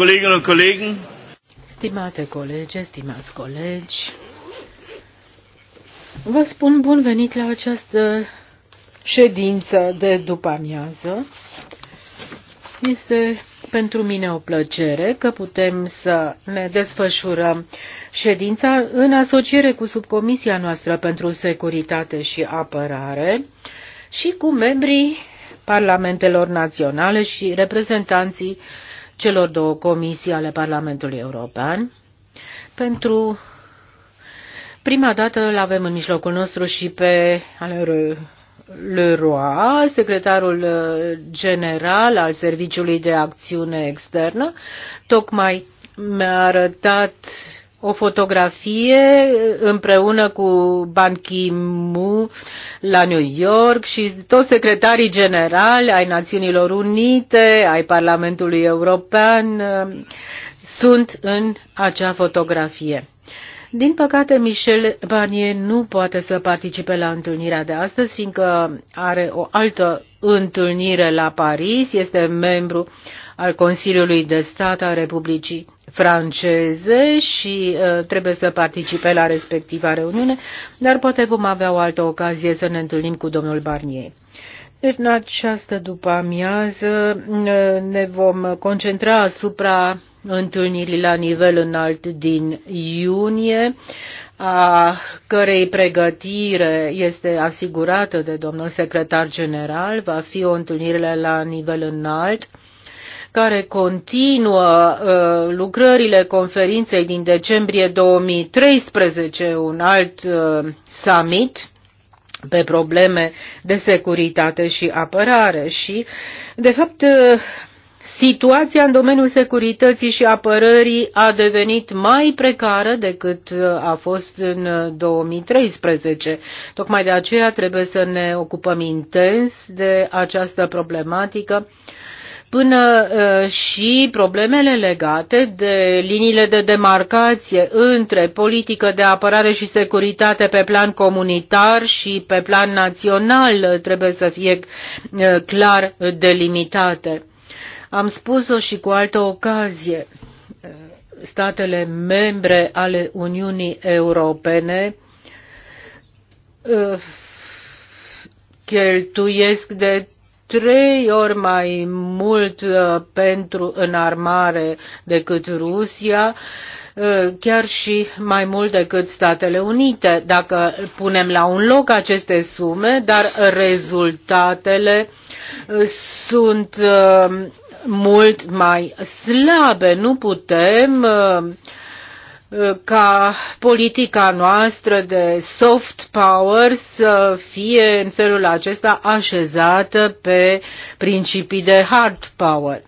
Stimate colege, stimați colegi, vă spun bun venit la această ședință de după amiază. Este pentru mine o plăcere că putem să ne desfășurăm ședința în asociere cu subcomisia noastră pentru securitate și apărare și cu membrii parlamentelor naționale și reprezentanții uh, celor două comisii ale Parlamentului European. Pentru prima dată îl avem în mijlocul nostru și pe Leroy, secretarul uh, general al Serviciului de Acțiune Externă, tocmai mi-a arătat uh, o fotografie împreună cu Ban Ki-moon la New York și toți secretarii generali ai Națiunilor Unite, ai Parlamentului European sunt în acea fotografie. Din păcate, Michel Barnier nu poate să participe la întâlnirea de astăzi, fiindcă are o altă întâlnire la Paris, este membru al Consiliului de Stat al Republicii franceze și uh, trebuie să participe la respectiva reuniune, dar poate vom avea o altă ocazie să ne întâlnim cu domnul Barnier. Deci, în această după-amiază uh, ne vom concentra asupra întâlnirii la nivel înalt din iunie, a cărei pregătire este asigurată de domnul secretar general. Va fi o întâlnire la nivel înalt care continuă uh, lucrările conferinței din decembrie 2013, un alt uh, summit pe probleme de securitate și apărare și, de fapt, uh, Situația în domeniul securității și apărării a devenit mai precară decât uh, a fost în 2013. Uh, Tocmai de aceea trebuie să ne ocupăm intens de această problematică până ă, și problemele legate de liniile de demarcație între politică de apărare și securitate pe plan comunitar și pe plan național trebuie să fie ă, clar delimitate. Am spus-o și cu altă ocazie. Statele membre ale Uniunii Europene ă, cheltuiesc de trei ori mai mult uh, pentru înarmare decât Rusia, uh, chiar și mai mult decât Statele Unite, dacă punem la un loc aceste sume, dar rezultatele uh, sunt mult mai slabe. Nu putem uh, ca politica noastră de soft power să fie în felul acesta așezată pe principii de hard power.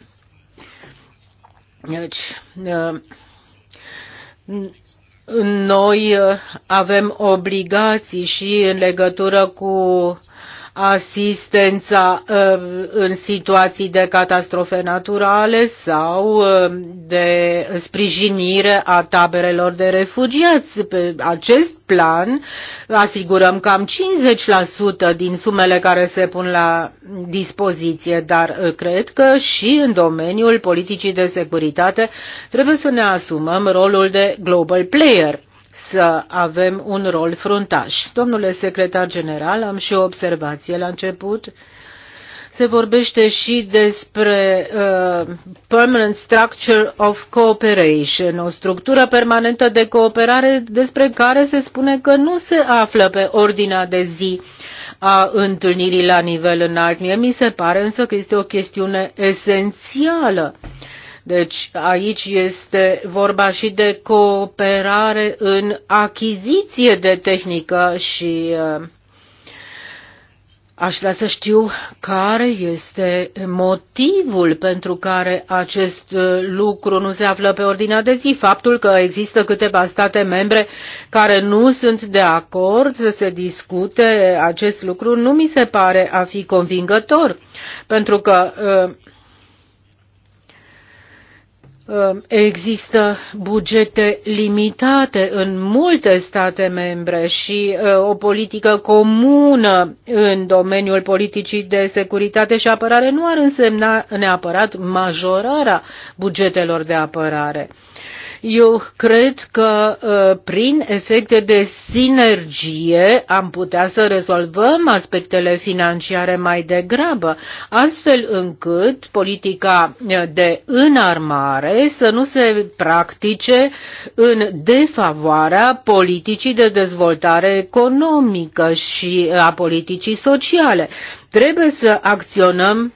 Deci, uh, noi avem obligații și în legătură cu asistența uh, în situații de catastrofe naturale sau uh, de sprijinire a taberelor de refugiați. Pe acest plan asigurăm cam 50% din sumele care se pun la dispoziție, dar uh, cred că și în domeniul politicii de securitate trebuie să ne asumăm rolul de global player să avem un rol fruntaș. Domnule secretar general, am și o observație la început. Se vorbește și despre uh, Permanent Structure of Cooperation, o structură permanentă de cooperare despre care se spune că nu se află pe ordinea de zi a întâlnirii la nivel înalt. Mie mi se pare însă că este o chestiune esențială. Deci aici este vorba și de cooperare în achiziție de tehnică și uh, aș vrea să știu care este motivul pentru care acest uh, lucru nu se află pe ordinea de zi. Faptul că există câteva state membre care nu sunt de acord să se discute acest lucru nu mi se pare a fi convingător, pentru că uh, Um, există bugete limitate în multe state membre și uh, o politică comună în domeniul politicii de securitate și apărare nu ar însemna neapărat majorarea bugetelor de apărare. Eu cred că ă, prin efecte de sinergie am putea să rezolvăm aspectele financiare mai degrabă, astfel încât politica ă, de înarmare să nu se practice în defavoarea politicii de dezvoltare economică și a politicii sociale. Trebuie să acționăm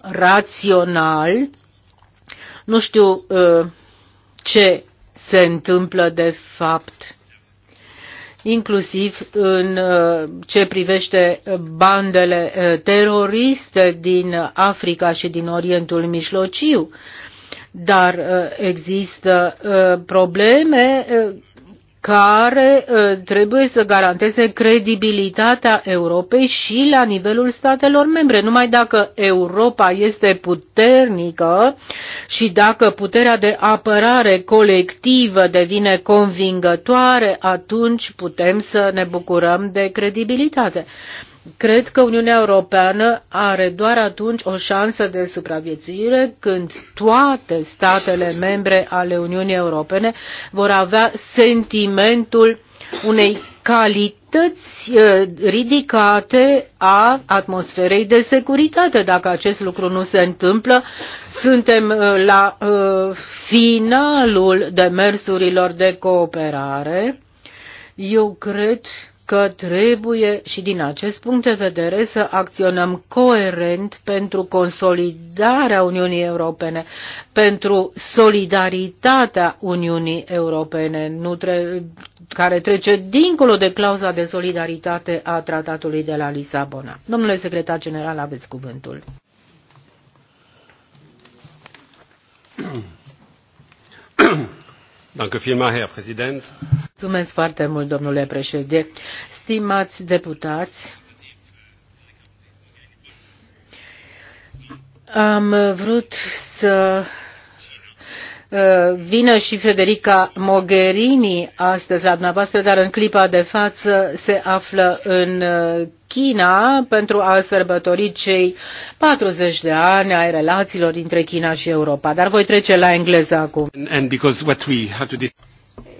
rațional, nu știu, ă, ce se întâmplă de fapt inclusiv în uh, ce privește bandele uh, teroriste din Africa și din Orientul Mijlociu. Dar uh, există probleme care ă, trebuie să garanteze credibilitatea Europei și la nivelul statelor membre. Numai dacă Europa este puternică și dacă puterea de apărare colectivă devine convingătoare, atunci putem să ne bucurăm de credibilitate. Cred că Uniunea Europeană are doar atunci o șansă de supraviețuire când toate statele membre ale Uniunii Europene vor avea sentimentul unei calități eh, ridicate a atmosferei de securitate. Dacă acest lucru nu se întâmplă, suntem eh, la eh, finalul demersurilor de cooperare. Eu cred că trebuie și din acest punct de vedere să acționăm coerent pentru consolidarea Uniunii Europene, pentru solidaritatea Uniunii Europene, nu tre- care trece dincolo de clauza de solidaritate a tratatului de la Lisabona. Domnule secretar general, aveți cuvântul. Mulțumesc foarte mult, domnule președinte. Stimați deputați, am vrut să Uh, vină și Federica Mogherini astăzi la dumneavoastră, dar în clipa de față se află în uh, China pentru a sărbători cei 40 de ani ai relațiilor dintre China și Europa. Dar voi trece la engleză acum. And because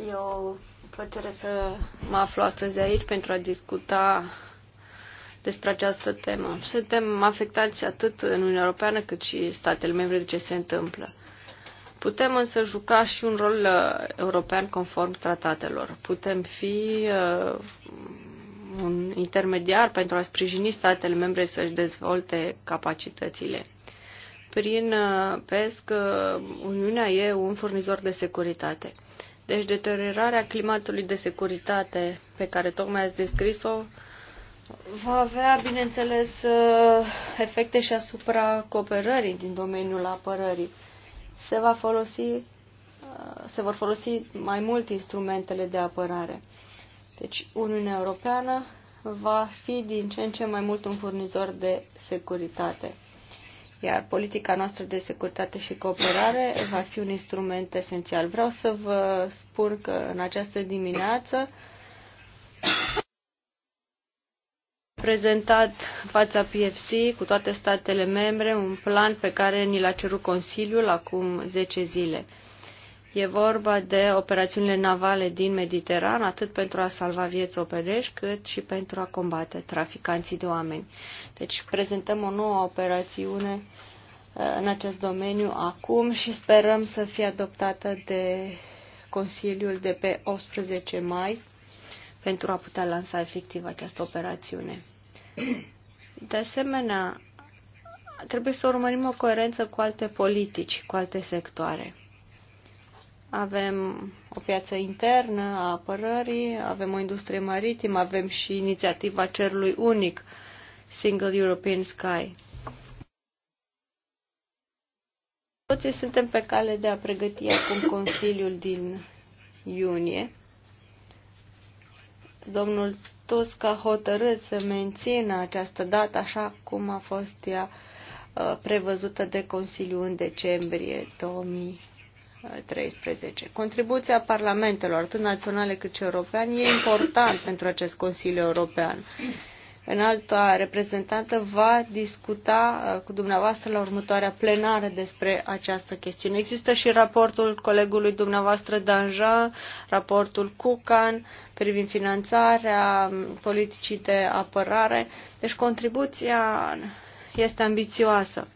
E o plăcere să mă aflu astăzi aici pentru a discuta despre această temă. Suntem afectați atât în Uniunea Europeană cât și statele membre de ce se întâmplă. Putem însă juca și un rol uh, european conform tratatelor. Putem fi uh, un intermediar pentru a sprijini statele membre să-și dezvolte capacitățile. Prin uh, PESC, uh, Uniunea e un furnizor de securitate. Deci deteriorarea climatului de securitate pe care tocmai ați descris-o va avea, bineînțeles, efecte și asupra cooperării din domeniul apărării se, va folosi, uh, se vor folosi mai mult instrumentele de apărare. Deci Uniunea Europeană va fi din ce în ce mai mult un furnizor de securitate. Iar politica noastră de securitate și cooperare va fi un instrument esențial. Vreau să vă spun că în această dimineață prezentat în fața PFC cu toate statele membre un plan pe care ni l-a cerut Consiliul acum 10 zile. E vorba de operațiunile navale din Mediteran, atât pentru a salva vieți operești, cât și pentru a combate traficanții de oameni. Deci prezentăm o nouă operațiune uh, în acest domeniu acum și sperăm să fie adoptată de Consiliul de pe 18 mai pentru a putea lansa efectiv această operațiune. De asemenea, trebuie să urmărim o coerență cu alte politici, cu alte sectoare. Avem o piață internă a apărării, avem o industrie maritimă, avem și inițiativa cerului unic, Single European Sky. Toți suntem pe cale de a pregăti acum Consiliul din iunie. Domnul Tusk că hotărât să mențină această dată așa cum a fost ea uh, prevăzută de Consiliu în decembrie 2013. Contribuția parlamentelor, atât naționale cât și europeane, e importantă pentru acest Consiliu European înalta reprezentantă va discuta uh, cu dumneavoastră la următoarea plenară despre această chestiune. Există și raportul colegului dumneavoastră Danjean, raportul Cucan privind finanțarea politicii de apărare. Deci contribuția este ambițioasă.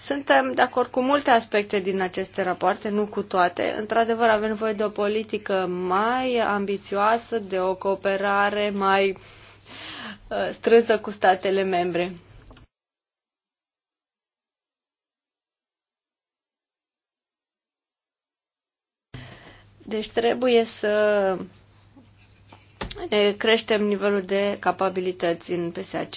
Suntem de acord cu multe aspecte din aceste rapoarte, nu cu toate. Într-adevăr, avem nevoie de o politică mai ambițioasă, de o cooperare mai Uh, strânsă cu statele membre. Deci trebuie să ne creștem nivelul de capabilități în PSAC.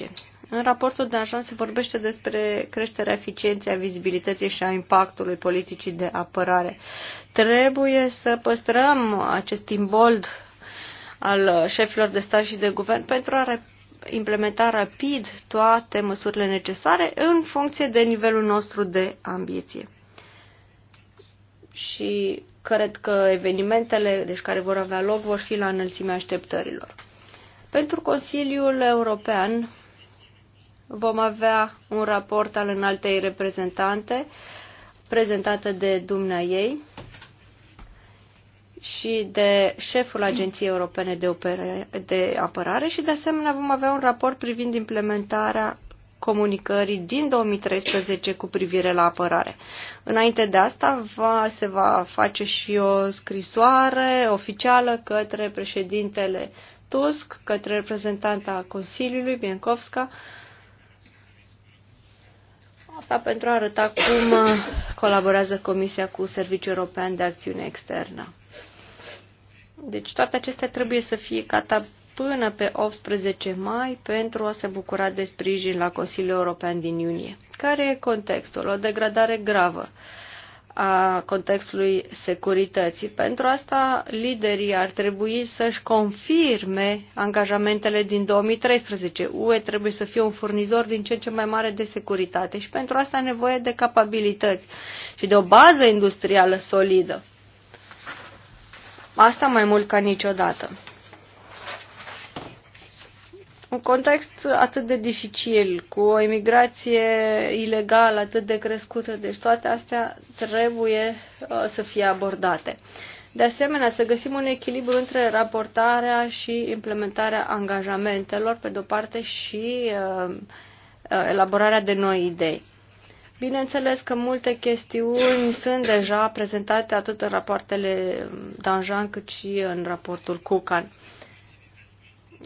În raportul de așa se vorbește despre creșterea eficienței, a vizibilității și a impactului politicii de apărare. Trebuie să păstrăm acest imbold al șefilor de stat și de guvern pentru a implementa rapid toate măsurile necesare în funcție de nivelul nostru de ambiție. Și cred că evenimentele deci care vor avea loc vor fi la înălțimea așteptărilor. Pentru Consiliul European vom avea un raport al înaltei reprezentante prezentată de dumnea ei și de șeful Agenției Europene de, Opere, de Apărare și de asemenea vom avea un raport privind implementarea comunicării din 2013 cu privire la apărare. Înainte de asta va, se va face și o scrisoare oficială către președintele Tusk, către reprezentanta Consiliului, Biencovska, asta pentru a arăta cum uh, colaborează Comisia cu Serviciul European de Acțiune Externă. Deci toate acestea trebuie să fie gata până pe 18 mai pentru a se bucura de sprijin la Consiliul European din iunie. Care e contextul? O degradare gravă a contextului securității. Pentru asta, liderii ar trebui să-și confirme angajamentele din 2013. UE trebuie să fie un furnizor din ce în ce mai mare de securitate și pentru asta nevoie de capabilități și de o bază industrială solidă. Asta mai mult ca niciodată. Un context atât de dificil, cu o imigrație ilegală atât de crescută, deci toate astea trebuie uh, să fie abordate. De asemenea, să găsim un echilibru între raportarea și implementarea angajamentelor, pe de-o parte, și uh, uh elaborarea de noi idei. Bineînțeles că multe chestiuni sunt deja prezentate atât în rapoartele Danjan cât și în raportul Cucan.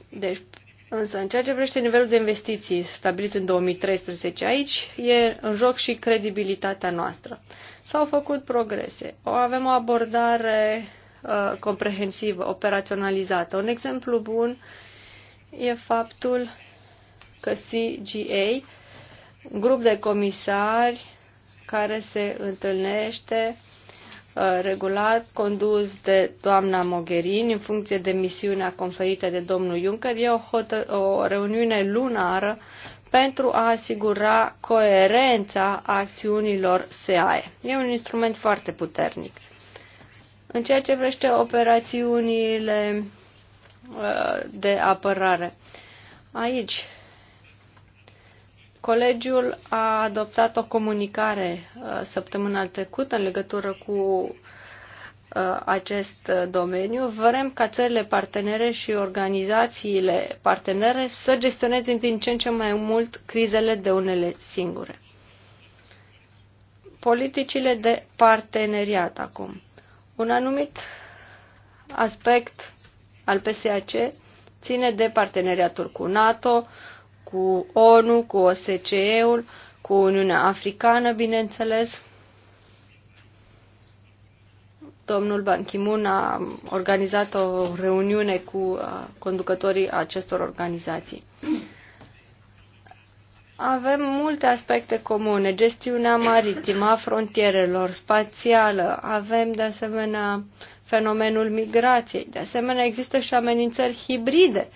Deci, însă, în ceea ce privește nivelul de investiții stabilit în 2013 aici, e în joc și credibilitatea noastră. S-au făcut progrese. O, avem o abordare uh, comprehensivă, operaționalizată. Un exemplu bun e faptul că CGA grup de comisari care se întâlnește uh, regulat, condus de doamna Mogherini, în funcție de misiunea conferită de domnul Juncker. E o, hotă, o reuniune lunară pentru a asigura coerența acțiunilor SEAE. E un instrument foarte puternic. În ceea ce vrește operațiunile uh, de apărare, aici Colegiul a adoptat o comunicare uh, săptămâna trecută în legătură cu uh, acest uh, domeniu. Vrem ca țările partenere și organizațiile partenere să gestioneze din ce în ce mai mult crizele de unele singure. Politicile de parteneriat acum. Un anumit aspect al PSAC ține de parteneriatul cu NATO, cu ONU, cu OSCE-ul, cu Uniunea Africană, bineînțeles. Domnul Ban Ki-moon a organizat o reuniune cu uh, conducătorii acestor organizații. Avem multe aspecte comune, gestiunea maritimă, a frontierelor, spațială, avem de asemenea fenomenul migrației, de asemenea există și amenințări hibride uh,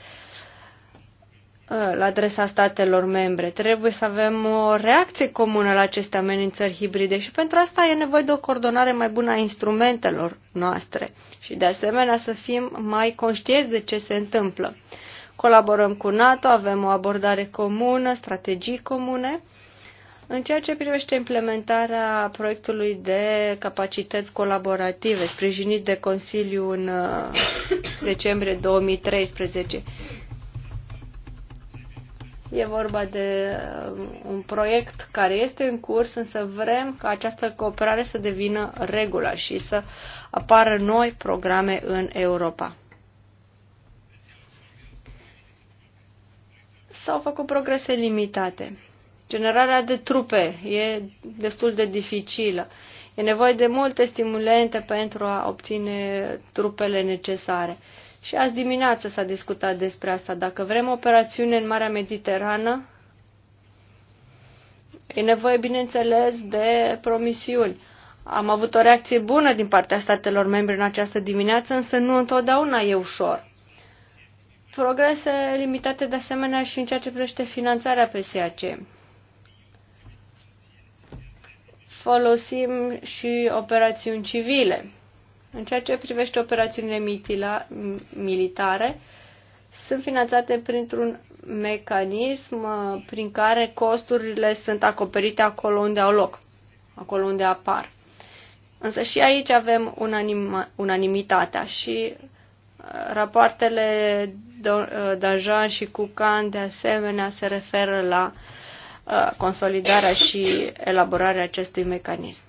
Uh, la adresa statelor membre. Trebuie să avem o reacție comună la aceste amenințări hibride și pentru asta e nevoie de o coordonare mai bună a instrumentelor noastre și de asemenea să fim mai conștienți de ce se întâmplă. Colaborăm cu NATO, avem o abordare comună, strategii comune. În ceea ce privește implementarea proiectului de capacități colaborative, sprijinit de Consiliu în uh, decembrie 2013, E vorba de um, un proiect care este în curs, însă vrem ca această cooperare să devină regulă și să apară noi programe în Europa. S-au făcut progrese limitate. Generarea de trupe e destul de dificilă. E nevoie de multe stimulente pentru a obține trupele necesare. Uh, și azi dimineață s-a discutat despre asta. Dacă vrem operațiune în Marea Mediterană, e nevoie, bineînțeles, de promisiuni. Am avut o reacție bună din partea statelor membre în această dimineață, însă nu întotdeauna e ușor. Progrese limitate de asemenea și în ceea ce privește finanțarea PSAC. Folosim și operațiuni civile în ceea ce privește operațiunile militare, sunt finanțate printr-un mecanism uh, prin care costurile sunt acoperite acolo unde au loc, acolo unde apar. Însă și aici avem unanim, unanimitatea și uh, rapoartele uh, Dajan și Cucan de asemenea se referă la consolidarea și elaborarea acestui mecanism.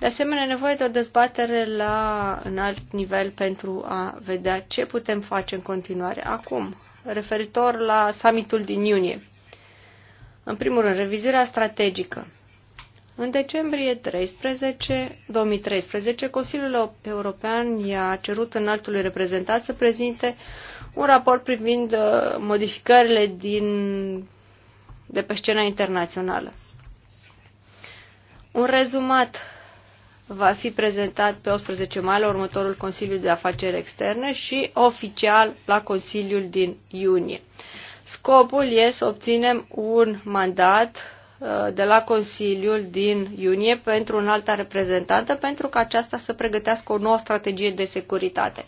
De asemenea, nevoie de o dezbatere la un alt nivel pentru a vedea ce putem face în continuare acum, referitor la summitul din iunie. În primul rând, revizirea strategică. În decembrie 13, 2013, Consiliul European i-a cerut înaltului reprezentat să prezinte un raport privind uh, modificările din, de pe scena internațională. Un rezumat va fi prezentat pe 18 mai la următorul Consiliu de Afaceri Externe și oficial la Consiliul din iunie. Scopul este să obținem un mandat uh, de la Consiliul din iunie pentru un alta reprezentantă pentru ca aceasta să pregătească o nouă strategie de securitate.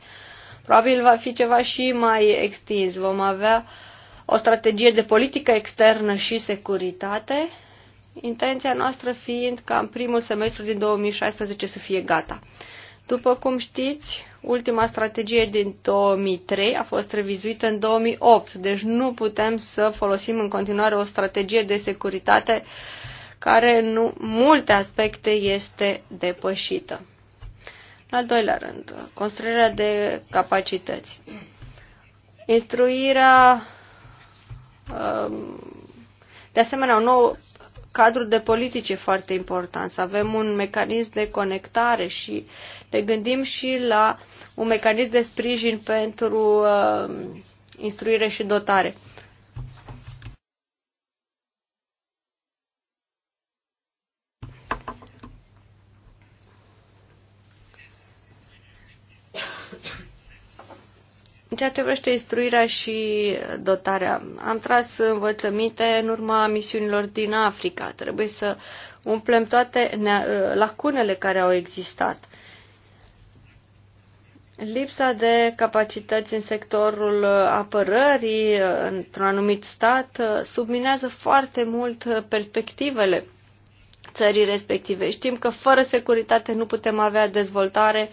Probabil va fi ceva și mai extins. Vom avea o strategie de politică externă și securitate intenția noastră fiind ca în primul semestru din 2016 să fie gata. După cum știți, ultima strategie din 2003 a fost revizuită în 2008, deci nu putem să folosim în continuare o strategie de securitate care în multe aspecte este depășită. În al doilea rând, construirea de capacități. Instruirea um, de asemenea, o nouă cadru de politici e foarte important, să avem un mecanism de conectare și ne gândim și la un mecanism de sprijin pentru uh, instruire și dotare. ceea ce vrește instruirea și dotarea, am tras învățăminte în urma misiunilor din Africa. Trebuie să umplem toate lacunele care au existat. Lipsa de capacități în sectorul apărării într-un anumit stat subminează foarte mult perspectivele țării respective. Știm că fără securitate nu putem avea dezvoltare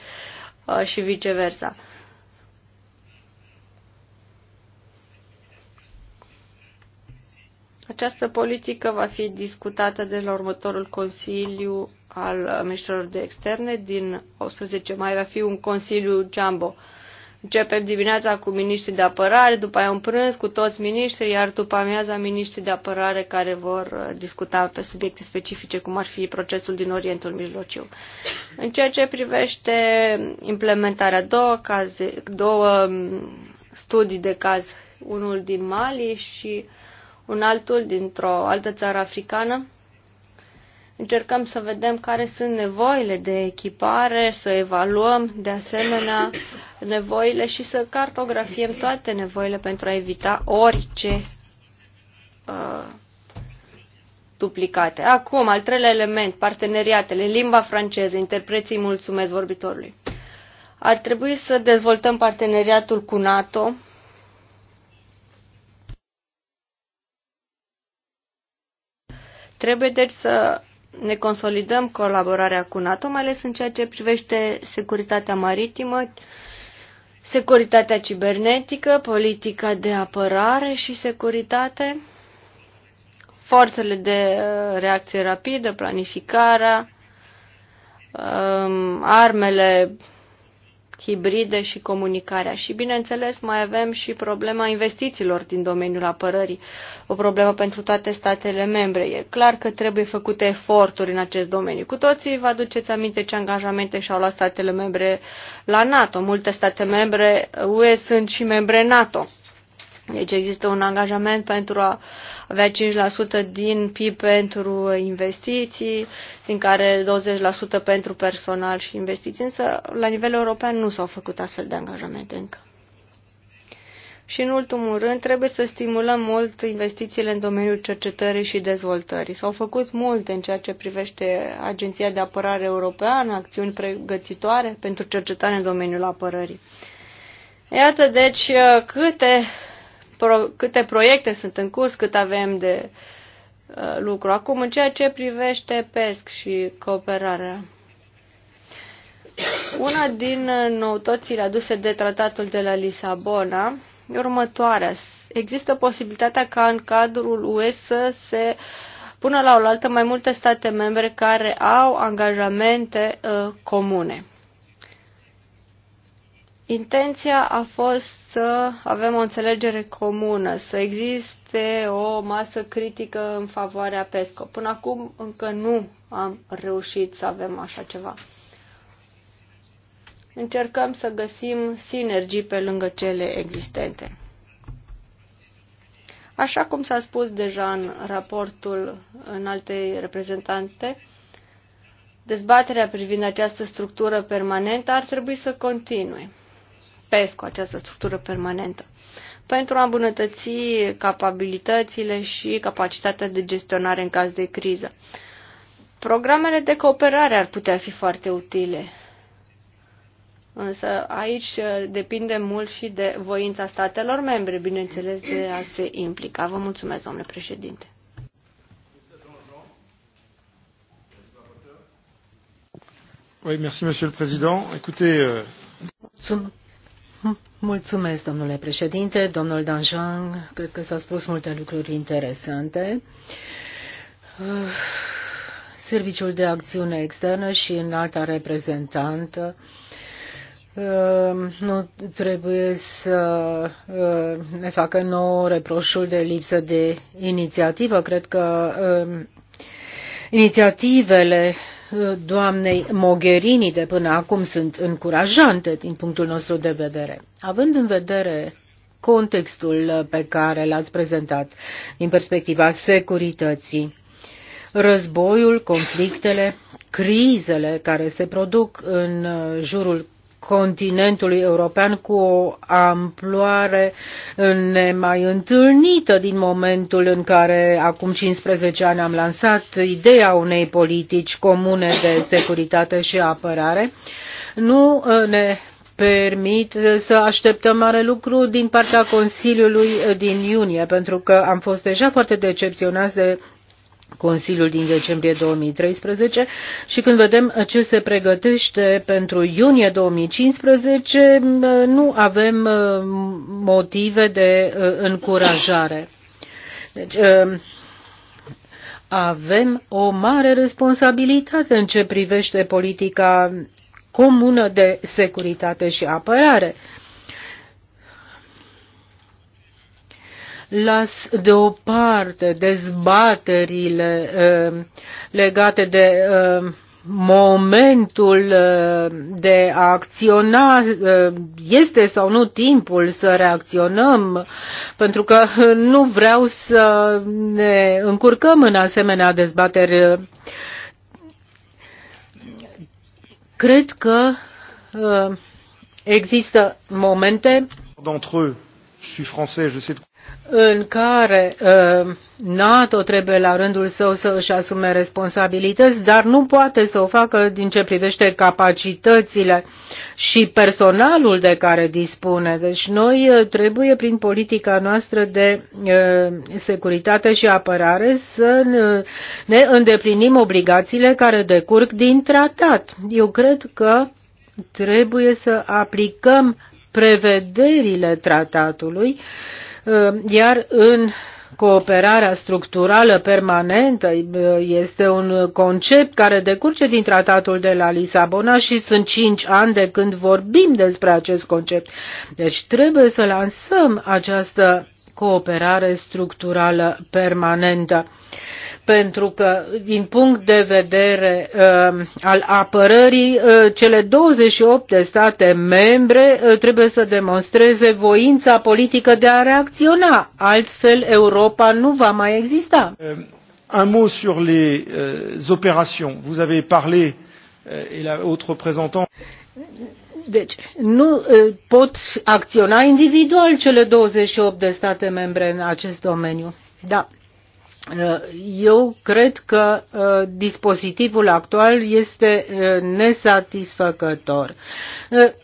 uh, și viceversa. Această politică va fi discutată de la următorul Consiliu al Ministrilor de Externe din 18 mai. Va fi un Consiliu Jumbo. Începem dimineața cu miniștrii de apărare, după aia un prânz cu toți miniștrii, iar după amiaza miniștrii de apărare care vor uh, discuta pe subiecte specifice, cum ar fi procesul din Orientul Mijlociu. În ceea ce privește implementarea două, caze, două um, studii de caz, unul din Mali și uh, un altul dintr-o altă țară africană. Încercăm să vedem care sunt nevoile de echipare, să evaluăm de asemenea nevoile și să cartografiem toate nevoile pentru a evita orice uh, duplicate. Acum, al treilea element, parteneriatele, limba franceză, interpreții mulțumesc vorbitorului. Ar trebui să dezvoltăm parteneriatul cu NATO, Trebuie deci să ne consolidăm colaborarea cu NATO, mai ales în ceea ce privește securitatea maritimă, securitatea cibernetică, politica de apărare și securitate, forțele de uh, reacție rapidă, planificarea, um, armele hibride și comunicarea. Și, bineînțeles, mai avem și problema investițiilor din domeniul apărării, o problemă pentru toate statele membre. E clar că trebuie făcute eforturi în acest domeniu. Cu toții vă aduceți aminte ce angajamente și-au luat statele membre la NATO. Multe state membre UE sunt și membre NATO. Deci există un angajament pentru a avea 5% din PIB pentru investiții, din care 20% pentru personal și investiții, însă la nivel european nu s-au făcut astfel de angajamente încă. Și în ultimul rând, trebuie să stimulăm mult investițiile în domeniul cercetării și dezvoltării. S-au făcut multe în ceea ce privește Agenția de Apărare Europeană, acțiuni pregătitoare pentru cercetare în domeniul apărării. Iată deci câte pro, câte proiecte sunt în curs, cât avem de uh, lucru. Acum, în ceea ce privește PESC și cooperarea. Una din noutățile aduse de tratatul de la Lisabona următoarea. Există posibilitatea ca în cadrul UE să se pună la oaltă mai multe state membre care au angajamente uh, comune. Intenția a fost să avem o înțelegere comună, să existe o masă critică în favoarea PESCO. Până acum încă nu am reușit să avem așa ceva. Încercăm să găsim sinergii pe lângă cele existente. Așa cum s-a spus deja în raportul în alte reprezentante, dezbaterea privind această structură permanentă ar trebui să continue. PESCO, această structură permanentă, pentru a îmbunătăți capabilitățile și capacitatea de gestionare în caz de criză. Programele de cooperare ar putea fi foarte utile, însă aici uh, depinde mult și de voința statelor membre, bineînțeles, de a se implica. Vă mulțumesc, domnule președinte. Oui, merci, Monsieur le Président. Écoutez, euh... Mulțumesc, domnule președinte, domnul Danjean, cred că s a spus multe lucruri interesante. Serviciul de acțiune externă și înalta reprezentantă uh, nu trebuie să uh, ne facă nou reproșul de lipsă de inițiativă. Cred că uh, inițiativele doamnei Mogherini de până acum sunt încurajante din punctul nostru de vedere. Având în vedere contextul pe care l-ați prezentat din perspectiva securității, războiul, conflictele, crizele care se produc în jurul continentului european cu o amploare nemai întâlnită din momentul în care acum 15 ani am lansat ideea unei politici comune de securitate și apărare, nu uh, ne permit să așteptăm mare lucru din partea Consiliului din iunie, pentru că am fost deja foarte decepționați de Consiliul din decembrie 2013 și când vedem ce se pregătește pentru iunie 2015, nu avem uh, motive de uh, încurajare. Deci, uh, avem o mare responsabilitate în ce privește politica comună de securitate și apărare. las deoparte dezbaterile uh, legate de uh, momentul eh, de a acționa este sau nu timpul să reacționăm, pentru că nu vreau să ne încurcăm în asemenea dezbateri. Cred că există momente. D'entre eux, je suis français, je sais de în care uh, NATO trebuie la rândul său să își asume responsabilități, dar nu poate să o facă din ce privește capacitățile și personalul de care dispune. Deci noi uh, trebuie prin politica noastră de uh, securitate și apărare să ne îndeplinim obligațiile care decurg din tratat. Eu cred că trebuie să aplicăm prevederile tratatului uh, Ă, iar în cooperarea structurală permanentă ă, este un concept care decurge din tratatul de la Lisabona și sunt cinci ani de când vorbim despre acest concept. Deci trebuie să lansăm această cooperare structurală permanentă pentru că, din punct de vedere uh, al apărării, uh, cele 28 de state membre uh, trebuie să demonstreze voința politică de a reacționa, altfel Europa nu va mai exista. Um, un mot sur les euh, opérations. Vous avez parlé, euh, et la haute représentant. Deci, nu uh, pot acționa individual cele 28 de state membre în acest domeniu. Da. Eh, eu cred că eh, dispozitivul actual este eh, nesatisfăcător.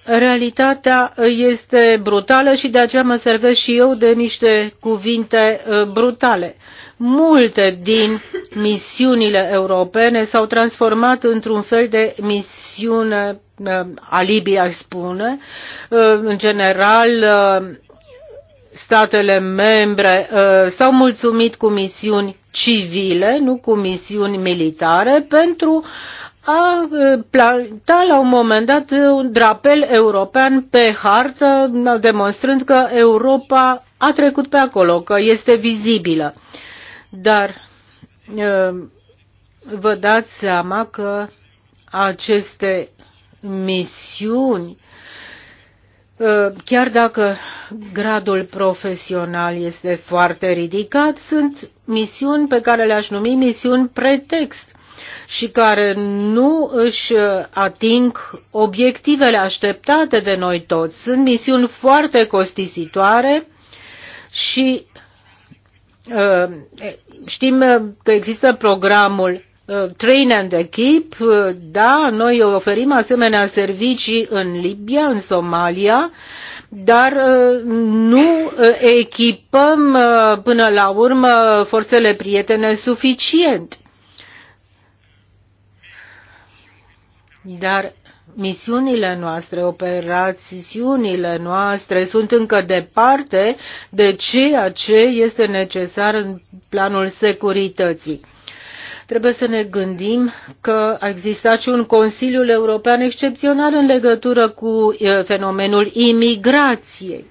Realitatea este brutală și de aceea mă servesc și eu de niște cuvinte brutale. Multe din misiunile europene s-au transformat într-un fel de misiune alibi, aș spune. În general, statele membre uh, s-au mulțumit cu misiuni civile, nu cu misiuni militare, pentru a uh, planta la un moment dat un drapel european pe hartă, demonstrând că Europa a trecut pe acolo, că este vizibilă. Dar uh, vă dați seama că aceste misiuni Ă, chiar dacă gradul profesional este foarte ridicat, sunt misiuni pe care le-aș numi misiuni pretext și care nu își ating obiectivele așteptate de noi toți. Sunt misiuni foarte costisitoare și ă, știm că există programul Uh, train and equip, uh, da, noi oferim asemenea servicii în Libia, în Somalia, dar uh, nu echipăm până la urmă forțele prietene suficient. Dar misiunile noastre, operațiunile noastre sunt încă departe de ceea ce este necesar în planul securității. Trebuie să ne gândim că a existat și un Consiliu European excepțional în legătură cu fenomenul imigrației.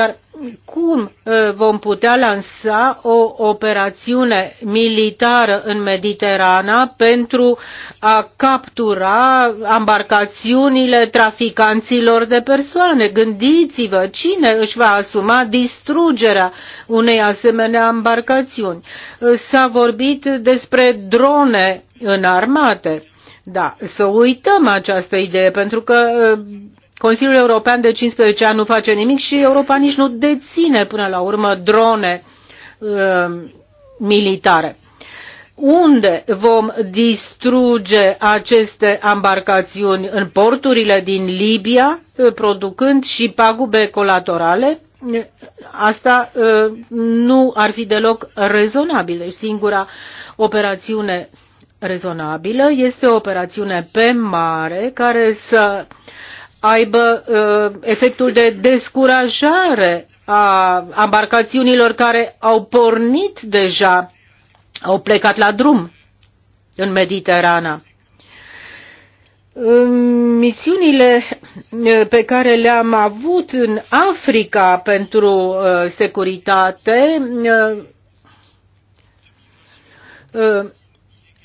Dar cum uh, vom putea lansa o operațiune militară în Mediterana pentru a captura ambarcațiunile traficanților de persoane? Gândiți-vă cine își va asuma distrugerea unei asemenea ambarcațiuni. Uh, s-a vorbit despre drone înarmate. Da, să uităm această idee, pentru că uh, Consiliul European de 15 ani nu face nimic și Europa nici nu deține până la urmă drone uh, militare. Unde vom distruge aceste embarcațiuni? În porturile din Libia, uh, producând și pagube colaterale? Asta uh, nu ar fi deloc rezonabil. Deci singura operațiune rezonabilă este o operațiune pe mare care să uh, aibă uh, efectul de descurajare a embarcațiunilor care au pornit deja, au plecat la drum în Mediterana. Misiunile uh, pe care le-am avut în Africa pentru uh, securitate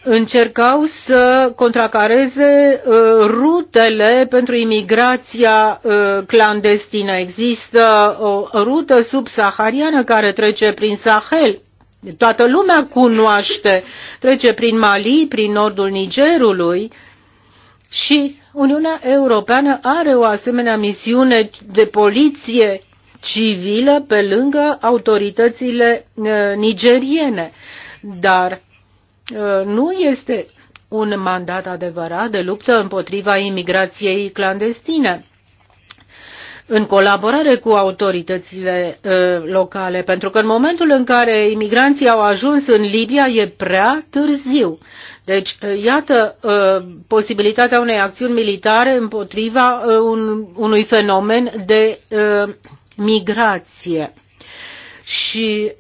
încercau să contracareze uh, rutele pentru imigrația uh, clandestină. Există o rută subsahariană care trece prin Sahel. Toată lumea cunoaște, trece prin Mali, prin nordul Nigerului și Uniunea Europeană are o asemenea misiune de poliție civilă pe lângă autoritățile uh, nigeriene. Dar Uh, nu este un mandat adevărat de luptă împotriva imigrației clandestine în colaborare cu autoritățile uh, locale, pentru că în momentul în care imigranții au ajuns în Libia e prea târziu. Deci, uh, iată posibilitatea unei acțiuni militare împotriva un, unui fenomen de migrație. Și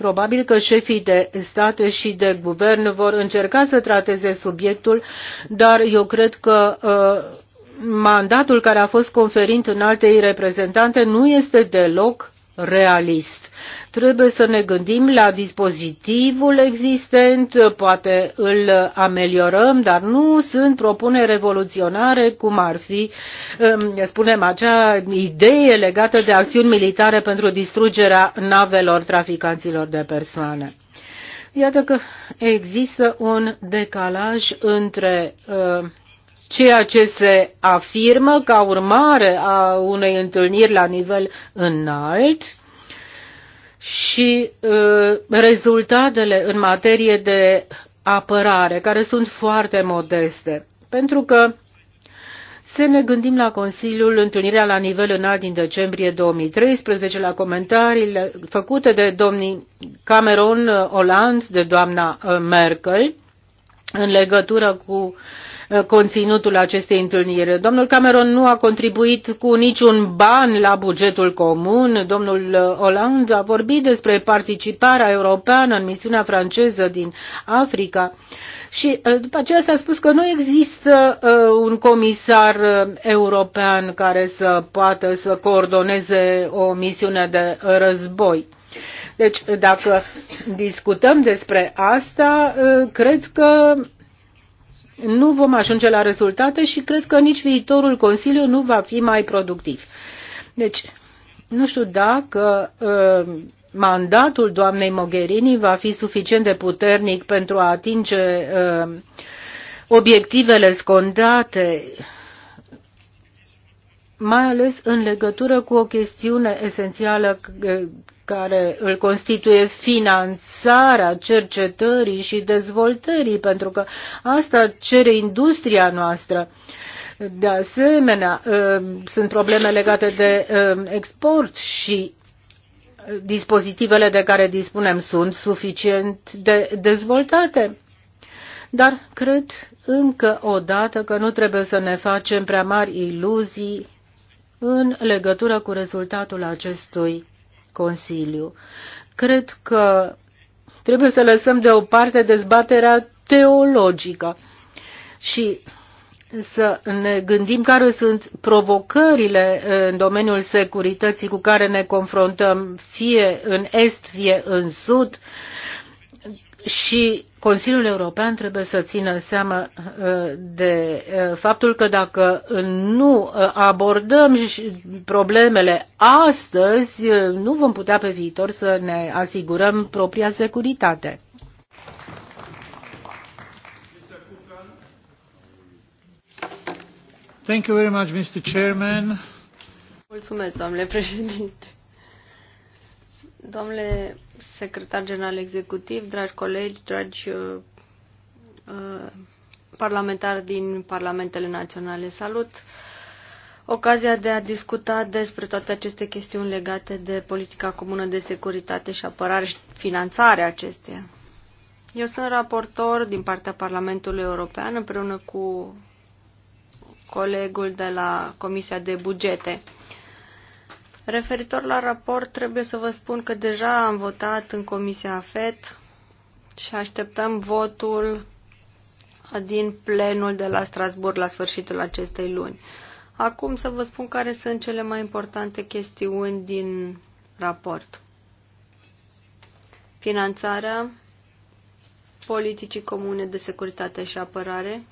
Probabil că șefii de state și de guvern vor încerca să trateze subiectul, dar eu cred că uh, mandatul care a fost conferit în altei reprezentante nu este deloc realist Trebuie să ne gândim la dispozitivul existent, poate îl ameliorăm, dar nu sunt propuneri revoluționare, cum ar fi, spunem, acea idee legată de acțiuni militare pentru distrugerea navelor traficanților de persoane. Iată că există un decalaj între uh, ceea ce se afirmă ca urmare a unei întâlniri la nivel înalt și uh, rezultatele în materie de apărare, care sunt foarte modeste. Pentru că să ne gândim la Consiliul, întâlnirea la nivel înalt din decembrie 2013, la comentariile făcute de domnii Cameron Hollande, de doamna ă, Merkel, în legătură cu uh, conținutul acestei întâlniri. Domnul Cameron nu a contribuit cu niciun ban la bugetul comun. Domnul Hollande a vorbit despre participarea europeană în misiunea franceză din Africa. Și uh, după aceea s-a spus că nu există uh, un comisar uh, european care să poată să coordoneze o misiune de război. Deci, dacă discutăm despre asta, uh, cred că nu vom ajunge la rezultate și cred că nici viitorul Consiliu nu va fi mai productiv. Deci, nu știu dacă uh, mandatul doamnei Mogherini va fi suficient de puternic pentru a atinge uh, obiectivele scondate, mai ales în legătură cu o chestiune esențială uh, care îl constituie finanțarea cercetării și dezvoltării, pentru că asta cere industria noastră. De asemenea, ă, sunt probleme legate de ă, export și ă, dispozitivele de care dispunem sunt suficient de dezvoltate. Dar cred încă o dată că nu trebuie să ne facem prea mari iluzii în legătură cu rezultatul acestui Consiliu. Cred că trebuie să lăsăm deoparte dezbaterea teologică și să ne gândim care sunt provocările eh, în domeniul securității cu care ne confruntăm, fie în est, fie în sud, și Consiliul European trebuie să țină seama uh, de uh, faptul că dacă nu uh, abordăm problemele astăzi, nu vom putea pe viitor să ne asigurăm propria securitate. Thank you very much, Mr. Chairman. Mulțumesc, domnule președinte. Domnule secretar general executiv, dragi colegi, dragi uh, uh, parlamentari din parlamentele naționale, salut! Ocazia de a discuta despre toate aceste chestiuni legate de politica comună de securitate și apărare și finanțarea acesteia. Eu sunt raportor din partea Parlamentului European împreună cu colegul de la Comisia de Bugete Referitor la raport, trebuie să vă spun că deja am votat în Comisia FET și așteptăm votul din plenul de la Strasburg la sfârșitul acestei luni. Acum să vă spun care sunt cele mai importante chestiuni din raport. Finanțarea politicii comune de securitate și apărare,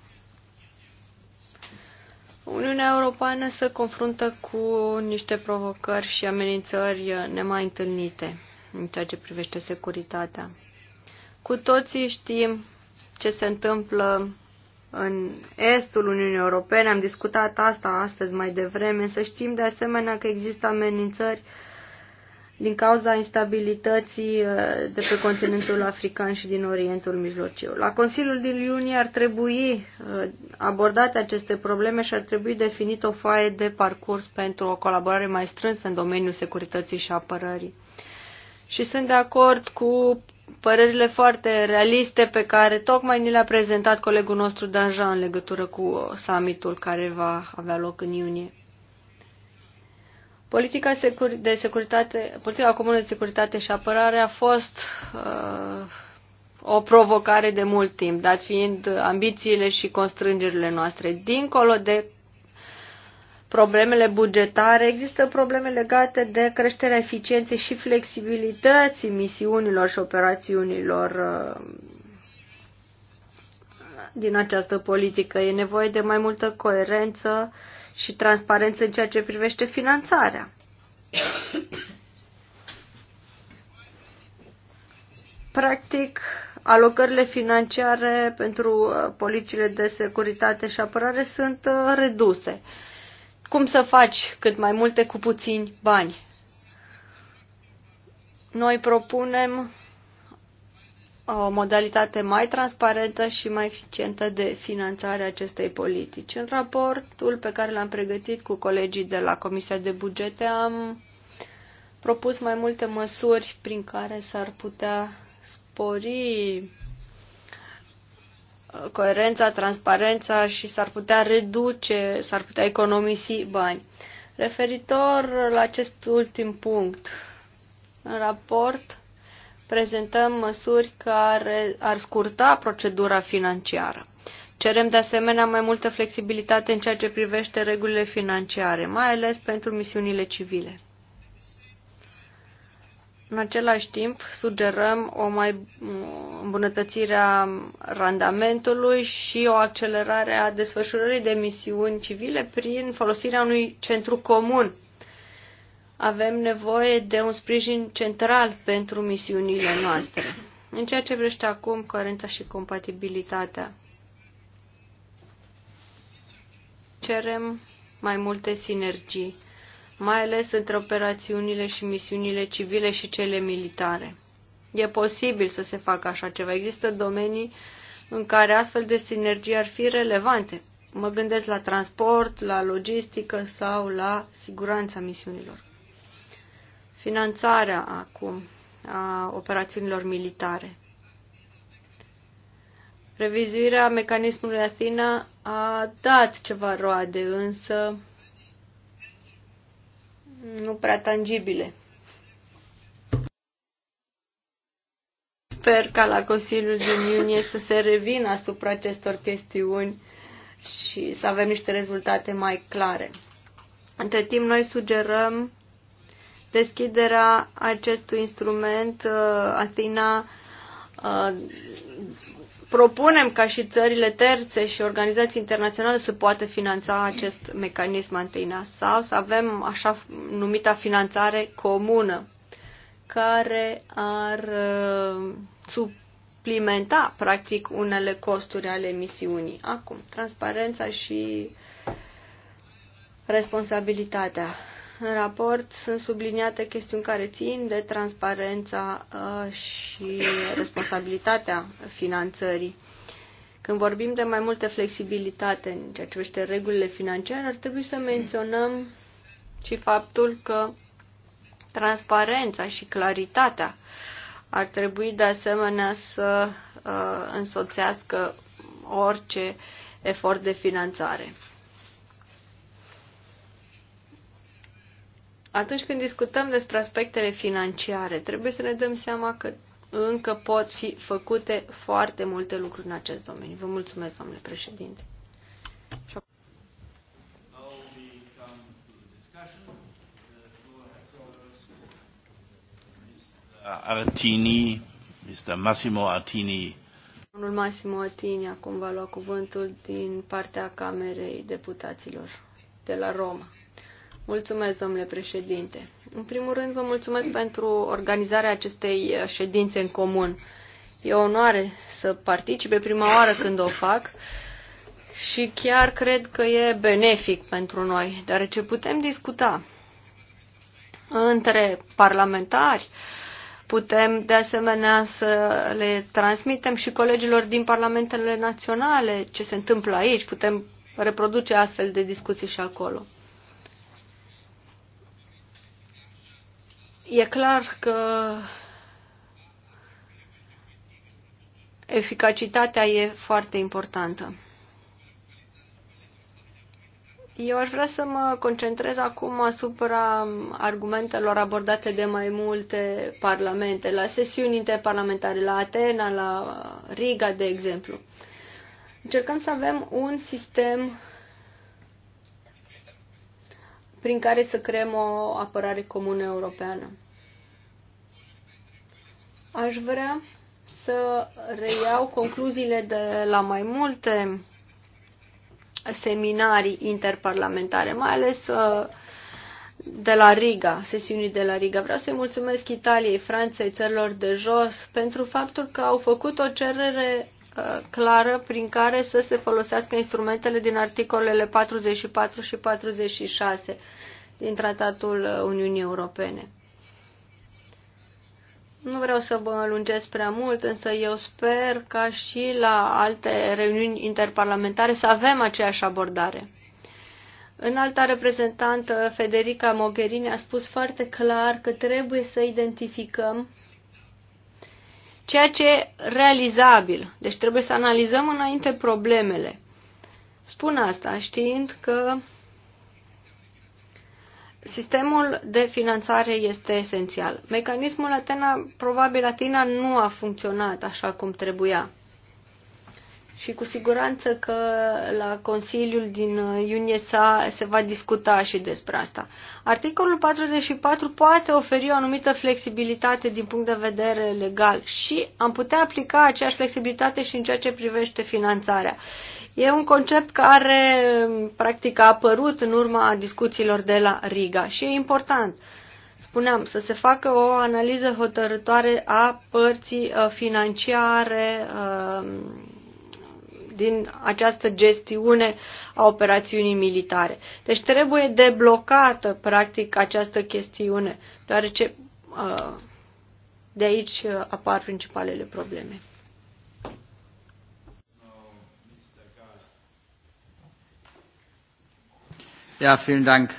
Uniunea Europeană se confruntă cu niște provocări și amenințări nemai întâlnite în ceea ce privește securitatea. Cu toții știm ce se întâmplă în estul Uniunii Europene, am discutat asta astăzi mai devreme, să știm de asemenea că există amenințări uh, din cauza instabilității uh, de pe continentul african și din Orientul Mijlociu. La Consiliul din iunie ar trebui uh, abordate aceste probleme și ar trebui definit o foaie de parcurs pentru o colaborare mai strânsă în domeniul securității și apărării. Și sunt de acord cu părerile foarte realiste pe care tocmai ni le-a prezentat colegul nostru Danja în legătură cu uh, summitul care va avea loc în iunie. Politica de securitate, politica comună de securitate și apărare a fost uh, o provocare de mult timp, dat fiind ambițiile și constrângerile noastre. Dincolo de problemele bugetare, există probleme legate de creșterea eficienței și flexibilității misiunilor și operațiunilor uh, din această politică. E nevoie de mai multă coerență uh, și transparență în ceea ce privește finanțarea. Practic, alocările financiare pentru uh, politicile de securitate și apărare sunt uh, reduse. Cum să faci cât mai multe cu puțini bani? Noi propunem o modalitate mai transparentă și mai eficientă de finanțare a acestei politici. În raportul pe care l-am pregătit cu colegii de la Comisia de Bugete am propus mai multe măsuri prin care s-ar putea spori uh, coerența, transparența și s-ar putea reduce, s-ar putea economisi bani. Referitor la acest ultim punct, în raport prezentăm măsuri care ar scurta procedura financiară. Cerem de asemenea mai multă flexibilitate în ceea ce privește regulile financiare, mai ales pentru misiunile civile. În același timp, sugerăm o mai îmbunătățire a randamentului și o accelerare a desfășurării de misiuni civile prin folosirea unui centru comun avem nevoie de un sprijin central pentru misiunile noastre. În ceea ce vrește acum coerența și compatibilitatea, cerem mai multe sinergii, mai ales între operațiunile și misiunile civile și cele militare. E posibil să se facă așa ceva. Există domenii în care astfel de sinergii ar fi relevante. Mă gândesc la transport, la logistică sau la siguranța misiunilor. Finanțarea acum a operațiunilor militare. Revizuirea mecanismului Athena a dat ceva roade, însă nu prea tangibile. Sper ca la Consiliul din iunie să se revină asupra acestor chestiuni și să avem niște rezultate mai clare. Între timp, noi sugerăm deschiderea acestui instrument, uh, Athena uh, propunem ca și țările terțe și organizații internaționale să poată finanța acest mecanism Athena sau să avem așa numita finanțare comună care ar uh, suplimenta practic unele costuri ale misiunii. Acum, transparența și responsabilitatea. În raport sunt subliniate chestiuni care țin de transparența uh, și responsabilitatea finanțării. Când vorbim de mai multă flexibilitate în ceea ce privește regulile financiare, ar trebui să menționăm și faptul că transparența și claritatea ar trebui de asemenea să uh, însoțească orice efort de finanțare. atunci când discutăm despre aspectele financiare, trebuie să ne dăm seama că încă pot fi făcute foarte multe lucruri în acest domeniu. Vă mulțumesc, domnule președinte. Artini, Mr. Massimo Artini. Domnul Massimo Artini acum va lua cuvântul din partea Camerei Deputaților de la Roma. Mulțumesc, domnule președinte. În primul rând, vă mulțumesc pentru organizarea acestei uh, ședințe în comun. E o onoare să participe prima oară când o fac și chiar cred că e benefic pentru noi, deoarece putem discuta între parlamentari, putem de asemenea să le transmitem și colegilor din parlamentele naționale ce se întâmplă aici, putem reproduce astfel de discuții și acolo. E clar că eficacitatea e foarte importantă. Eu aș vrea să mă concentrez acum asupra argumentelor abordate de mai multe parlamente, la sesiuni interparlamentare, la Atena, la Riga, de exemplu. Încercăm să avem un sistem prin care să creăm o apărare comună europeană. Aș vrea să reiau concluziile de la mai multe seminarii interparlamentare, mai ales uh, de la Riga, sesiunii de la Riga. Vreau să-i mulțumesc Italiei, Franței, țărilor de jos pentru faptul că au făcut o cerere Uh, clară prin care să se folosească instrumentele din articolele 44 și 46 din Tratatul Uniunii Europene. Nu vreau să vă lungesc prea mult, însă eu sper ca și la alte reuniuni interparlamentare să avem aceeași abordare. În alta reprezentantă, Federica Mogherini, a spus foarte clar că trebuie să identificăm ceea ce e realizabil. Deci trebuie să analizăm înainte problemele. Spun asta știind că sistemul de finanțare este esențial. Mecanismul Atena, probabil Atena, nu a funcționat așa cum trebuia. Și cu siguranță că la Consiliul din iunie sa se va discuta și despre asta. Articolul 44 poate oferi o anumită flexibilitate din punct de vedere legal și am putea aplica aceeași flexibilitate și în ceea ce privește finanțarea. E un concept care practic a apărut în urma discuțiilor de la Riga și e important spuneam, să se facă o analiză hotărătoare a părții uh, financiare uh, din această gestiune a operațiunii militare. Deci trebuie deblocată, practic, această chestiune, deoarece uh, de aici uh, apar principalele probleme. Ja, vielen Dank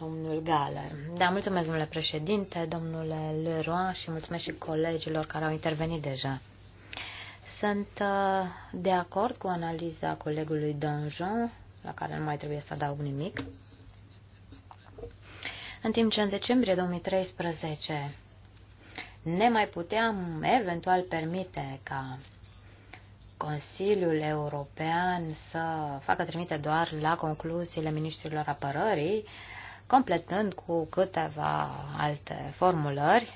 domnul Gale. Da, mulțumesc, domnule președinte, domnule Leroy și mulțumesc și colegilor care au intervenit deja. Sunt uh, de acord cu analiza colegului Donjon, la care nu mai trebuie să adaug nimic. În timp ce în decembrie 2013 ne mai puteam eventual permite ca Consiliul European să facă trimite doar la concluziile ministrilor apărării, completând cu câteva alte formulări.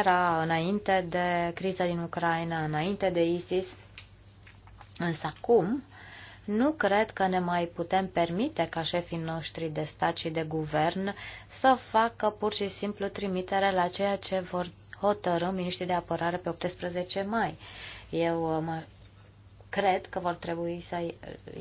Era înainte de criza din Ucraina, înainte de ISIS, însă acum nu cred că ne mai putem permite ca șefii noștri de stat și de guvern să facă pur și simplu trimitere la ceea ce vor hotărâ miniștrii de apărare pe 18 mai. Eu cred că vor trebui să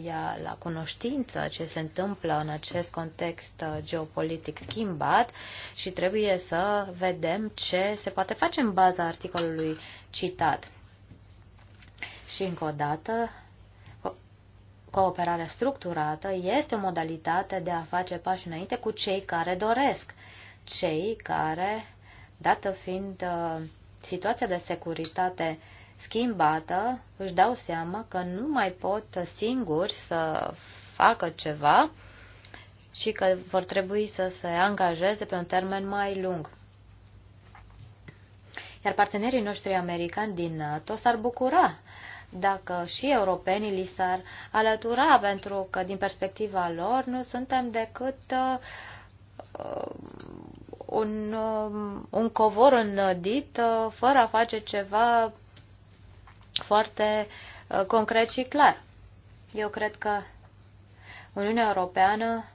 ia la cunoștință ce se întâmplă în acest context uh, geopolitic schimbat și trebuie să vedem ce se poate face în baza articolului citat. Și încă o dată, cooperarea structurată este o modalitate de a face pași înainte cu cei care doresc, cei care, dată fiind uh, situația de securitate uh, schimbată, își dau seama că nu mai pot singuri să facă ceva și că vor trebui să se angajeze pe un termen mai lung. Iar partenerii noștri americani din NATO s-ar bucura dacă și europenii li s-ar alătura, pentru că din perspectiva lor nu suntem decât uh, un, uh, un covor înnădit uh, fără a face ceva foarte uh, concret și clar. Eu cred că Uniunea Europeană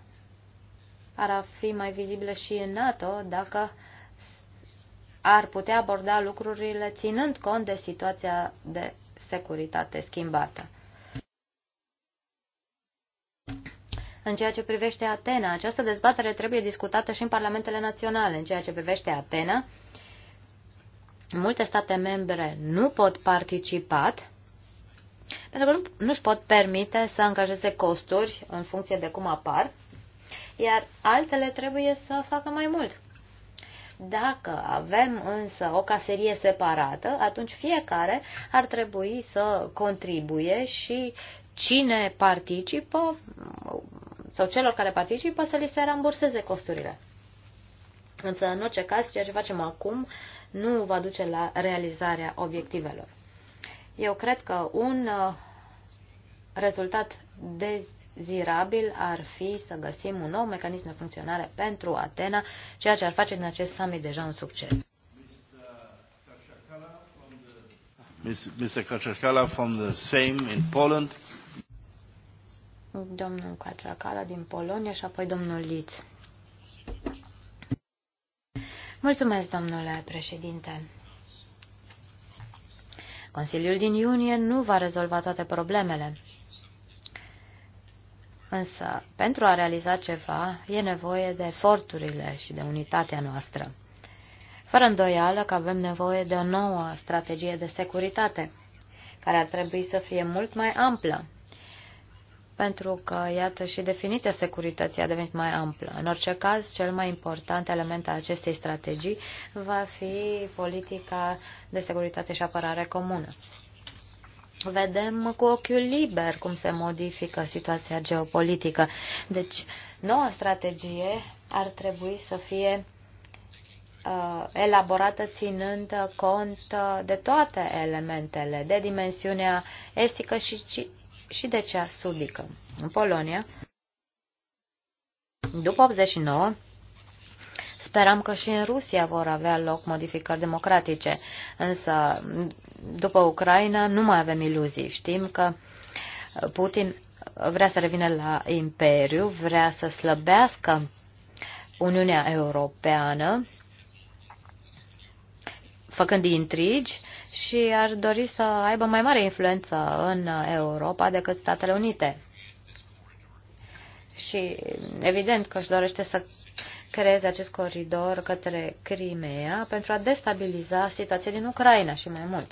ar fi mai vizibilă și în NATO dacă ar putea aborda lucrurile ținând cont de situația de securitate schimbată. În ceea ce privește Atena, această dezbatere trebuie discutată și în parlamentele naționale. În ceea ce privește Atena, multe state membre nu pot participa pentru că nu își pot permite să angajeze costuri în funcție de cum apar, iar altele trebuie să facă mai mult. Dacă avem însă o caserie separată, atunci fiecare ar trebui să contribuie și cine participă sau celor care participă să li se ramburseze costurile. Însă, în orice caz, ceea ce facem acum nu va duce la realizarea obiectivelor. Eu cred că un uh, rezultat dezirabil ar fi să găsim un nou mecanism de funcționare pentru Atena, ceea ce ar face din acest summit deja un succes. Mr. Kaczakala from the same in Poland. Domnul Kaczakala din Polonia și apoi domnul Litz. Mulțumesc, domnule președinte. Consiliul din iunie nu va rezolva toate problemele. Însă, pentru a realiza ceva, e nevoie de eforturile și de unitatea noastră. Fără îndoială că avem nevoie de o nouă strategie de securitate, care ar trebui să fie mult mai amplă pentru că, iată, și definiția securității a devenit mai amplă. În orice caz, cel mai important element al acestei strategii va fi politica de securitate și apărare comună. Vedem cu ochiul liber cum se modifică situația geopolitică. Deci, noua strategie ar trebui să fie uh, elaborată ținând cont de toate elementele, de dimensiunea estică și și de cea sudică. În Polonia, după 89, Speram că și în Rusia vor avea loc modificări democratice, însă după Ucraina nu mai avem iluzii. Știm că Putin vrea să revină la imperiu, vrea să slăbească Uniunea Europeană, făcând intrigi și ar dori să aibă mai mare influență în Europa decât Statele Unite. Și evident că își dorește să creeze acest coridor către Crimea pentru a destabiliza situația din Ucraina și mai mult.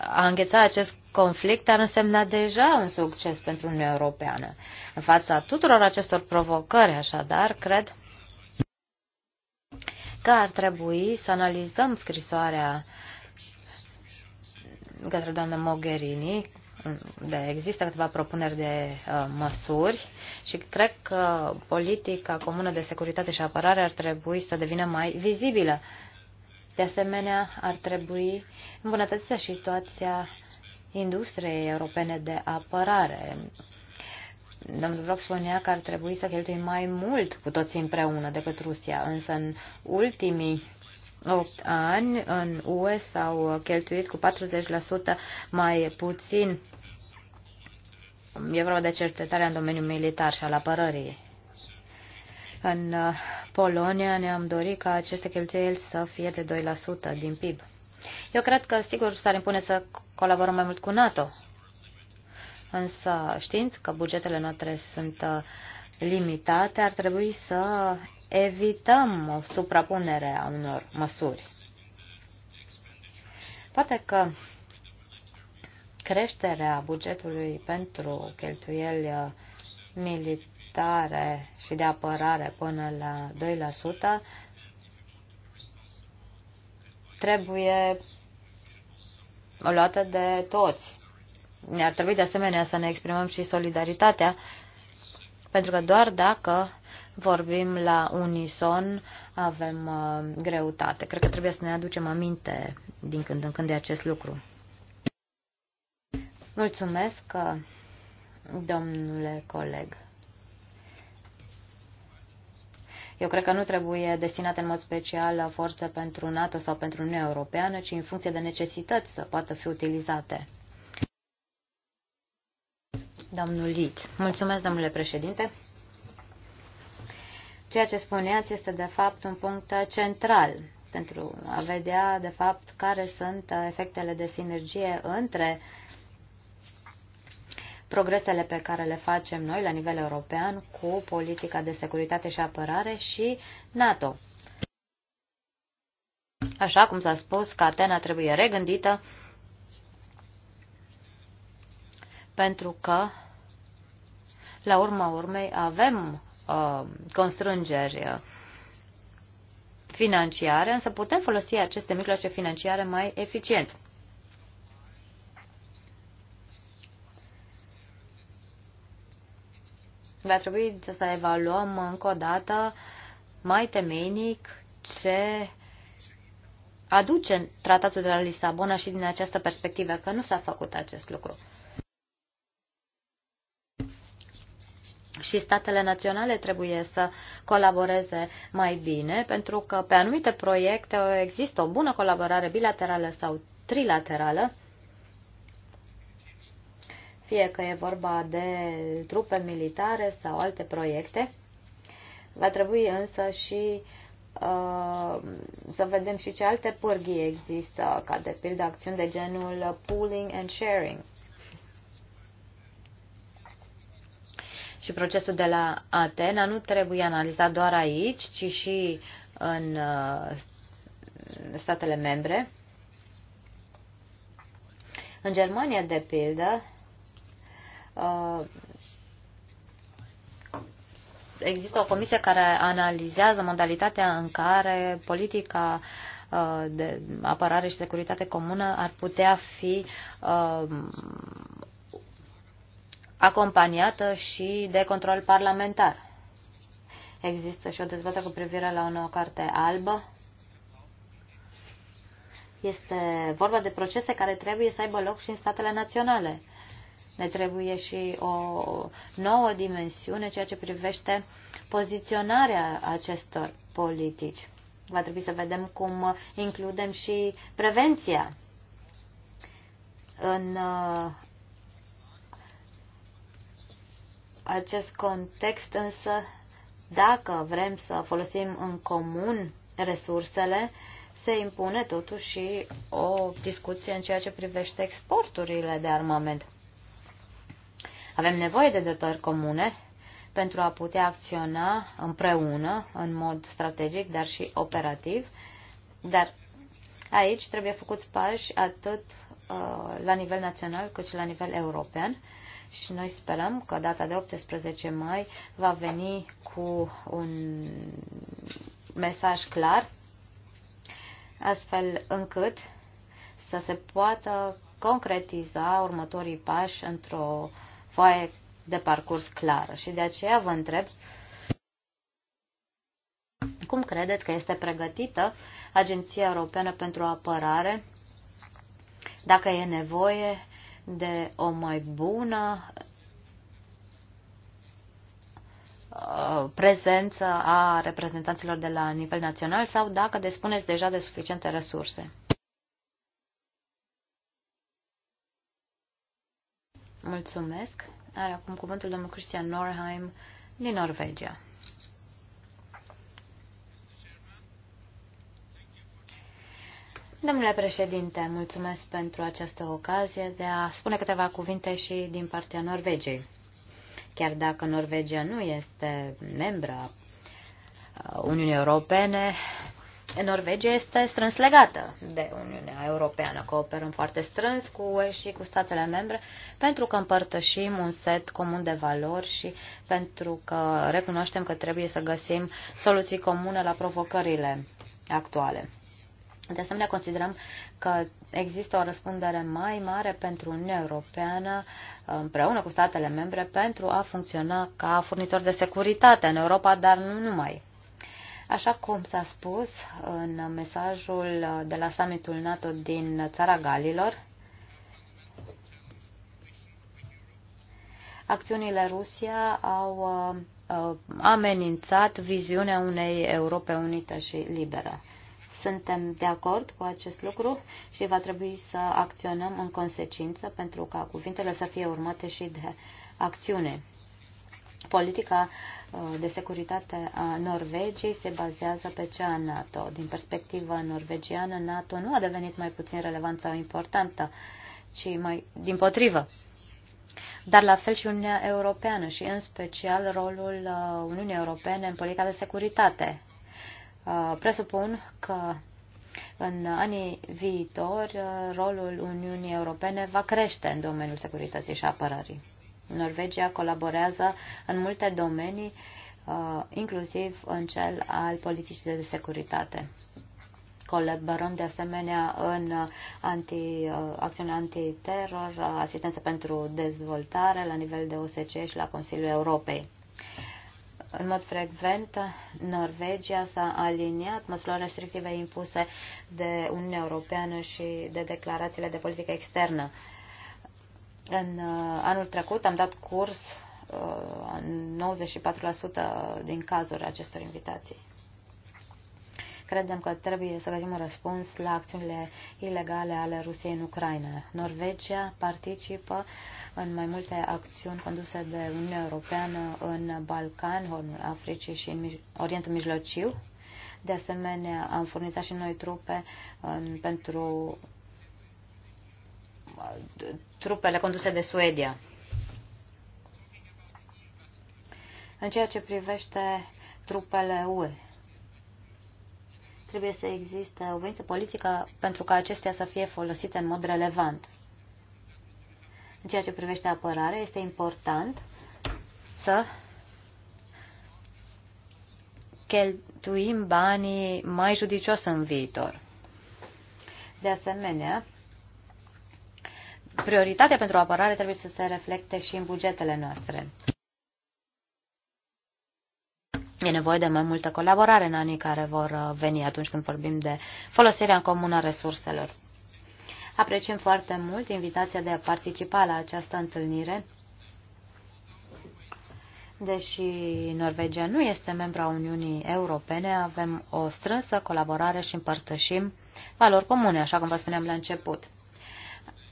a îngheța acest conflict ar însemna deja un succes pentru Uniunea Europeană. În fața tuturor acestor provocări, așadar, cred că ar trebui să analizăm scrisoarea către doamna Mogherini, de, există câteva propuneri de uh, măsuri și cred că politica comună de securitate și apărare ar trebui să devină mai vizibilă. De asemenea, ar trebui îmbunătățită situația industriei europene de apărare. Domnul Brock spunea că ar trebui să cheltuim mai mult cu toții împreună decât Rusia, însă în ultimii 8 ani în UE s-au cheltuit cu 40% mai puțin. E vorba de cercetarea în domeniul militar și al apărării. În uh, Polonia ne-am dorit ca aceste cheltuieli să fie de 2% din PIB. Eu cred că, sigur, s-ar impune să colaborăm mai mult cu NATO, Însă, știind că bugetele noastre sunt uh, limitate, ar trebui să evităm o suprapunere a unor măsuri. Poate că creșterea bugetului pentru cheltuieli uh, militare și de apărare până la 2% trebuie luată de toți ne Ar trebui de asemenea să ne exprimăm și solidaritatea, pentru că doar dacă vorbim la unison avem uh, greutate. Cred că trebuie să ne aducem aminte din când în când de acest lucru. Mulțumesc, uh, domnule coleg. Eu cred că nu trebuie destinate în mod special forțe pentru NATO sau pentru Uniunea Europeană, ci în funcție de necesități să poată fi utilizate. Domnul Liț. Mulțumesc, domnule președinte. Ceea ce spuneați este, de fapt, un punct central pentru a vedea, de fapt, care sunt efectele de sinergie între progresele pe care le facem noi la nivel european cu politica de securitate și apărare și NATO. Așa cum s-a spus, Catena trebuie regândită pentru că, la urma urmei, avem uh, constrângeri uh, financiare, însă putem folosi aceste mijloace financiare mai eficient. Va trebui să evaluăm încă o dată mai temeinic ce aduce tratatul de la Lisabona și din această perspectivă că nu s-a făcut acest lucru. și statele naționale trebuie să colaboreze mai bine, pentru că pe anumite proiecte există o bună colaborare bilaterală sau trilaterală, fie că e vorba de trupe militare sau alte proiecte. Va trebui însă și uh, să vedem și ce alte pârghii există, ca de pildă acțiuni de genul pooling and sharing. și procesul de la Atena nu trebuie analizat doar aici, ci și în uh, statele membre. În Germania, de pildă, uh, există o comisie care analizează modalitatea în care politica uh, de apărare și securitate comună ar putea fi acompaniată și de control parlamentar. Există și o dezbatere cu privire la o nouă carte albă. Este vorba de procese care trebuie să aibă loc și în statele naționale. Ne trebuie și o nouă dimensiune ceea ce privește poziționarea acestor politici. Va trebui să vedem cum includem și prevenția în uh, acest context, însă, dacă vrem să folosim în comun resursele, se impune totuși o discuție în ceea ce privește exporturile de armament. Avem nevoie de dotări comune pentru a putea acționa împreună, în mod strategic, dar și operativ, dar aici trebuie făcuți pași atât uh, la nivel național cât și la nivel european și noi sperăm că data de 18 mai va veni cu un mesaj clar, astfel încât să se poată concretiza următorii pași într-o foaie de parcurs clară. Și de aceea vă întreb cum credeți că este pregătită Agenția Europeană pentru Apărare, dacă e nevoie de o mai bună uh, prezență a reprezentanților de la nivel național sau dacă despuneți deja de suficiente resurse. Mulțumesc. Are acum cuvântul domnul Cristian Norheim din Norvegia. Domnule președinte, mulțumesc pentru această ocazie de a spune câteva cuvinte și din partea Norvegiei. Chiar dacă Norvegia nu este membra Uniunii Europene, Norvegia este strâns legată de Uniunea Europeană. Cooperăm foarte strâns cu UE și cu statele membre pentru că împărtășim un set comun de valori și pentru că recunoaștem că trebuie să găsim soluții comune la provocările actuale. De asemenea, considerăm că există o răspundere mai mare pentru Uniunea Europeană împreună cu statele membre pentru a funcționa ca furnizor de securitate în Europa, dar nu numai. Așa cum s-a spus în mesajul de la summitul NATO din Țara Galilor, acțiunile Rusia au uh, uh, amenințat viziunea unei Europe unite și libere. Suntem de acord cu acest lucru și va trebui să acționăm în consecință pentru ca cuvintele să fie urmate și de acțiune. Politica uh, de securitate a Norvegiei se bazează pe cea a NATO. Din perspectiva norvegiană, NATO nu a devenit mai puțin relevantă sau importantă, ci mai din potrivă. Dar la fel și Uniunea Europeană și în special rolul uh, Uniunii Europene în politica de securitate. Uh, presupun că în anii viitori uh, rolul Uniunii Europene va crește în domeniul securității și apărării. Norvegia colaborează în multe domenii, uh, inclusiv în cel al politicii de securitate. Colaborăm de asemenea în anti, acțiune antiteror, asistență pentru dezvoltare la nivel de OSCE și la Consiliul Europei în mod frecvent, Norvegia s-a aliniat măsurilor restrictive impuse de Uniunea Europeană și de declarațiile de politică externă. În uh, anul trecut am dat curs uh, în 94% din cazuri acestor invitații. Credem că trebuie să găsim un răspuns la acțiunile ilegale ale Rusiei în Ucraina. Norvegia participă în mai multe acțiuni conduse de Uniunea Europeană în Balcan, Hornul Africii și în Orientul Mijlociu. De asemenea, am furnizat și noi trupe în, um, pentru trupele conduse de Suedia. În ceea ce privește trupele UE, trebuie să existe o voință politică pentru ca acestea să fie folosite în mod relevant. În ceea ce privește apărare, este important să cheltuim banii mai judicios în viitor. De asemenea, prioritatea pentru apărare trebuie să se reflecte și în bugetele noastre. E nevoie de mai multă colaborare în anii care vor uh, veni atunci când vorbim de folosirea în comună a resurselor. Apreciem foarte mult invitația de a participa la această întâlnire. Deși Norvegia nu este membra Uniunii Europene, avem o strânsă colaborare și împărtășim valori comune, așa cum vă spuneam la început.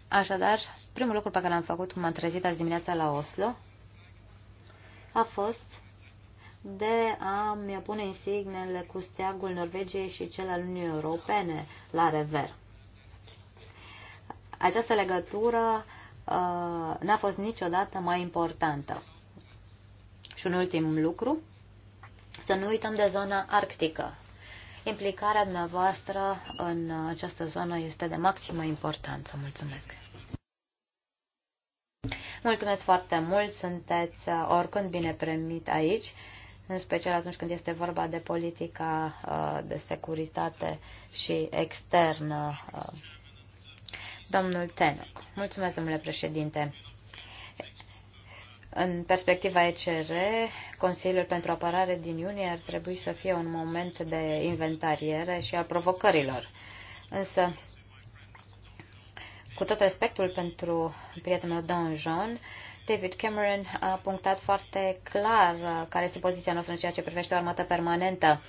Așadar, primul lucru pe care l-am făcut când m-am trezit azi dimineața la Oslo a fost de a-mi pune insignele cu steagul Norvegiei și cel al Uniunii Europene la rever. Această legătură uh, n-a fost niciodată mai importantă. Și un ultim lucru, să nu uităm de zona arctică. Implicarea dumneavoastră în această zonă este de maximă importanță. Mulțumesc! Mulțumesc foarte mult, sunteți uh, oricând bine primit aici în special atunci când este vorba de politica uh, de securitate și externă. Uh. Domnul Tenoc. Mulțumesc, domnule președinte. În perspectiva ECR, Consiliul pentru Apărare din iunie ar trebui să fie un moment de inventariere și a provocărilor. Însă, cu tot respectul pentru prietenul meu Don John, David Cameron a punctat foarte clar uh, care este poziția noastră în ceea ce privește o armată permanentă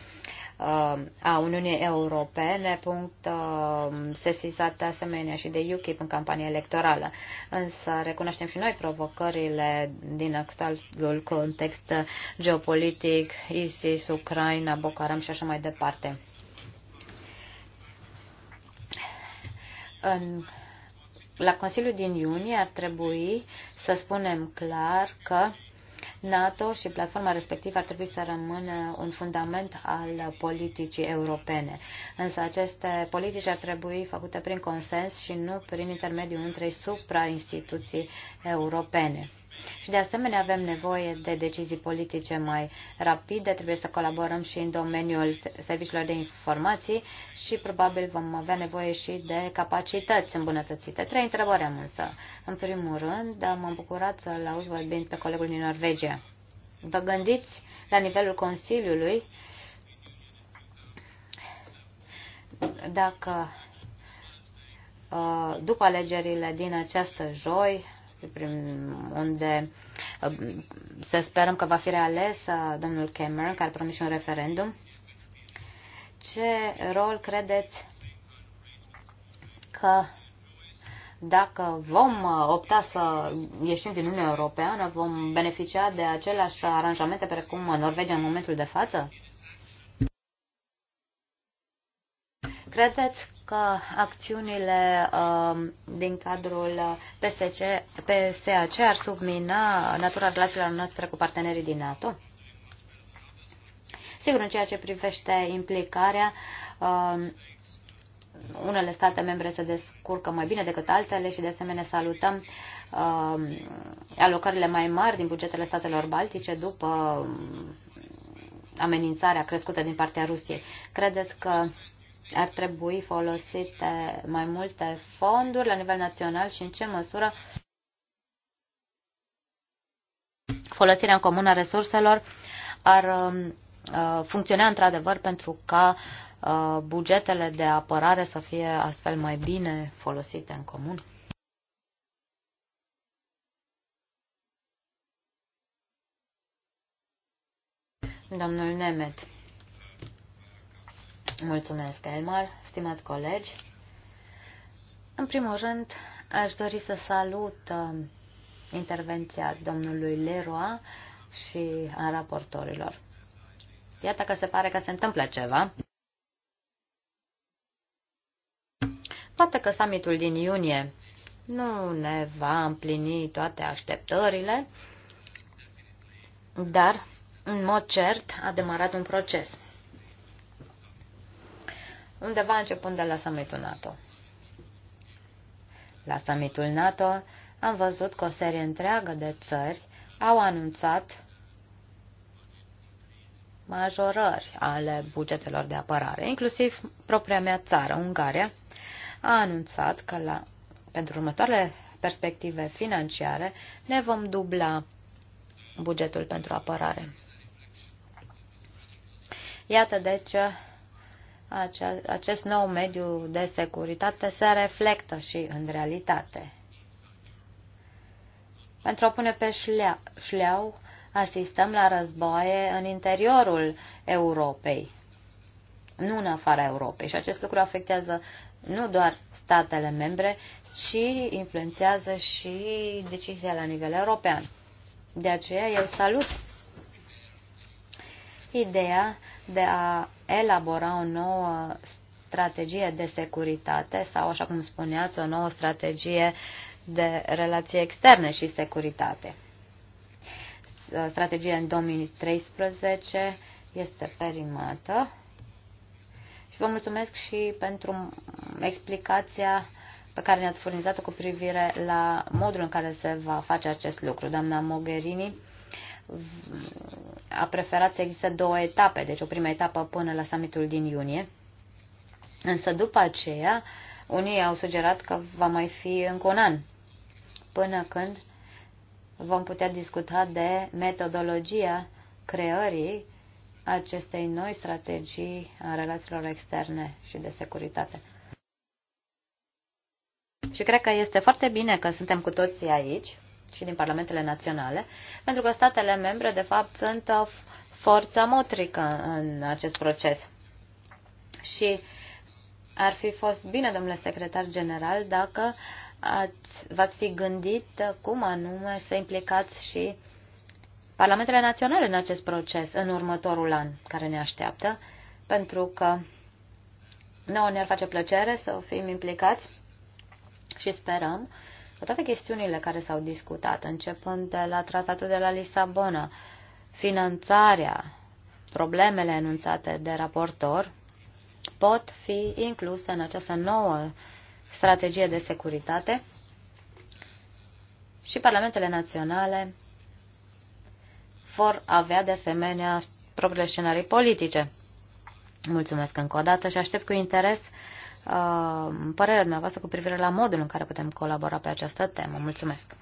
uh, a Uniunii Europene, punct uh, sesizat de asemenea și de UKIP în campanie electorală. Însă recunoaștem și noi provocările din actualul context geopolitic, ISIS, Ucraina, Bocaram și așa mai departe. În la Consiliul din iunie ar trebui să spunem clar că NATO și platforma respectivă ar trebui să rămână un fundament al politicii europene. Însă aceste politici ar trebui făcute prin consens și nu prin intermediul între suprainstituții europene. Și de asemenea avem nevoie de decizii politice mai rapide, trebuie să colaborăm și în domeniul serviciilor de informații și probabil vom avea nevoie și de capacități îmbunătățite. Trei întrebări am însă. În primul rând, m-am bucurat să-l auzi vorbind pe colegul din Norvegia. Vă gândiți la nivelul Consiliului dacă uh, după alegerile din această joi unde uh, să sperăm că va fi reales uh, domnul Cameron, care promis un referendum. Ce rol credeți că dacă vom uh, opta să ieșim din Uniunea Europeană, vom beneficia de aceleași aranjamente precum Norvegia în momentul de față? Credeți că acțiunile um, din cadrul PSC, PSAC ar submina natura relațiilor noastre cu partenerii din NATO? Sigur, în ceea ce privește implicarea, um, unele state membre se descurcă mai bine decât altele și de asemenea salutăm um, alocările mai mari din bugetele statelor baltice după amenințarea crescută din partea Rusiei. Credeți că ar trebui folosite mai multe fonduri la nivel național și în ce măsură folosirea în comună a resurselor ar um, uh, funcționa într-adevăr pentru ca uh, bugetele de apărare să fie astfel mai bine folosite în comun? Domnul Nemet. Mulțumesc, Elmar, stimați colegi. În primul rând, aș dori să salut uh, intervenția domnului Leroy și a raportorilor. Iată că se pare că se întâmplă ceva. Poate că summitul din iunie nu ne va împlini toate așteptările, dar, în mod cert, a demarat un proces undeva începând de la summitul NATO. La summitul NATO am văzut că o serie întreagă de țări au anunțat majorări ale bugetelor de apărare, inclusiv propria mea țară, Ungaria, a anunțat că la, pentru următoarele perspective financiare ne vom dubla bugetul pentru apărare. Iată deci acest nou mediu de securitate se reflectă și în realitate. Pentru a pune pe șlea, șleau, asistăm la războaie în interiorul Europei, nu în afara Europei. Și acest lucru afectează nu doar statele membre, ci influențează și decizia la nivel european. De aceea eu salut ideea de a elabora o nouă strategie de securitate sau, așa cum spuneați, o nouă strategie de relații externe și securitate. Strategia în 2013 este perimată și vă mulțumesc și pentru explicația pe care ne-ați furnizat-o cu privire la modul în care se va face acest lucru. Doamna Mogherini a preferat să existe două etape, deci o prima etapă până la summitul din iunie. Însă după aceea, unii au sugerat că va mai fi încă un an, până când vom putea discuta de metodologia creării acestei noi strategii a relațiilor externe și de securitate. Și cred că este foarte bine că suntem cu toții aici și din parlamentele naționale, pentru că statele membre, de fapt, sunt o uh, forță motrică în acest proces. Și ar fi fost bine, domnule secretar general, dacă v-ați fi gândit cum anume să implicați și parlamentele naționale în acest proces în următorul an care ne așteaptă, pentru că nouă ne-ar face plăcere să fim implicați și sperăm toate chestiunile care s-au discutat, începând de la tratatul de la Lisabona, finanțarea, problemele enunțate de raportor, pot fi incluse în această nouă strategie de securitate și parlamentele naționale vor avea de asemenea propriile scenarii politice. Mulțumesc încă o dată și aștept cu interes Uh, părerea dumneavoastră cu privire la modul în care putem colabora pe această temă. Mulțumesc!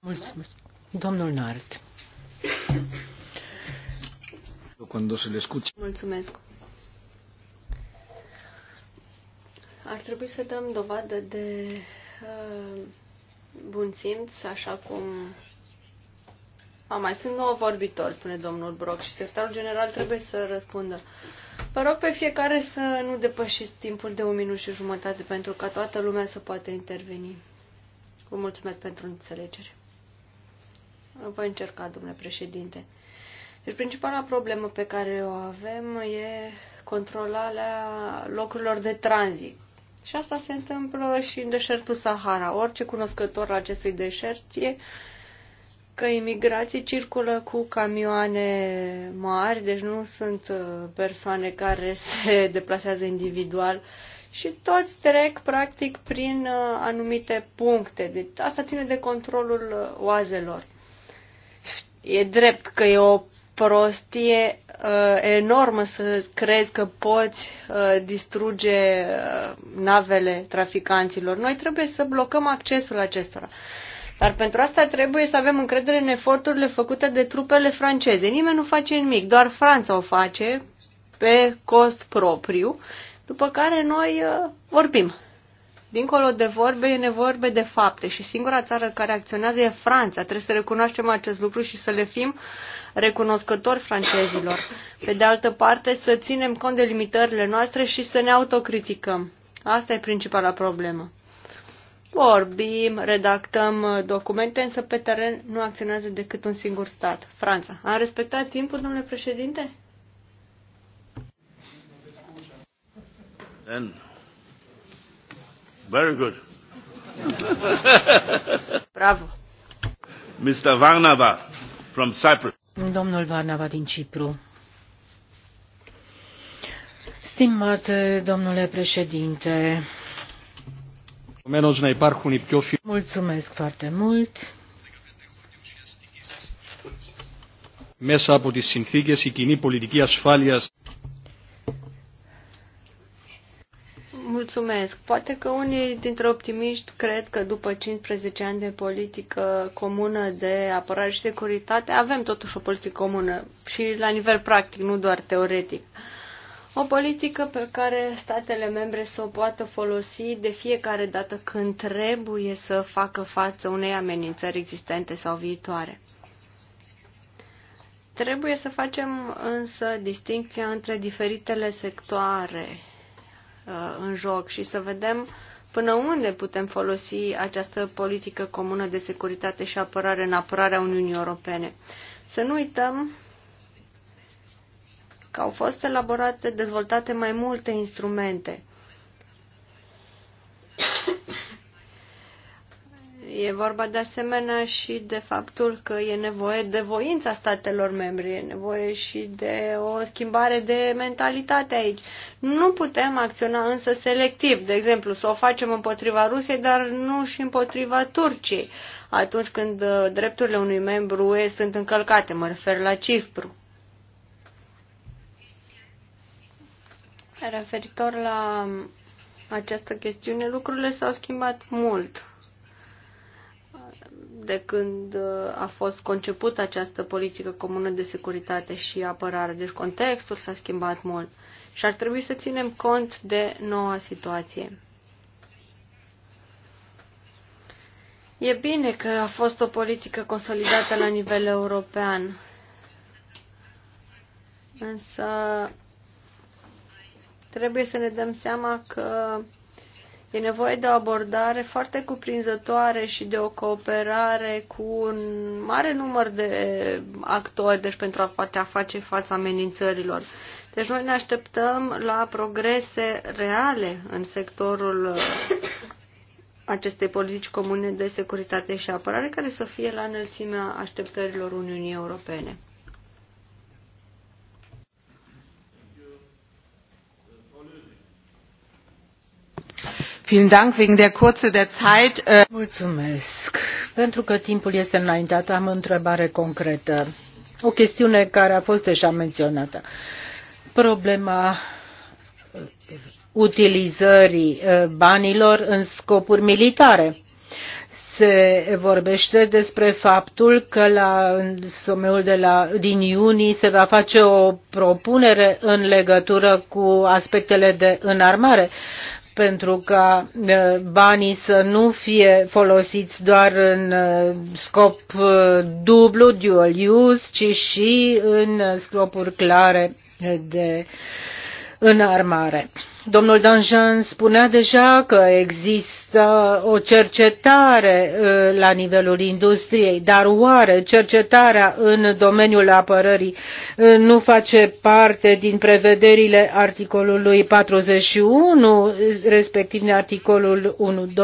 Mulțumesc! Domnul Nart. Mulțumesc! Ar trebui să dăm dovadă de uh, bun simț, așa cum a, mai sunt nouă vorbitori, spune domnul Broc și secretarul general trebuie să răspundă. Uh, Vă rog pe fiecare să nu depășiți timpul de un minut și jumătate pentru ca toată lumea să poată interveni. Vă mulțumesc pentru înțelegere. Voi încerca, domnule președinte. Deci principala problemă pe care o avem e controlarea locurilor de tranzit. Și asta se întâmplă și în deșertul Sahara. Orice cunoscător al acestui deșert e că imigrații circulă cu camioane mari, deci nu sunt uh, persoane care se deplasează individual și toți trec practic prin uh, anumite puncte. Deci asta ține de controlul uh, oazelor. E drept că e o prostie uh, enormă să crezi că poți uh, distruge uh, navele traficanților. Noi trebuie să blocăm accesul acestora. Uh, dar pentru asta trebuie să avem încredere în eforturile făcute de trupele franceze. Nimeni nu face nimic, doar Franța o face pe cost propriu, după care noi uh, vorbim. Dincolo de vorbe, e nevorbe de fapte și singura țară care acționează e Franța. Trebuie să recunoaștem acest lucru și să le fim recunoscători francezilor. Pe de altă parte, să ținem cont de limitările noastre și să ne autocriticăm. Asta e principala problemă. Vorbim, redactăm documente, însă pe teren nu acționează decât un singur stat, Franța. A respectat timpul, domnule președinte? Then. Very good. Bravo. Mr. Varnava from Cyprus. Domnul Varnava din Cipru. Stimate domnule președinte, Mulțumesc foarte mult. Μέσα από τις συνθήκες η κοινή πολιτική ασφάλειας Mulțumesc. Poate că unii dintre optimiști cred că după 15 ani de politică comună de apărare și securitate avem totuși o politică comună și la nivel practic, nu doar teoretic. Uh, o politică pe care statele membre să o poată folosi de fiecare dată când trebuie să facă față unei amenințări existente sau viitoare. Trebuie să facem însă distinția între diferitele sectoare uh, în joc și să vedem până unde putem folosi această politică comună de securitate și apărare în apărarea Uniunii Europene. Să nu uităm că au fost elaborate, dezvoltate mai multe instrumente. E vorba de asemenea și de faptul că e nevoie de voința statelor membre, e nevoie și de o schimbare de mentalitate aici. Nu putem acționa însă selectiv, de exemplu, să o facem împotriva Rusiei, dar nu și împotriva Turciei, atunci când uh, drepturile unui membru UE sunt încălcate, mă refer la Cipru. Referitor la această chestiune, lucrurile s-au schimbat mult de când uh, a fost concepută această politică comună de securitate și apărare. Deci contextul s-a schimbat mult și ar trebui să ținem cont de noua situație. E bine că a fost o politică consolidată la nivel european, însă Trebuie să ne dăm seama că e nevoie de o abordare foarte cuprinzătoare și de o cooperare cu un mare număr de actori, deci pentru a putea face fața amenințărilor. Deci noi ne așteptăm la progrese reale în sectorul uh, acestei politici comune de securitate și apărare care să fie la înălțimea așteptărilor Uniunii Europene. Äh, Mulțumesc. Pentru că timpul este înaintat, am o întrebare concretă. O chestiune care a fost deja menționată. Problema uh, utilizării uh, banilor în scopuri militare. Se vorbește despre faptul că la someul de la, din iunie se va face o propunere în legătură cu aspectele de înarmare pentru ca uh, banii să nu fie folosiți doar în uh, scop uh, dublu, dual use, ci și în scopuri clare de înarmare. Domnul Danjean spunea deja că există o cercetare uh, la nivelul industriei, dar oare cercetarea în domeniul apărării uh, nu face parte din prevederile articolului 41, respectiv articolul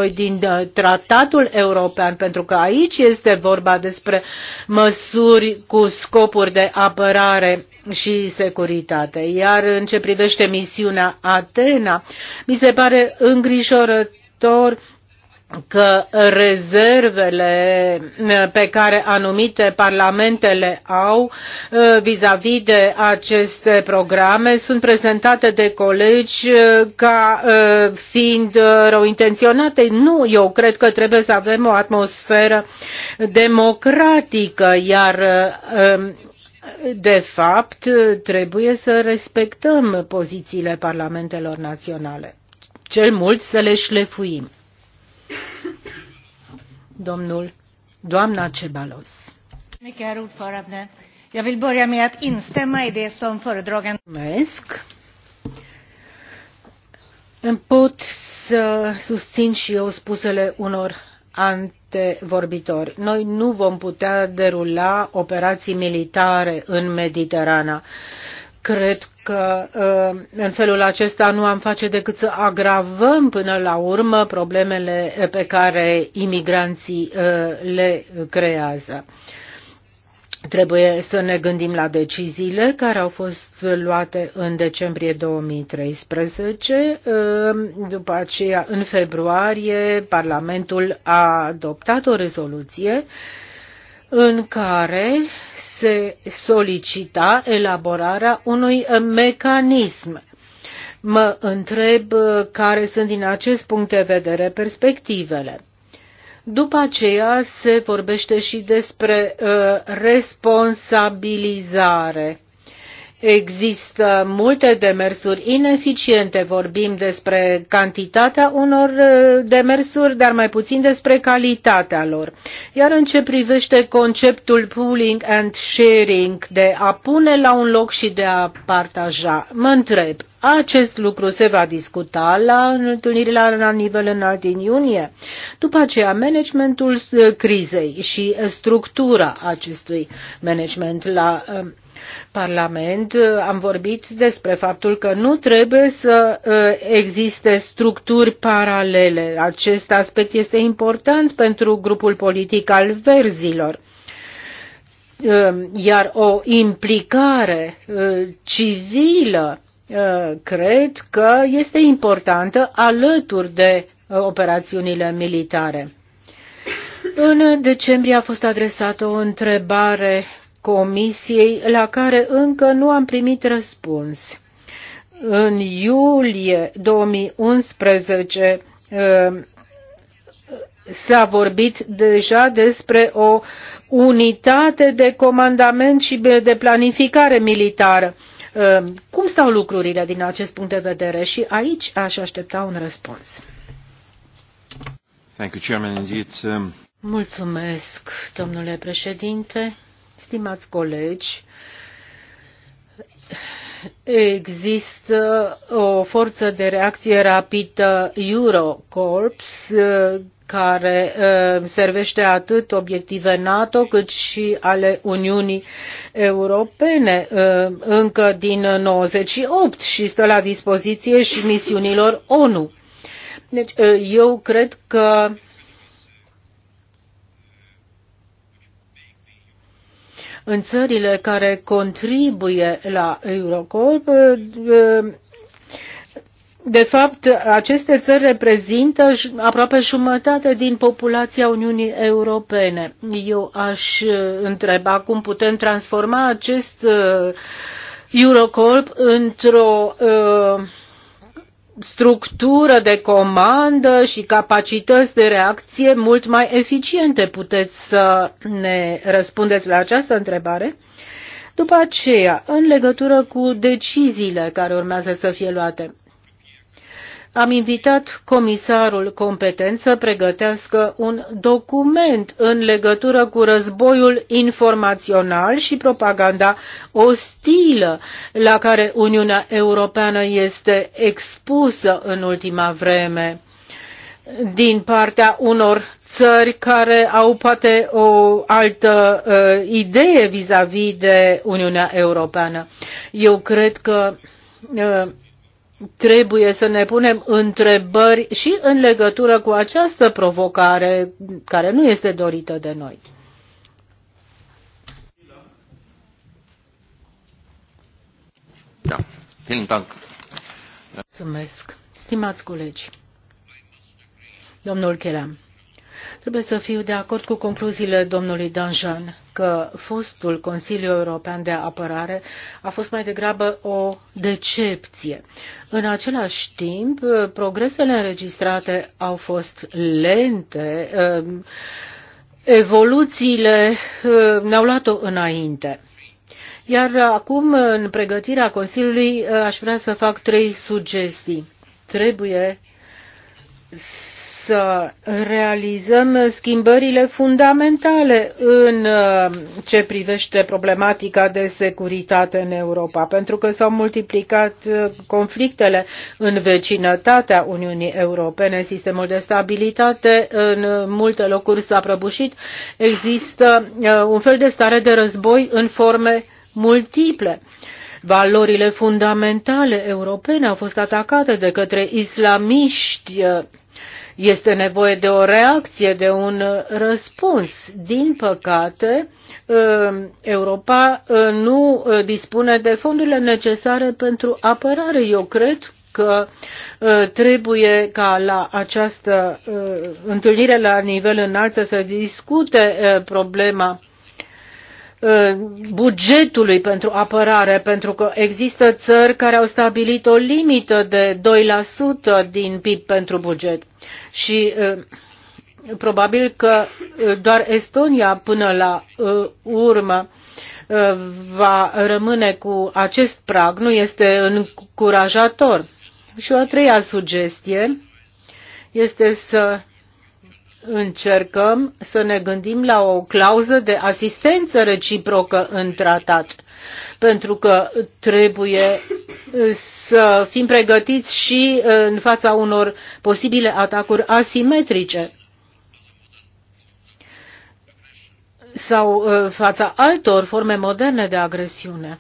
1.2 din uh, Tratatul European, pentru că aici este vorba despre măsuri cu scopuri de apărare și securitate. Iar în ce privește misiunea Atena, mi se pare îngrijorător că rezervele pe care anumite parlamentele au uh, vis-a-vis -vis de aceste programe sunt prezentate de colegi uh, ca uh, fiind intenționate. Nu, eu cred că trebuie să avem o atmosferă democratică, iar um, de fapt, trebuie să respectăm pozițiile parlamentelor naționale. Cel mult să le șlefuim. Domnul, doamna Cebalos. Jag vill börja med att instämma i det som föredraganden... En Pot să susțin și eu spusele unor an niște vorbitori. Noi nu vom putea derula operații militare în Mediterana. Cred că uh, în felul acesta nu am face decât să agravăm până la urmă problemele pe care imigranții uh, le creează. Trebuie să ne gândim la deciziile care au fost luate în decembrie 2013. Ehm, după aceea, în februarie, Parlamentul a adoptat o rezoluție în care se solicita elaborarea unui mecanism. Mă întreb eh, care sunt din acest punct de vedere perspectivele după aceea se vorbește și despre uh, responsabilizare. Există multe demersuri ineficiente, vorbim despre cantitatea unor uh, demersuri, dar mai puțin despre calitatea lor. Iar în ce privește conceptul pooling and sharing, de a pune la un loc și de a partaja, mă întreb, acest lucru se va discuta la întâlnirile la, la nivel înalt din iunie. După aceea, managementul uh, crizei și structura acestui management la uh, Parlament uh, am vorbit despre faptul că nu trebuie să uh, existe structuri paralele. Acest aspect este important pentru grupul politic al verzilor uh, iar o implicare civilă cred că este importantă alături de operațiunile militare. În decembrie a fost adresată o întrebare Comisiei, la care încă nu am primit răspuns. În iulie 2011 uh, s-a vorbit deja despre o unitate de comandament și de planificare militară. Uh, cum stau lucrurile din acest punct de vedere? Și aici aș aștepta un răspuns. Um, Mulțumesc, domnule președinte. Stimați colegi, există o forță de reacție rapidă Eurocorps care uh, servește atât obiective NATO cât și ale Uniunii Europene uh, încă din 98 și stă la dispoziție și misiunilor ONU. Deci uh, eu cred că în țările care contribuie la Eurocorp, de fapt, aceste țări reprezintă aproape jumătate din populația Uniunii Europene. Eu aș uh, întreba cum putem transforma acest uh, Eurocorp într-o uh, structură de comandă și capacități de reacție mult mai eficiente. Puteți să ne răspundeți la această întrebare? După aceea, în legătură cu deciziile care urmează să fie luate, am invitat comisarul competent să pregătească un document în legătură cu războiul informațional și propaganda ostilă la care Uniunea Europeană este expusă în ultima vreme din partea unor țări care au poate o altă uh, idee vis-a-vis -vis de Uniunea Europeană. Eu cred că uh, trebuie să ne punem întrebări și în legătură cu această provocare care nu este dorită de noi. Da. Mulțumesc. Stimați colegi, domnul Chelam, trebuie să fiu de acord cu concluziile domnului Danjan că fostul Consiliu European de Apărare a fost mai degrabă o decepție. În același timp, progresele înregistrate au fost lente, um, evoluțiile um, ne-au luat-o înainte. Iar acum, în pregătirea Consiliului, uh, aș vrea să fac trei sugestii. Trebuie să realizăm schimbările fundamentale în uh, ce privește problematica de securitate în Europa, pentru că s-au multiplicat uh, conflictele în vecinătatea Uniunii Europene, sistemul de stabilitate în multe locuri s-a prăbușit, există uh, un fel de stare de război în forme multiple. Valorile fundamentale europene au fost atacate de către islamiști este nevoie de o reacție, de un răspuns. Din păcate, ă, Europa ă, nu ă, dispune de fondurile necesare pentru apărare. Eu cred că trebuie ca la această întâlnire la nivel înalt să se discute problema Uh, bugetului pentru apărare, pentru că există țări care au stabilit o limită de 2% din PIB pentru buget. Și uh, probabil că uh, doar Estonia până la urmă va rămâne cu acest prag, nu este încurajator. Și o a treia sugestie este să încercăm să ne gândim la o clauză de asistență reciprocă în tratat, pentru că trebuie uh, să fim pregătiți și uh, în fața unor posibile atacuri asimetrice sau uh, fața altor forme moderne de agresiune.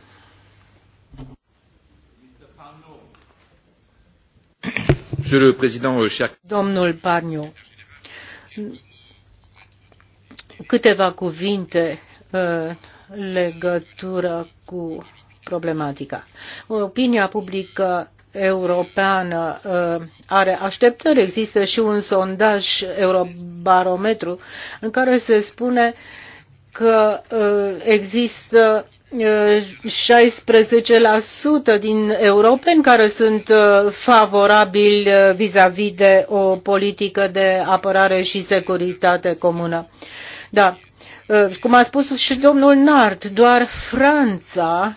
Domnul Parniu, Câteva cuvinte în uh, legătură cu problematica. Opinia publică europeană uh, are așteptări. Există și un sondaj Eurobarometru în care se spune că uh, există 16% din europeni care sunt uh, favorabili uh, vis-a-vis -vis de o politică de apărare și securitate comună. Da. Uh, cum a spus și domnul Nart, doar Franța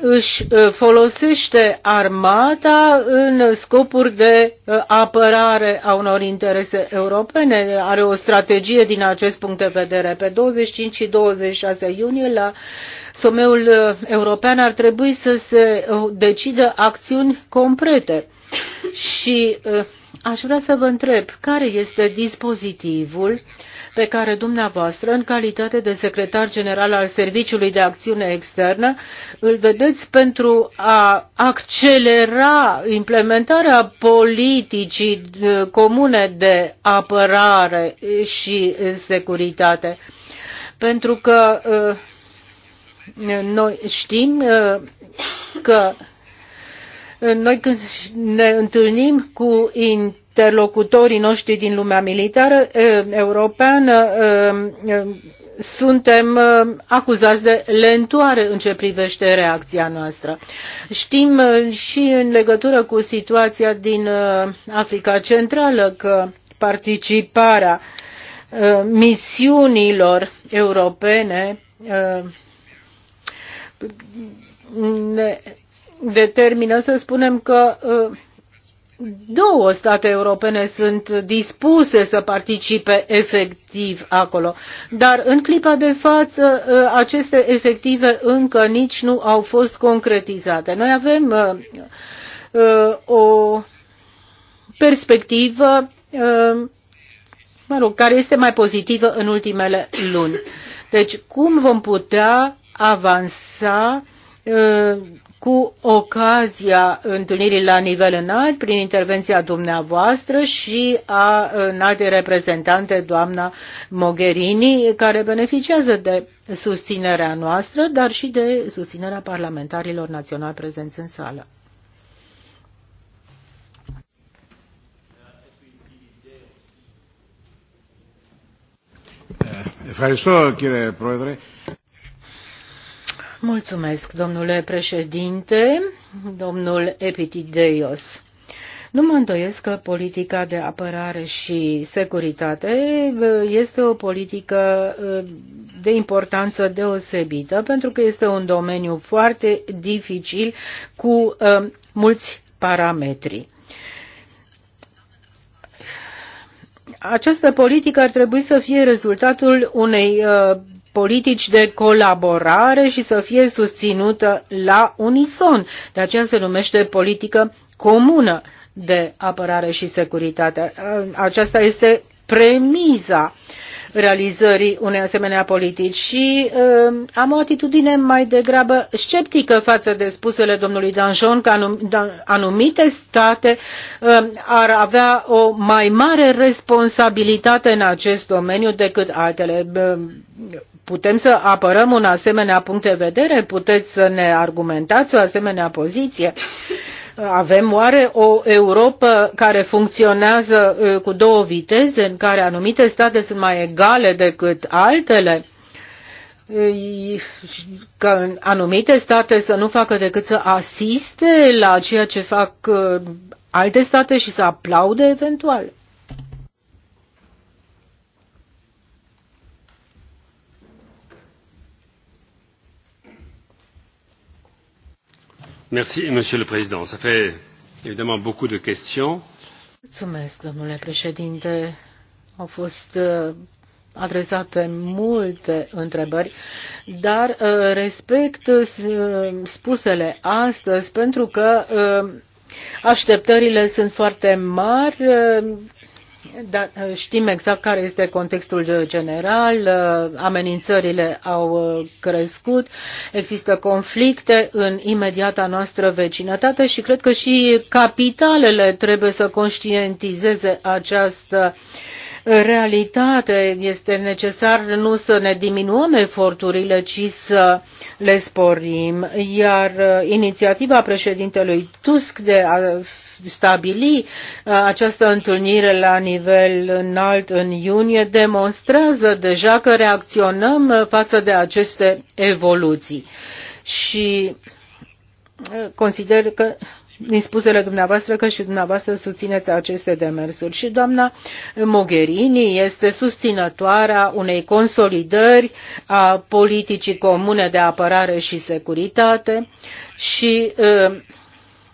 își uh, folosește armata în scopuri de uh, apărare a unor interese europene. Are o strategie din acest punct de vedere. Pe 25 și 26 iunie la someul uh, european ar trebui să se decidă acțiuni concrete. Și aș vrea să vă întreb care este dispozitivul uh, pe care dumneavoastră, în calitate de secretar general al Serviciului de Acțiune Externă, îl vedeți pentru a accelera implementarea politicii uh, comune de apărare și securitate. Pentru că uh, noi știm uh, că noi când ne întâlnim cu interlocutorii noștri din lumea militară europeană suntem acuzați de lentoare în ce privește reacția noastră. Știm și în legătură cu situația din Africa Centrală că participarea misiunilor europene ne determină să spunem că uh, două state europene sunt dispuse să participe efectiv acolo, dar în clipa de față ă, aceste efective încă nici nu au fost concretizate. Noi avem ă, ă, o perspectivă mă rog, care este mai pozitivă în ultimele luni. Deci cum vom putea avansa cu ocazia întâlnirii la nivel înalt, prin intervenția dumneavoastră și a înaltei reprezentante, doamna Mogherini, care beneficiază de susținerea noastră, dar și de susținerea parlamentarilor naționali prezenți în sală. Ευχαριστώ κύριε Πρόεδρε. Mulțumesc, domnule președinte, domnul Epitideios. Nu mă îndoiesc că politica de apărare și securitate uh, este o politică uh, de importanță deosebită, pentru că este un domeniu foarte dificil cu uh, mulți parametri. Această politică ar trebui să fie rezultatul unei politici de colaborare și să fie susținută la unison. De aceea se numește politică comună de apărare și securitate. Aceasta este premiza realizării unei asemenea politici și uh, am o atitudine mai degrabă sceptică față de spusele domnului Danjon că anum, da, anumite state uh, ar avea o mai mare responsabilitate în acest domeniu decât altele. Uh, putem să apărăm un asemenea punct de vedere? Puteți să ne argumentați o asemenea poziție? Avem oare o Europa care funcționează cu două viteze, în care anumite state sunt mai egale decât altele? Că anumite state să nu facă decât să asiste la ceea ce fac alte state și să aplaude eventual. Mulțumesc, domnule președinte. Au fost uh, adresate multe întrebări, dar uh, respect uh, spusele astăzi pentru că așteptările sunt foarte mari da, știm exact care este contextul general, amenințările au crescut, există conflicte în imediata noastră vecinătate și cred că și capitalele trebuie să conștientizeze această realitate. Este necesar nu să ne diminuăm eforturile, ci să le sporim. Iar inițiativa președintelui Tusk de a stabili uh, această întâlnire la nivel înalt în iunie demonstrează deja că reacționăm uh, față de aceste evoluții. Și uh, consider că din spusele dumneavoastră că și dumneavoastră susțineți aceste demersuri. Și doamna Mogherini este susținătoarea unei consolidări a politicii comune de apărare și securitate și uh,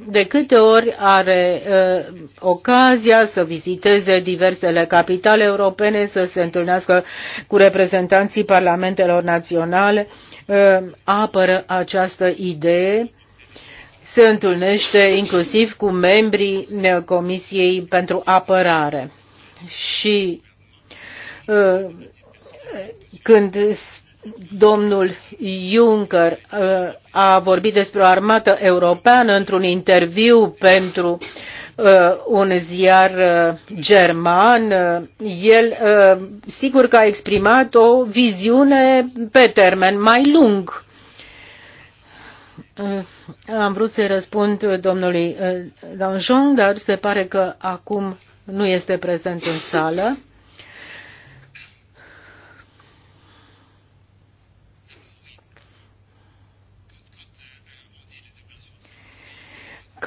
de câte ori are uh, ocazia să viziteze diversele capitale europene, să se întâlnească cu reprezentanții parlamentelor naționale, uh, apără această idee, se întâlnește inclusiv cu membrii uh, Comisiei pentru Apărare. Și uh, când domnul Juncker uh, a vorbit despre o armată europeană într-un interviu pentru uh, un ziar uh, german, el sigur că a exprimat o viziune pe termen mai lung. Am vrut să-i răspund domnului Danjon, dar se pare că acum nu este prezent în sală.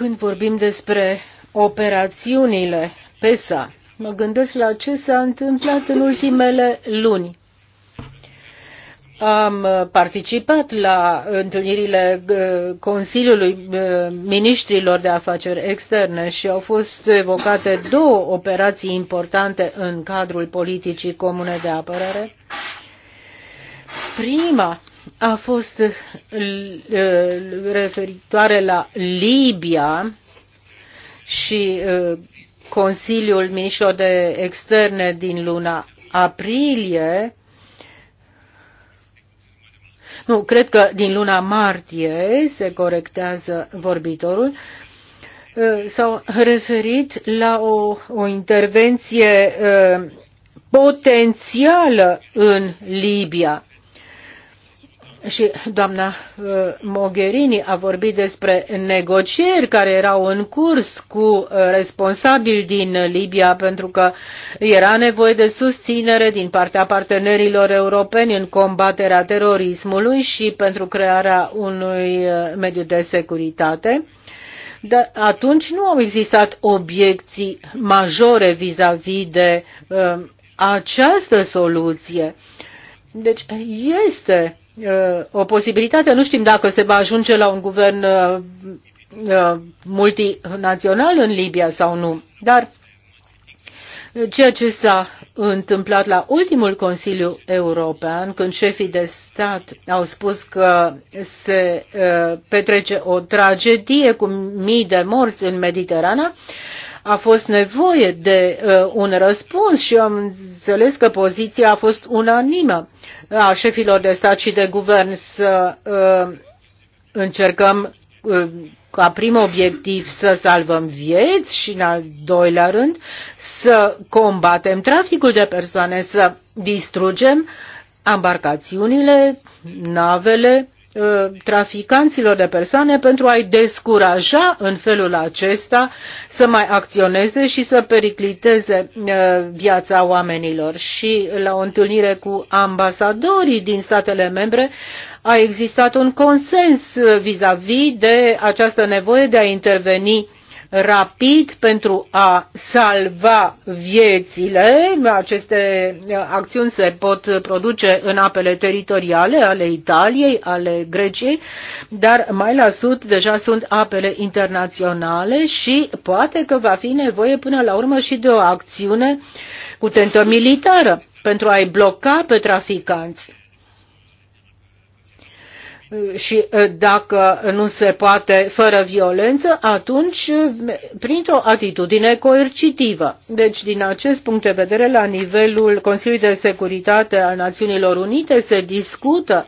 Când vorbim despre operațiunile PESA, mă gândesc la ce s-a întâmplat în ultimele luni. Am participat la întâlnirile uh, Consiliului uh, Ministrilor de Afaceri Externe și au fost evocate două operații importante în cadrul politicii comune de apărare. Prima a fost uh, uh, referitoare la Libia și uh, Consiliul Ministrilor de Externe din luna aprilie. Nu, cred că din luna martie se corectează vorbitorul s-au referit la o, o intervenție uh, potențială în Libia și doamna uh, Mogherini a vorbit despre negocieri care erau în curs cu uh, responsabili din uh, Libia pentru că era nevoie de susținere din partea partenerilor europeni în combaterea terorismului și pentru crearea unui mediu de securitate. Dar atunci nu au existat obiecții majore vis-a-vis -vis de uh, această soluție. Deci este Uh, o posibilitate. Nu știm dacă se va ajunge la un guvern uh, uh, multinațional în Libia sau nu, dar ceea ce s-a întâmplat la ultimul Consiliu European, când șefii de stat au spus că se petrece o tragedie cu mii de morți în Mediterana, a fost nevoie de uh, un răspuns și eu am înțeles că poziția a fost unanimă a șefilor de stat și de guvern să uh, încercăm uh, ca prim obiectiv să salvăm vieți și în al doilea rând să combatem traficul de persoane, să distrugem embarcațiunile, uh, navele Uh, traficanților de persoane pentru a-i descuraja în felul acesta să mai acționeze și să pericliteze uh, viața oamenilor. Și la o întâlnire cu ambasadorii din statele membre a existat un consens uh, vis-a-vis -vis de această nevoie de a interveni rapid pentru a salva viețile. Aceste uh, acțiuni se pot produce în apele teritoriale ale Italiei, ale Greciei, dar mai la sud deja sunt apele internaționale și poate că va fi nevoie până la urmă și de o acțiune cu tentă militară pentru a-i bloca pe traficanți și dacă nu se poate fără violență, atunci printr-o atitudine coercitivă. Deci, din acest punct de vedere, la nivelul Consiliului de Securitate al Națiunilor Unite se discută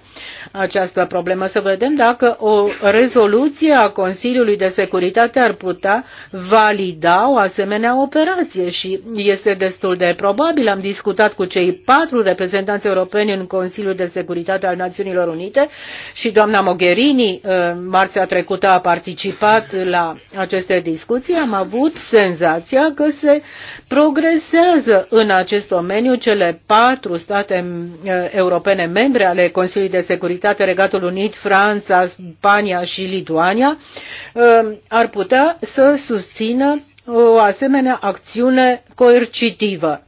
această problemă, să vedem dacă o rezoluție a Consiliului de Securitate ar putea valida o asemenea operație și este destul de probabil. Am discutat cu cei patru reprezentanți europeni în Consiliul de Securitate al Națiunilor Unite și doamna Mogherini uh, marțea trecută a participat la aceste discuții. Am avut senzația că se progresează în acest domeniu cele patru state uh, europene membre ale Consiliului de Securitate majoritate Regatul Unit, Franța, Spania și Lituania, um, ar putea să susțină o asemenea acțiune coercitivă.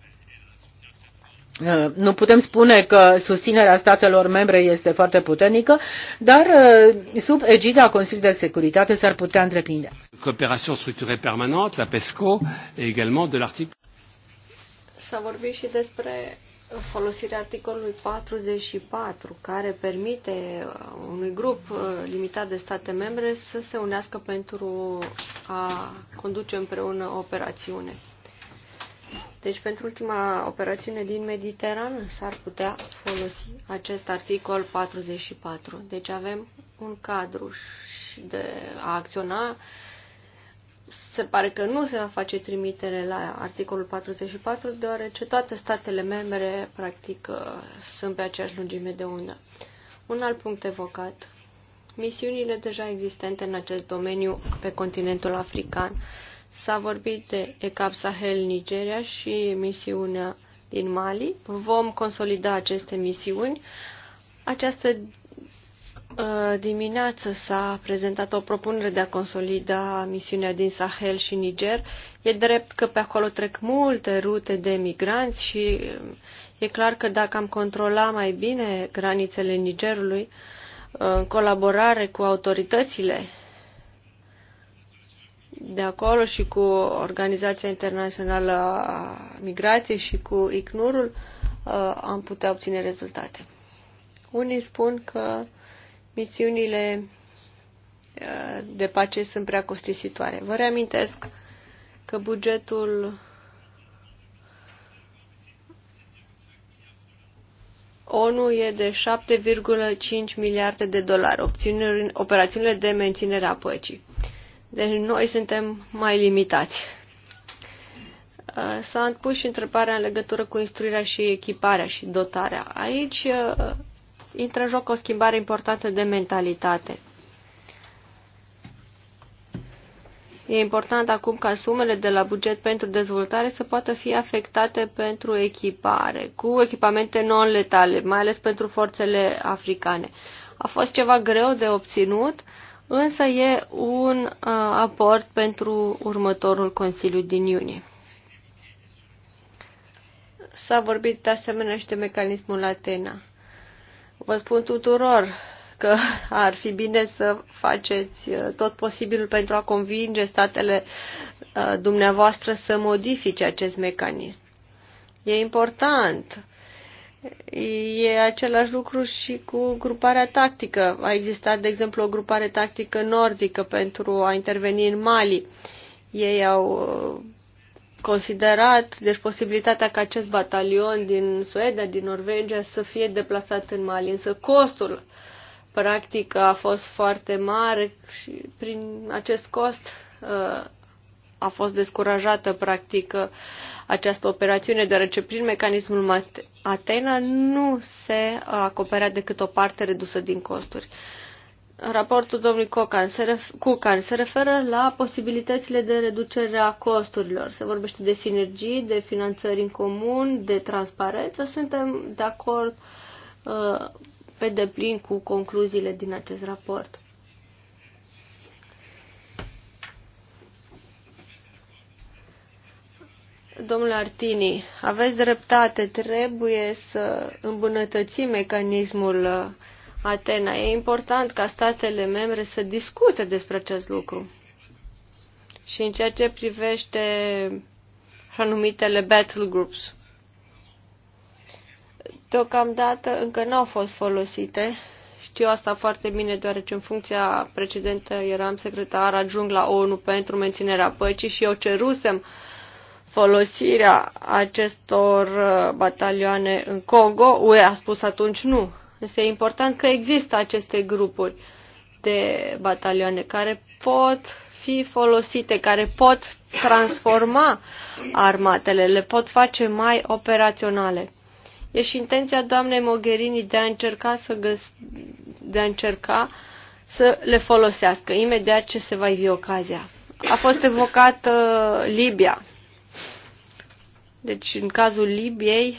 Uh, nu putem spune că susținerea statelor membre este foarte puternică, dar uh, sub egida Consiliului de Securitate s-ar putea întreprinde. Coopération structurée permanente, la PESCO, și également de l'article. S-a vorbit și despre folosirea articolului 44, care permite uh, unui grup uh, limitat de state membre să se unească pentru a conduce împreună o operațiune. Deci, pentru ultima operațiune din Mediterană s-ar putea folosi acest articol 44. Deci avem un cadru și de a acționa se pare că nu se va face trimitere la articolul 44, deoarece toate statele membre, practic, uh, sunt pe aceeași lungime de undă. Un alt punct evocat. Misiunile deja existente în acest domeniu pe continentul african. S-a vorbit de ECAP Sahel Nigeria și misiunea din Mali. Vom consolida aceste misiuni. Această Uh, dimineață s-a prezentat o propunere de a consolida misiunea din Sahel și Niger. E drept că pe acolo trec multe rute de migranți și uh, e clar că dacă am controla mai bine granițele Nigerului, uh, în colaborare cu autoritățile de acolo și cu Organizația Internațională a Migrației și cu ICNUR-ul, am putea obține rezultate. Unii spun că misiunile uh, de pace sunt prea costisitoare. Vă reamintesc că bugetul ONU e de 7,5 miliarde de dolari, operațiunile de menținere a păcii. Deci noi suntem mai limitați. Uh, s-a pus și întrebarea în legătură cu instruirea și echiparea și dotarea. Aici uh, intră în joc o schimbare importantă de mentalitate. E important acum ca sumele de la buget pentru dezvoltare să poată fi afectate pentru echipare, cu echipamente non-letale, mai ales pentru forțele africane. A fost ceva greu de obținut, însă e un uh, aport pentru următorul Consiliu din iunie. S-a vorbit de asemenea și de mecanismul Atena. Vă spun tuturor că ar fi bine să faceți uh, tot posibilul pentru a convinge statele uh, dumneavoastră să modifice acest mecanism. E important. E același lucru și cu gruparea tactică. A existat, de exemplu, o grupare tactică nordică pentru a interveni în Mali. Ei au uh, considerat deci posibilitatea ca acest batalion din Suedia, din Norvegia să fie deplasat în Mali, însă costul practic a fost foarte mare și prin acest cost uh, a fost descurajată practic uh, această operațiune, deoarece prin mecanismul Atena nu se acoperea decât o parte redusă din costuri raportul domnului se, Cucan se referă la posibilitățile de reducere a costurilor. Se vorbește de sinergii, de finanțări în comun, de transparență. Suntem de acord uh, pe deplin cu concluziile din acest raport. Domnule Artini, aveți dreptate, trebuie să îmbunătățim mecanismul uh, Atena. E important ca statele membre să discute despre acest lucru. Și în ceea ce privește anumitele battle groups. Deocamdată încă nu au fost folosite. Știu asta foarte bine, deoarece în funcția precedentă eram secretar ajung la ONU pentru menținerea păcii și eu cerusem folosirea acestor uh, batalioane în Congo. UE a spus atunci nu, Însă e important că există aceste grupuri de batalioane care pot fi folosite, care pot transforma armatele, le pot face mai operaționale. E și intenția doamnei Mogherini de a încerca să găs- de a încerca să le folosească imediat ce se va ivi ocazia. A fost evocată uh, Libia. Deci, în cazul Libiei,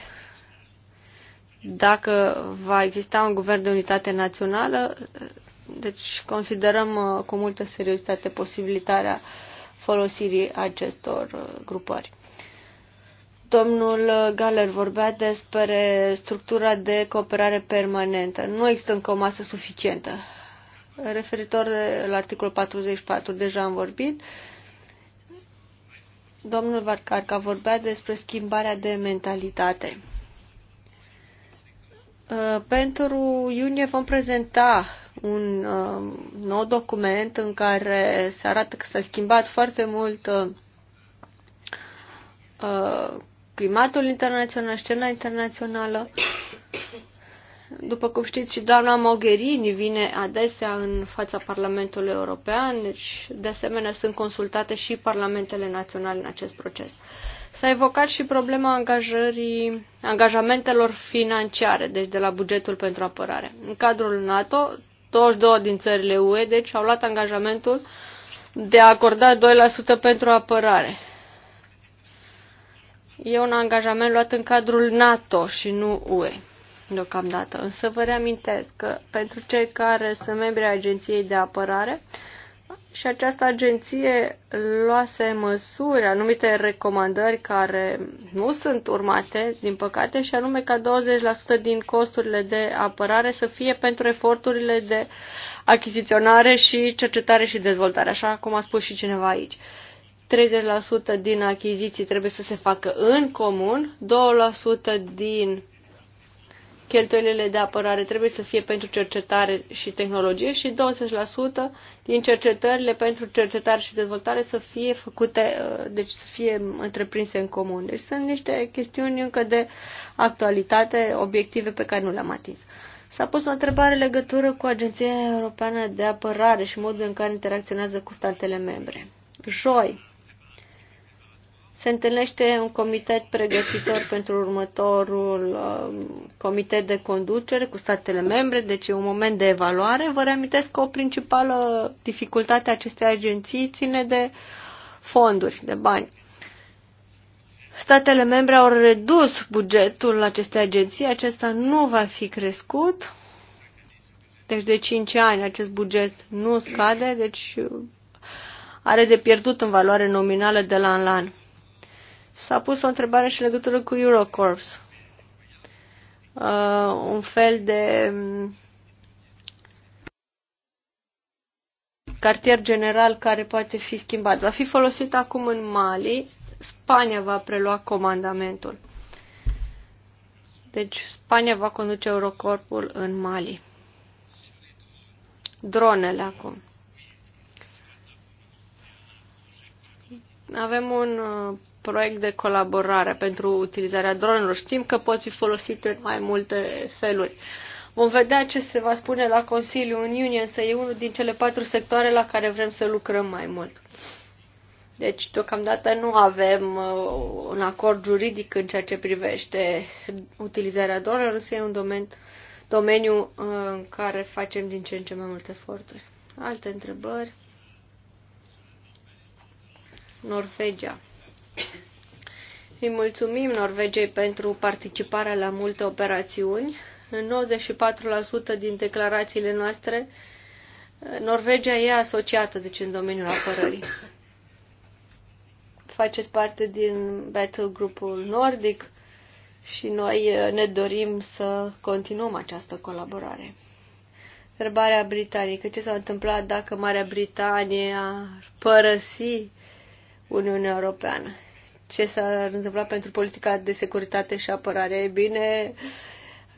dacă va exista un guvern de unitate națională, deci considerăm uh, cu multă seriozitate posibilitatea folosirii acestor uh, grupări. Domnul Galer vorbea despre structura de cooperare permanentă. Nu există încă o masă suficientă. Referitor la articolul 44, deja am vorbit. Domnul Varcarca vorbea despre schimbarea de mentalitate. Uh, pentru iunie vom prezenta un uh, nou document în care se arată că s-a schimbat foarte mult uh, climatul internațional, scena internațională. După cum știți, și doamna Mogherini vine adesea în fața Parlamentului European, deci de asemenea sunt consultate și parlamentele naționale în acest proces. S-a evocat și problema angajării, angajamentelor financiare, deci de la bugetul pentru apărare. În cadrul NATO, 22 din țările UE, deci au luat angajamentul de a acorda 2% pentru apărare. E un angajament luat în cadrul NATO și nu UE deocamdată. Însă vă reamintesc că pentru cei care sunt membri ai Agenției de Apărare, și această agenție luase măsuri, anumite recomandări care nu sunt urmate, din păcate, și anume ca 20% din costurile de apărare să fie pentru eforturile de achiziționare și cercetare și dezvoltare, așa cum a spus și cineva aici. 30% din achiziții trebuie să se facă în comun, 2% din cheltuielile de apărare trebuie să fie pentru cercetare și tehnologie și 20% din cercetările pentru cercetare și dezvoltare să fie făcute, uh, deci să fie întreprinse în comun. Deci sunt niște chestiuni încă de actualitate, obiective pe care nu le-am atins. S-a pus o întrebare legătură cu Agenția Europeană de Apărare și modul în care interacționează cu statele membre. Joi, se întâlnește un comitet pregătitor pentru următorul um, comitet de conducere cu statele membre, deci e un moment de evaluare. Vă reamintesc că o principală dificultate a acestei agenții ține de fonduri, de bani. Statele membre au redus bugetul acestei agenții, acesta nu va fi crescut, deci de 5 ani acest buget nu scade, deci are de pierdut în valoare nominală de la an la an. S-a pus o întrebare și în legătură cu Eurocorps. Uh, un fel de mm, cartier general care poate fi schimbat. Va fi folosit acum în Mali. Spania va prelua comandamentul. Deci Spania va conduce Eurocorpul în Mali. Dronele acum. Avem un uh, proiect de colaborare pentru utilizarea dronelor. Știm că pot fi folosite în mai multe feluri. Vom vedea ce se va spune la Consiliul Uniunii, însă e unul din cele patru sectoare la care vrem să lucrăm mai mult. Deci, deocamdată nu avem uh, un acord juridic în ceea ce privește utilizarea dronelor, însă e un domen, domeniu uh, în care facem din ce în ce mai multe eforturi. Alte întrebări? Norvegia. Îi mulțumim Norvegiei pentru participarea la multe operațiuni. În 94% din declarațiile noastre, Norvegia e asociată, deci, în domeniul apărării. Faceți parte din Battle Grupul Nordic și noi eh, ne dorim să continuăm această colaborare. Întrebarea britanică. Ce s-a întâmplat dacă Marea Britanie ar părăsi Uniunea Europeană. Ce s-a întâmplat pentru politica de securitate și apărare? E bine,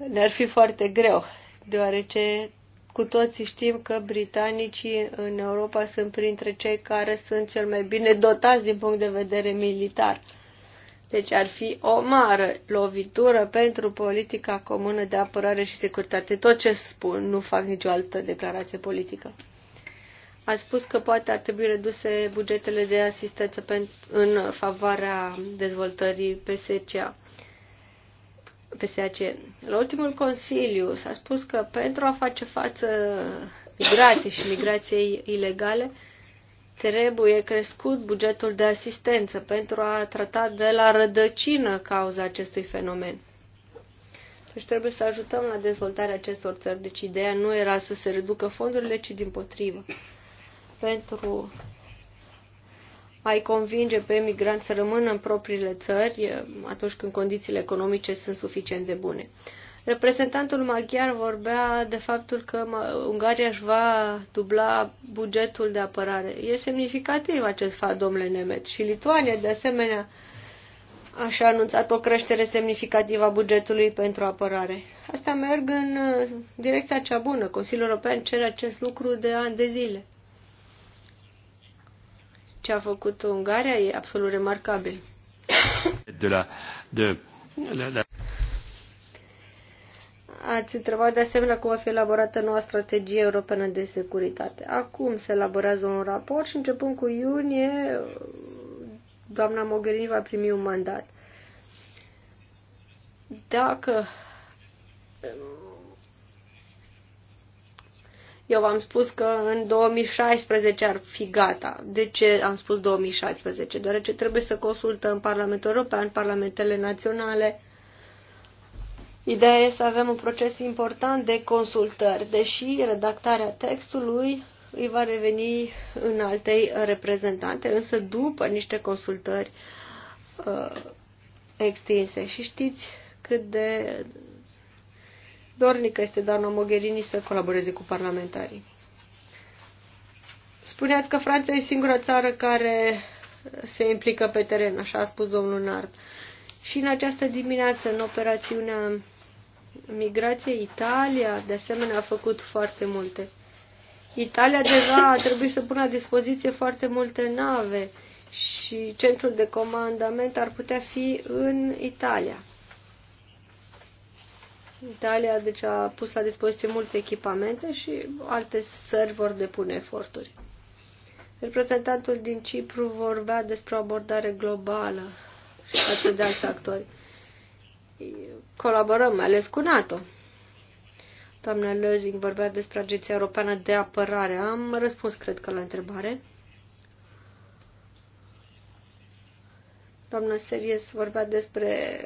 ne-ar fi foarte greu, deoarece cu toții știm că britanicii în Europa sunt printre cei care sunt cel mai bine dotați din punct de vedere militar. Deci ar fi o mare lovitură pentru politica comună de apărare și securitate. Tot ce spun, nu fac nicio altă declarație politică. A spus că poate ar trebui reduse bugetele de asistență în favoarea dezvoltării PSCA. PSAC. La ultimul Consiliu s-a spus că pentru a face față migrației și migrației ilegale, trebuie crescut bugetul de asistență pentru a trata de la rădăcină cauza acestui fenomen. Deci trebuie să ajutăm la dezvoltarea acestor țări. Deci ideea nu era să se reducă fondurile, ci din potrivă pentru a-i convinge pe emigranți să rămână în propriile țări atunci când condițiile economice sunt suficient de bune. Reprezentantul maghiar vorbea de faptul că Ungaria își va dubla bugetul de apărare. E semnificativ acest fapt, domnule Nemet. Și Lituania, de asemenea, așa a anunțat o creștere semnificativă a bugetului pentru apărare. Asta merg în uh, direcția cea bună. Consiliul European cere acest lucru de ani de zile. Ce a făcut Ungaria e absolut remarcabil. De la, de, la, la... Ați întrebat de asemenea cum va fi elaborată noua strategie europeană de securitate. Acum se elaborează un raport și începând cu iunie, doamna Mogherini va primi un mandat. Dacă eu v-am spus că în 2016 ar fi gata. De ce am spus 2016? Deoarece trebuie să consultăm Parlamentul European, Parlamentele Naționale. Ideea e să avem un proces important de consultări, deși redactarea textului îi va reveni în altei reprezentante, însă după niște consultări uh, extinse. Și știți cât de dornică este doamna Mogherini să colaboreze cu parlamentarii. Spuneați că Franța e singura țară care se implică pe teren, așa a spus domnul Nard. Și în această dimineață, în operațiunea migrației, Italia, de asemenea, a făcut foarte multe. Italia deja a trebuit să pună la dispoziție foarte multe nave și centrul de comandament ar putea fi în Italia. Italia deci a pus la dispoziție multe echipamente și alte țări vor depune eforturi. Reprezentantul din Cipru vorbea despre o abordare globală și față de alți actori. Colaborăm, mai ales cu NATO. Doamna Lözing vorbea despre Agenția Europeană de Apărare. Am răspuns, cred că, la întrebare. Doamna Series vorbea despre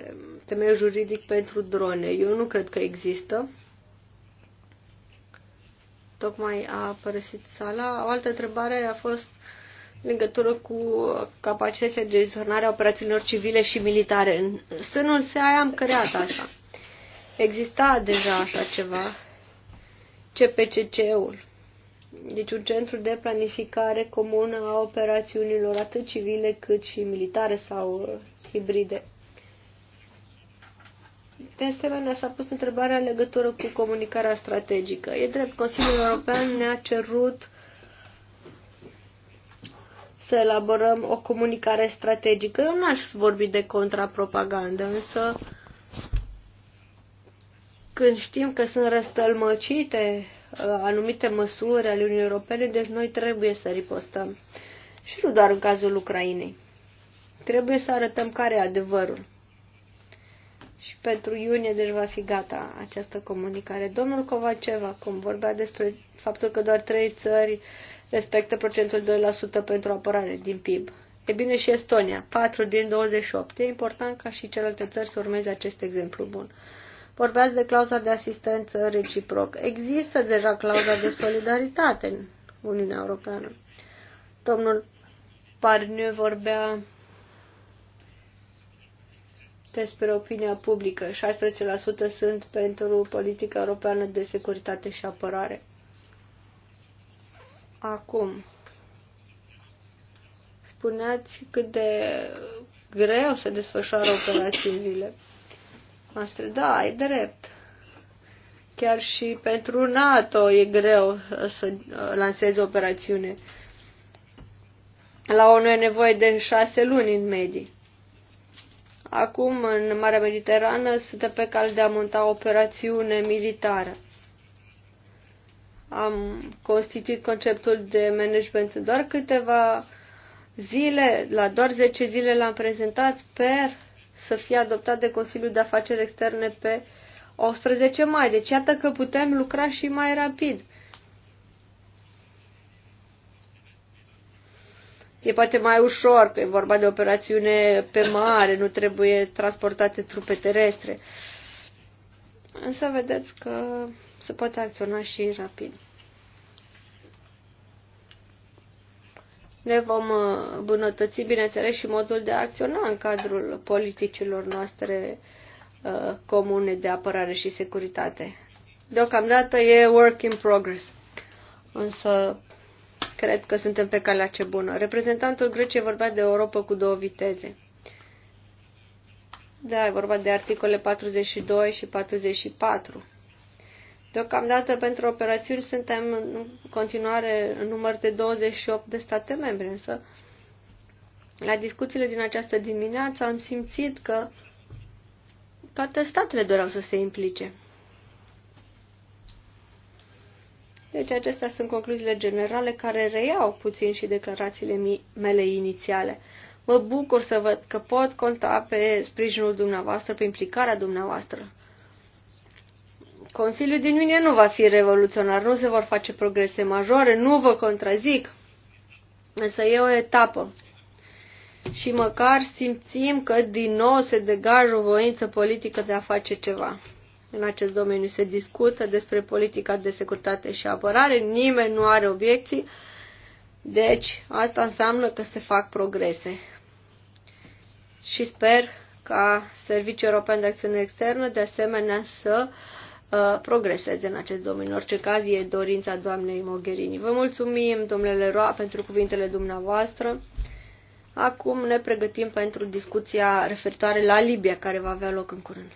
temeiul juridic pentru drone. Eu nu cred că există. Tocmai a părăsit sala. O altă întrebare a fost legătură cu capacitatea de gestionare a operațiunilor civile și militare. În sânul SEA am creat asta. Exista deja așa ceva. CPCC-ul deci un centru de planificare comună a operațiunilor atât civile cât și militare sau uh, hibride. De asemenea, s-a pus întrebarea în legătură cu comunicarea strategică. E drept, Consiliul European ne-a cerut să elaborăm o comunicare strategică. Eu n-aș vorbi de contrapropagandă, însă când știm că sunt răstălmăcite Uh, anumite măsuri ale Uniunii Europene, deci noi trebuie să ripostăm. Și nu doar în cazul Ucrainei. Trebuie să arătăm care e adevărul. Și pentru iunie, deci va fi gata această comunicare. Domnul Covaceva, acum vorbea despre faptul că doar trei țări respectă procentul 2% pentru apărare din PIB. E bine și Estonia, 4 din 28. E important ca și celelalte țări să urmeze acest exemplu bun. Vorbeați de clauza de asistență reciproc. Există deja clauza de solidaritate în Uniunea Europeană. Domnul Parniu vorbea despre opinia publică. 16% sunt pentru politica europeană de securitate și apărare. Acum, spuneați cât de greu se desfășoară operațiunile noastre. Da, e drept. Chiar și pentru NATO e greu uh, să uh, lansezi operațiune. La ONU e nevoie de șase luni în medii. Acum, în Marea Mediterană, suntem pe cal de a monta o operațiune militară. Am constituit conceptul de management în doar câteva zile, la doar 10 zile l-am prezentat. Sper să fie adoptat de Consiliul de Afaceri Externe pe 18 mai. Deci iată că putem lucra și mai rapid. E poate mai ușor, că e vorba de operațiune pe mare, nu trebuie transportate trupe terestre. Însă vedeți că se poate acționa și rapid. Ne vom uh, îmbunătăți, bineînțeles, și modul de a acționa în cadrul politicilor noastre uh, comune de apărare și securitate. Deocamdată e work in progress, însă cred că suntem pe calea ce bună. Reprezentantul Greciei vorbea de Europa cu două viteze. Da, e vorba de articole 42 și 44 Deocamdată pentru operațiuni suntem în continuare în număr de 28 de state membre, însă la discuțiile din această dimineață am simțit că toate statele doreau să se implice. Deci acestea sunt concluziile generale care reiau puțin și declarațiile mele inițiale. Mă bucur să văd că pot conta pe sprijinul dumneavoastră, pe implicarea dumneavoastră. Consiliul din iunie nu va fi revoluționar, nu se vor face progrese majore, nu vă contrazic, însă e o etapă. Și măcar simțim că din nou se degajă o voință politică de a face ceva. În acest domeniu se discută despre politica de securitate și apărare, nimeni nu are obiecții, deci asta înseamnă că se fac progrese. Și sper ca Serviciul European de Acțiune Externă de asemenea să uh, Uh, progreseze în acest domeniu. În orice caz, e dorința doamnei Mogherini. Vă mulțumim, domnule Leroa, pentru cuvintele dumneavoastră. Acum ne pregătim pentru discuția referitoare la Libia, care va avea loc în curând.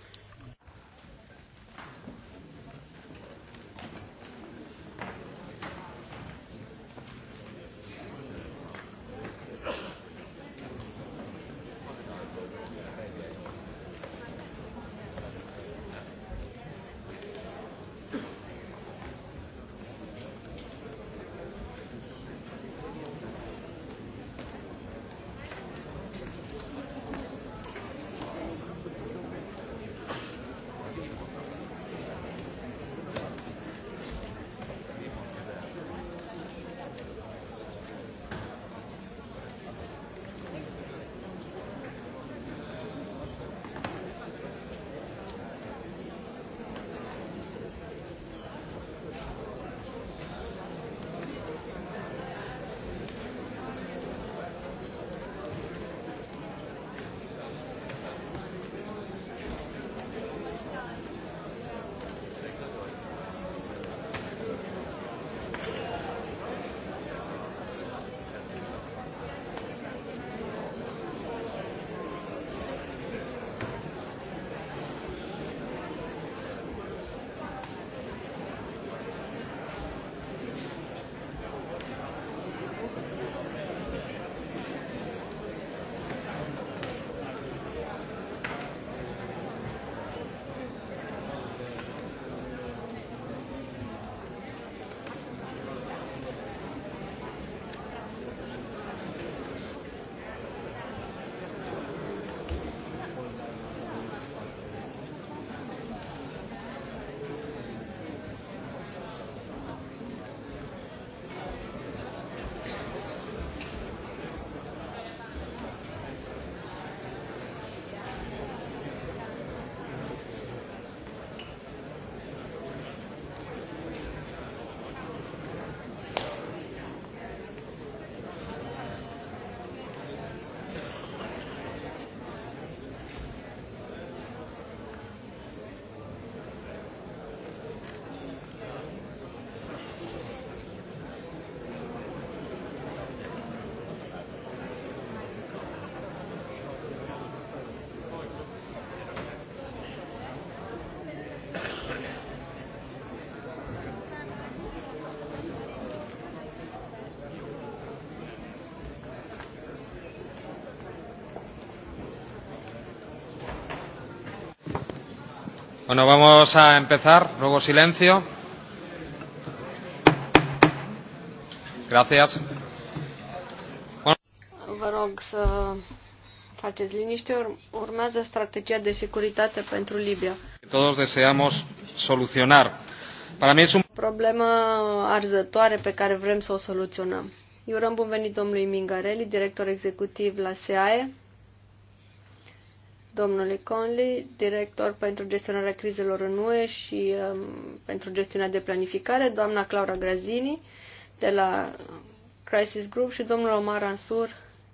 Bueno, vamos a empezar. Luego silencio. Gracias. Vă rog să faceți liniște. Urmează strategia de securitate pentru Libia. Todos deseamos solucionar. Para mí es un... Problemă arzătoare pe care vrem să o soluționăm. Eu bun venit domnului Mingarelli, director executiv la SEAE, domnului Conley, director pentru gestionarea crizelor în UE și um, pentru gestiunea de planificare, doamna Claura Grazini de la um, Crisis Group și domnul Omar Ansur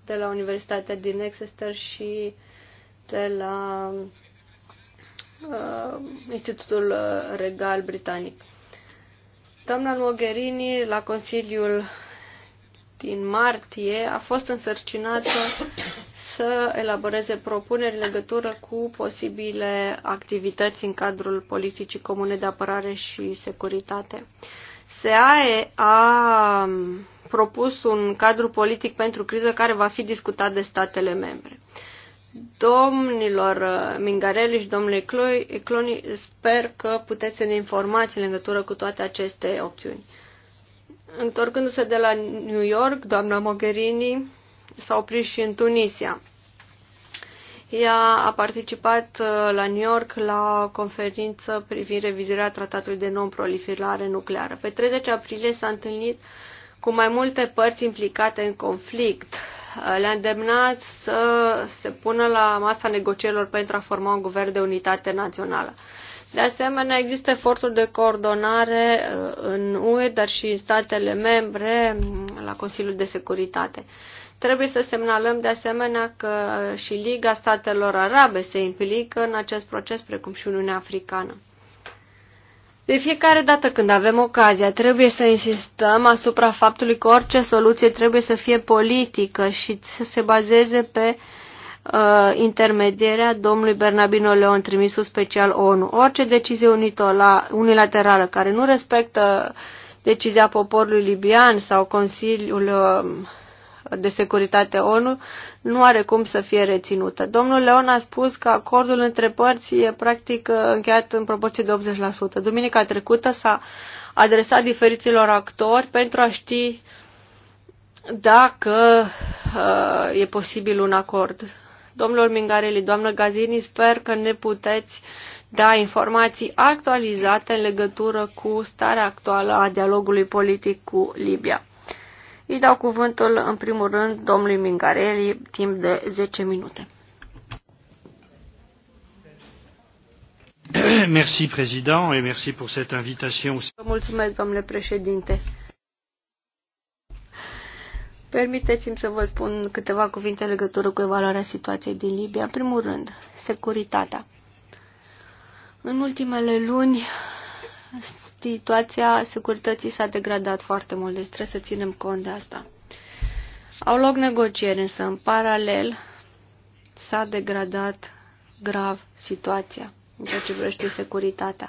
de la Universitatea din Exeter și de la um, uh, Institutul Regal Britanic. Doamna Mogherini, la Consiliul din martie a fost însărcinată să elaboreze propuneri în legătură cu posibile activități în cadrul politicii comune de apărare și securitate. SEAE a propus un cadru politic pentru criză care va fi discutat de statele membre. Domnilor Mingarelli și domnule Cloni, sper că puteți să ne informați în legătură cu toate aceste opțiuni. Întorcându-se de la New York, doamna Mogherini s-a oprit și în Tunisia. Ea a participat uh, la New York la o conferință privind revizuirea tratatului de non-proliferare nucleară. Pe 30 aprilie s-a întâlnit cu mai multe părți implicate în conflict. Uh, le-a îndemnat să se pună la masa negocierilor pentru a forma un guvern de unitate națională. De asemenea, există eforturi de coordonare uh, în UE, dar și în statele membre mm, la Consiliul de Securitate. Trebuie să semnalăm de asemenea că și Liga Statelor Arabe se implică în acest proces, precum și Uniunea Africană. De fiecare dată când avem ocazia, trebuie să insistăm asupra faptului că orice soluție trebuie să fie politică și să se bazeze pe uh, uh, intermedierea domnului Bernabino Leon, trimisul special ONU. Orice decizie unilaterală care nu respectă decizia poporului libian sau Consiliul uh, de Securitate ONU nu are cum să fie reținută. Domnul Leon a spus că acordul între părți e practic uh, încheiat în proporție de 80%. Duminica trecută s-a adresat diferiților actori pentru a ști dacă uh, e posibil un acord. Domnilor Mingarelli, doamnă Gazini, sper că ne puteți da informații actualizate în legătură cu starea actuală a dialogului politic cu Libia. Îi dau cuvântul în primul rând domnului Mingarelli timp de 10 minute. Merci, président, et merci pour cette invitation. Mulțumesc, domnule președinte. Permiteți-mi să vă spun câteva cuvinte în legătură cu evaluarea situației din Libia. În primul rând, securitatea. În ultimele luni, situația securității s-a degradat foarte mult, deci trebuie să ținem cont de asta. Au loc negocieri, însă în paralel s-a degradat grav situația în ceea ce privește securitatea.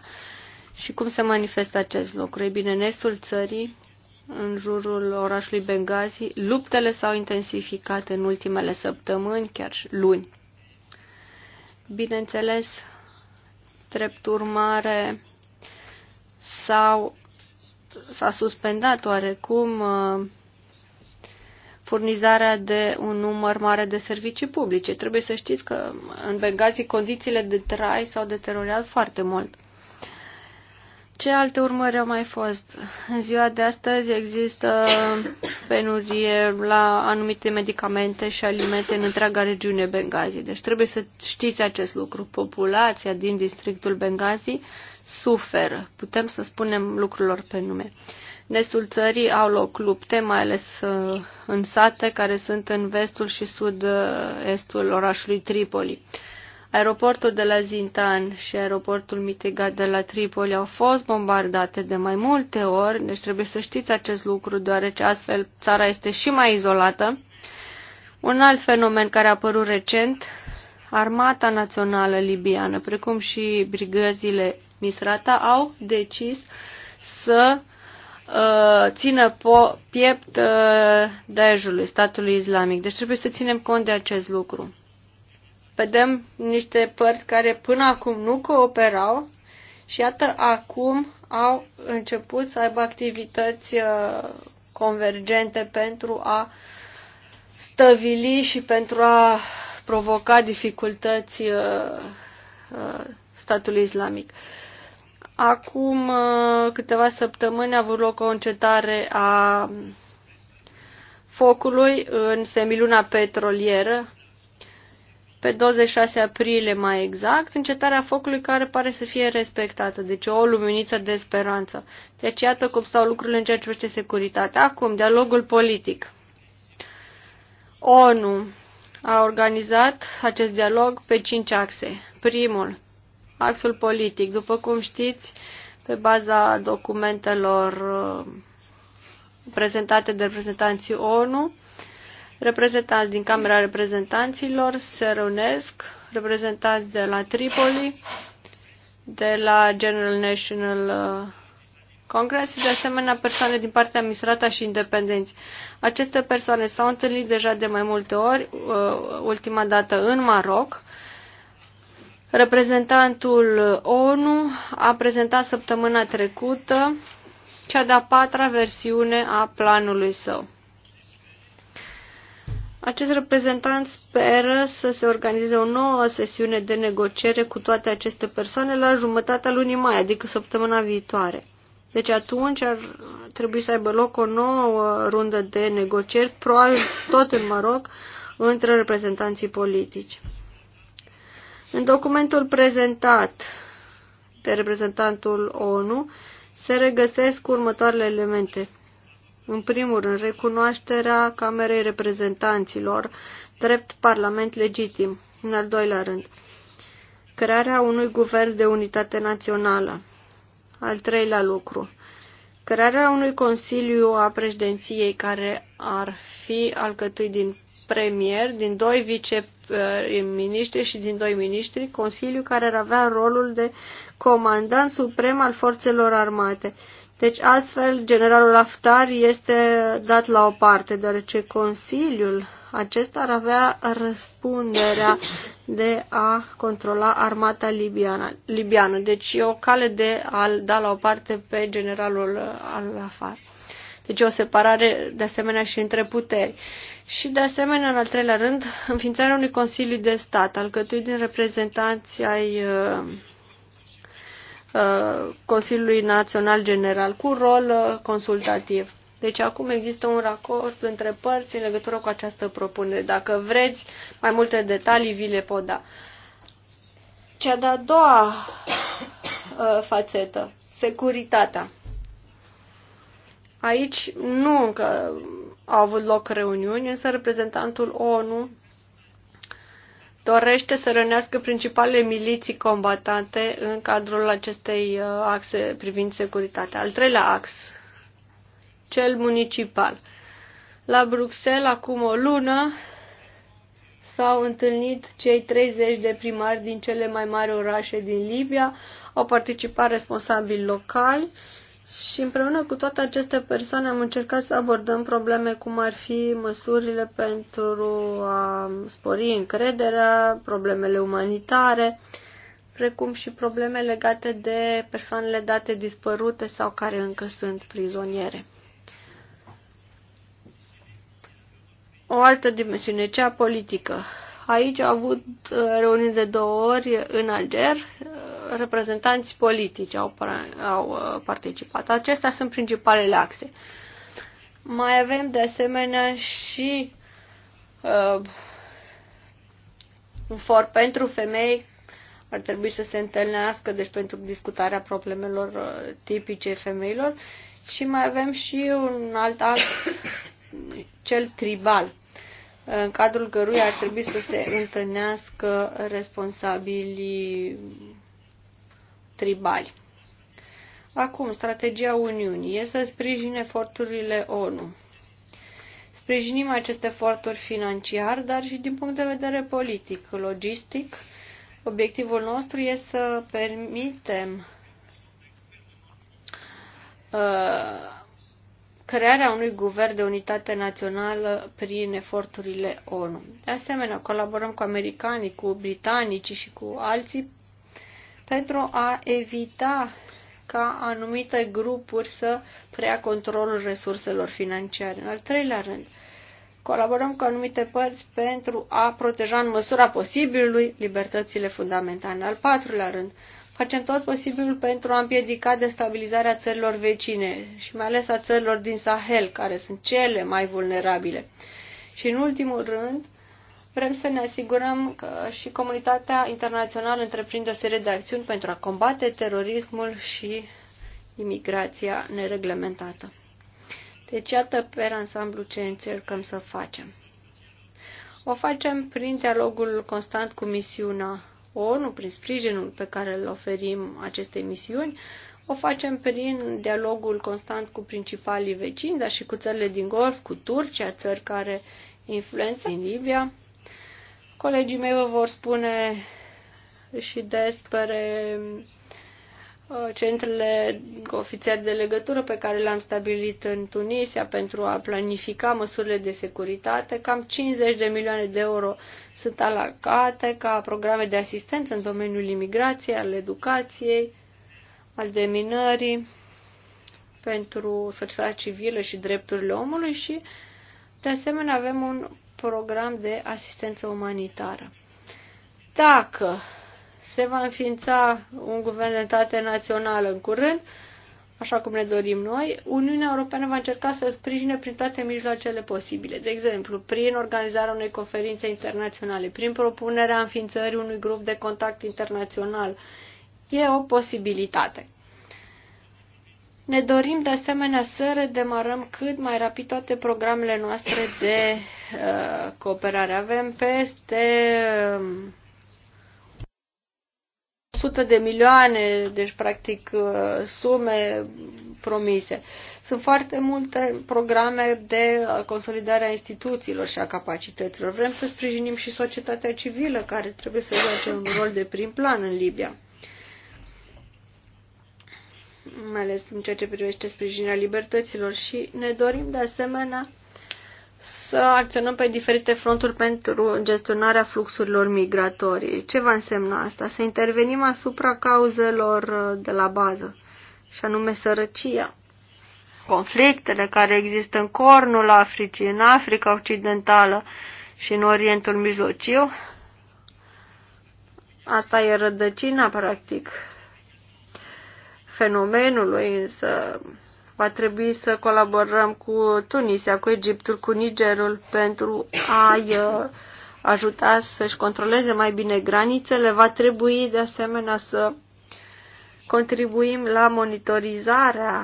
Și cum se manifestă acest lucru? Ei bine, în estul țării, în jurul orașului Benghazi, luptele s-au intensificat în ultimele săptămâni, chiar și luni. Bineînțeles, drept urmare, s-au, s-a suspendat oarecum uh, furnizarea de un număr mare de servicii publice. Trebuie să știți că în Benghazi condițiile de trai s-au deteriorat foarte mult. Ce alte urmări au mai fost? În ziua de astăzi există penurie la anumite medicamente și alimente în întreaga regiune Benghazi. Deci trebuie să știți acest lucru. Populația din districtul Benghazi suferă. Putem să spunem lucrurilor pe nume. Nestul țării au loc lupte, mai ales uh, în sate care sunt în vestul și sud-estul orașului Tripoli. Aeroportul de la Zintan și aeroportul mitigat de la Tripoli au fost bombardate de mai multe ori, deci trebuie să știți acest lucru, deoarece astfel țara este și mai izolată. Un alt fenomen care a apărut recent, Armata Națională Libiană, precum și brigăzile Misrata, au decis să uh, țină piept uh, Daeshului, statului islamic. Deci trebuie să ținem cont de acest lucru vedem niște părți care până acum nu cooperau și iată acum au început să aibă activități uh, convergente pentru a stăvili și pentru a provoca dificultăți uh, uh, statului islamic. Acum câteva săptămâni a avut loc o încetare a focului în semiluna petrolieră, pe 26 aprilie mai exact, încetarea focului care pare să fie respectată. Deci o luminiță de speranță. Deci iată cum stau lucrurile în ceea ce face securitatea. Acum, dialogul politic. ONU a organizat acest dialog pe cinci axe. Primul, axul politic. După cum știți, pe baza documentelor uh, prezentate de reprezentanții ONU, reprezentanți din Camera Reprezentanților se reunesc, reprezentanți de la Tripoli, de la General National uh, Congress și de asemenea persoane din partea Misrata și independenți. Aceste persoane s-au întâlnit deja de mai multe ori, uh, ultima dată în Maroc. Reprezentantul ONU a prezentat săptămâna trecută cea de-a patra versiune a planului său. Acest reprezentant speră să se organizeze o nouă sesiune de negociere cu toate aceste persoane la jumătatea lunii mai, adică săptămâna viitoare. Deci atunci ar trebui să aibă loc o nouă rundă de negocieri, probabil tot în Maroc, între reprezentanții politici. În documentul prezentat de reprezentantul ONU se regăsesc următoarele elemente. În primul rând, recunoașterea Camerei Reprezentanților drept parlament legitim. În al doilea rând, crearea unui guvern de unitate națională. Al treilea lucru, crearea unui consiliu a președinției care ar fi alcătuit din premier, din doi viceministri și din doi miniștri, consiliu care ar avea rolul de comandant suprem al forțelor armate deci astfel generalul Aftar este dat la o parte, deoarece Consiliul acesta ar avea răspunderea de a controla armata libiană. libiană. Deci e o cale de a da la o parte pe generalul Al-Afar. Deci e o separare de asemenea și între puteri. Și de asemenea, în al treilea rând, înființarea unui Consiliu de Stat, alcătuit din reprezentanții ai uh, Uh, Consiliului Național General cu rol uh, consultativ. Deci acum există un racord între părți în legătură cu această propunere. Dacă vreți mai multe detalii, vi le pot da. Cea de-a doua uh, fațetă, securitatea. Aici nu încă au avut loc reuniuni, însă reprezentantul ONU dorește să rănească principalele miliții combatante în cadrul acestei uh, axe privind securitatea. Al treilea ax, cel municipal. La Bruxelles, acum o lună, s-au întâlnit cei 30 de primari din cele mai mari orașe din Libia, au participat responsabili locali, și împreună cu toate aceste persoane am încercat să abordăm probleme cum ar fi măsurile pentru a spori încrederea, problemele umanitare, precum și probleme legate de persoanele date dispărute sau care încă sunt prizoniere. O altă dimensiune, cea politică. Aici au avut uh, reuniuni de două ori în Alger, uh, reprezentanți politici au, au uh, participat. Acestea sunt principalele axe. Mai avem de asemenea și uh, un for pentru femei ar trebui să se întâlnească, deci pentru discutarea problemelor uh, tipice femeilor. Și mai avem și un alt act, cel tribal, în cadrul căruia ar trebui să se întâlnească responsabilii tribali. Acum, strategia Uniunii este să sprijine eforturile ONU. Sprijinim aceste eforturi financiar, dar și din punct de vedere politic, logistic. Obiectivul nostru este să permitem uh, crearea unui guvern de unitate națională prin eforturile ONU. De asemenea, colaborăm cu americanii, cu britanicii și cu alții pentru a evita ca anumite grupuri să preia controlul resurselor financiare. În al treilea rând, colaborăm cu anumite părți pentru a proteja în măsura posibilului libertățile fundamentale. În al patrulea rând, facem tot posibilul pentru a împiedica destabilizarea țărilor vecine și mai ales a țărilor din Sahel, care sunt cele mai vulnerabile. Și în ultimul rând, Vrem să ne asigurăm că și comunitatea internațională întreprinde o serie de acțiuni pentru a combate terorismul și imigrația nereglementată. Deci iată pe ansamblu ce încercăm să facem. O facem prin dialogul constant cu misiunea ONU, prin sprijinul pe care îl oferim acestei misiuni, o facem prin dialogul constant cu principalii vecini, dar și cu țările din Golf, cu Turcia, țări care influență în Libia, Colegii mei vă vor spune și despre uh, centrele ofițeri de legătură pe care le-am stabilit în Tunisia pentru a planifica măsurile de securitate. Cam 50 de milioane de euro sunt alocate ca programe de asistență în domeniul imigrației, al educației, al deminării, pentru societatea civilă și drepturile omului și de asemenea avem un program de asistență umanitară. Dacă se va înființa un guvern de state națională în curând, așa cum ne dorim noi, Uniunea Europeană va încerca să sprijine prin toate mijloacele posibile. De exemplu, prin organizarea unei conferințe internaționale, prin propunerea înființării unui grup de contact internațional. E o posibilitate. Ne dorim de asemenea să redemarăm cât mai rapid toate programele noastre de uh, cooperare. Avem peste 100 um, de milioane, deci practic uh, sume promise. Sunt foarte multe programe de consolidare a instituțiilor și a capacităților. Vrem să sprijinim și societatea civilă care trebuie să joace un rol de prim plan în Libia mai ales în ceea ce privește sprijinirea libertăților și ne dorim de asemenea să acționăm pe diferite fronturi pentru gestionarea fluxurilor migratorii. Ce va însemna asta? Să intervenim asupra cauzelor de la bază, și anume sărăcia, conflictele care există în cornul Africii, în Africa Occidentală și în Orientul Mijlociu. Asta e rădăcina, practic, fenomenului, însă va trebui să colaborăm cu Tunisia, cu Egiptul, cu Nigerul pentru a-i uh, ajuta să-și controleze mai bine granițele. Va trebui de asemenea să contribuim la monitorizarea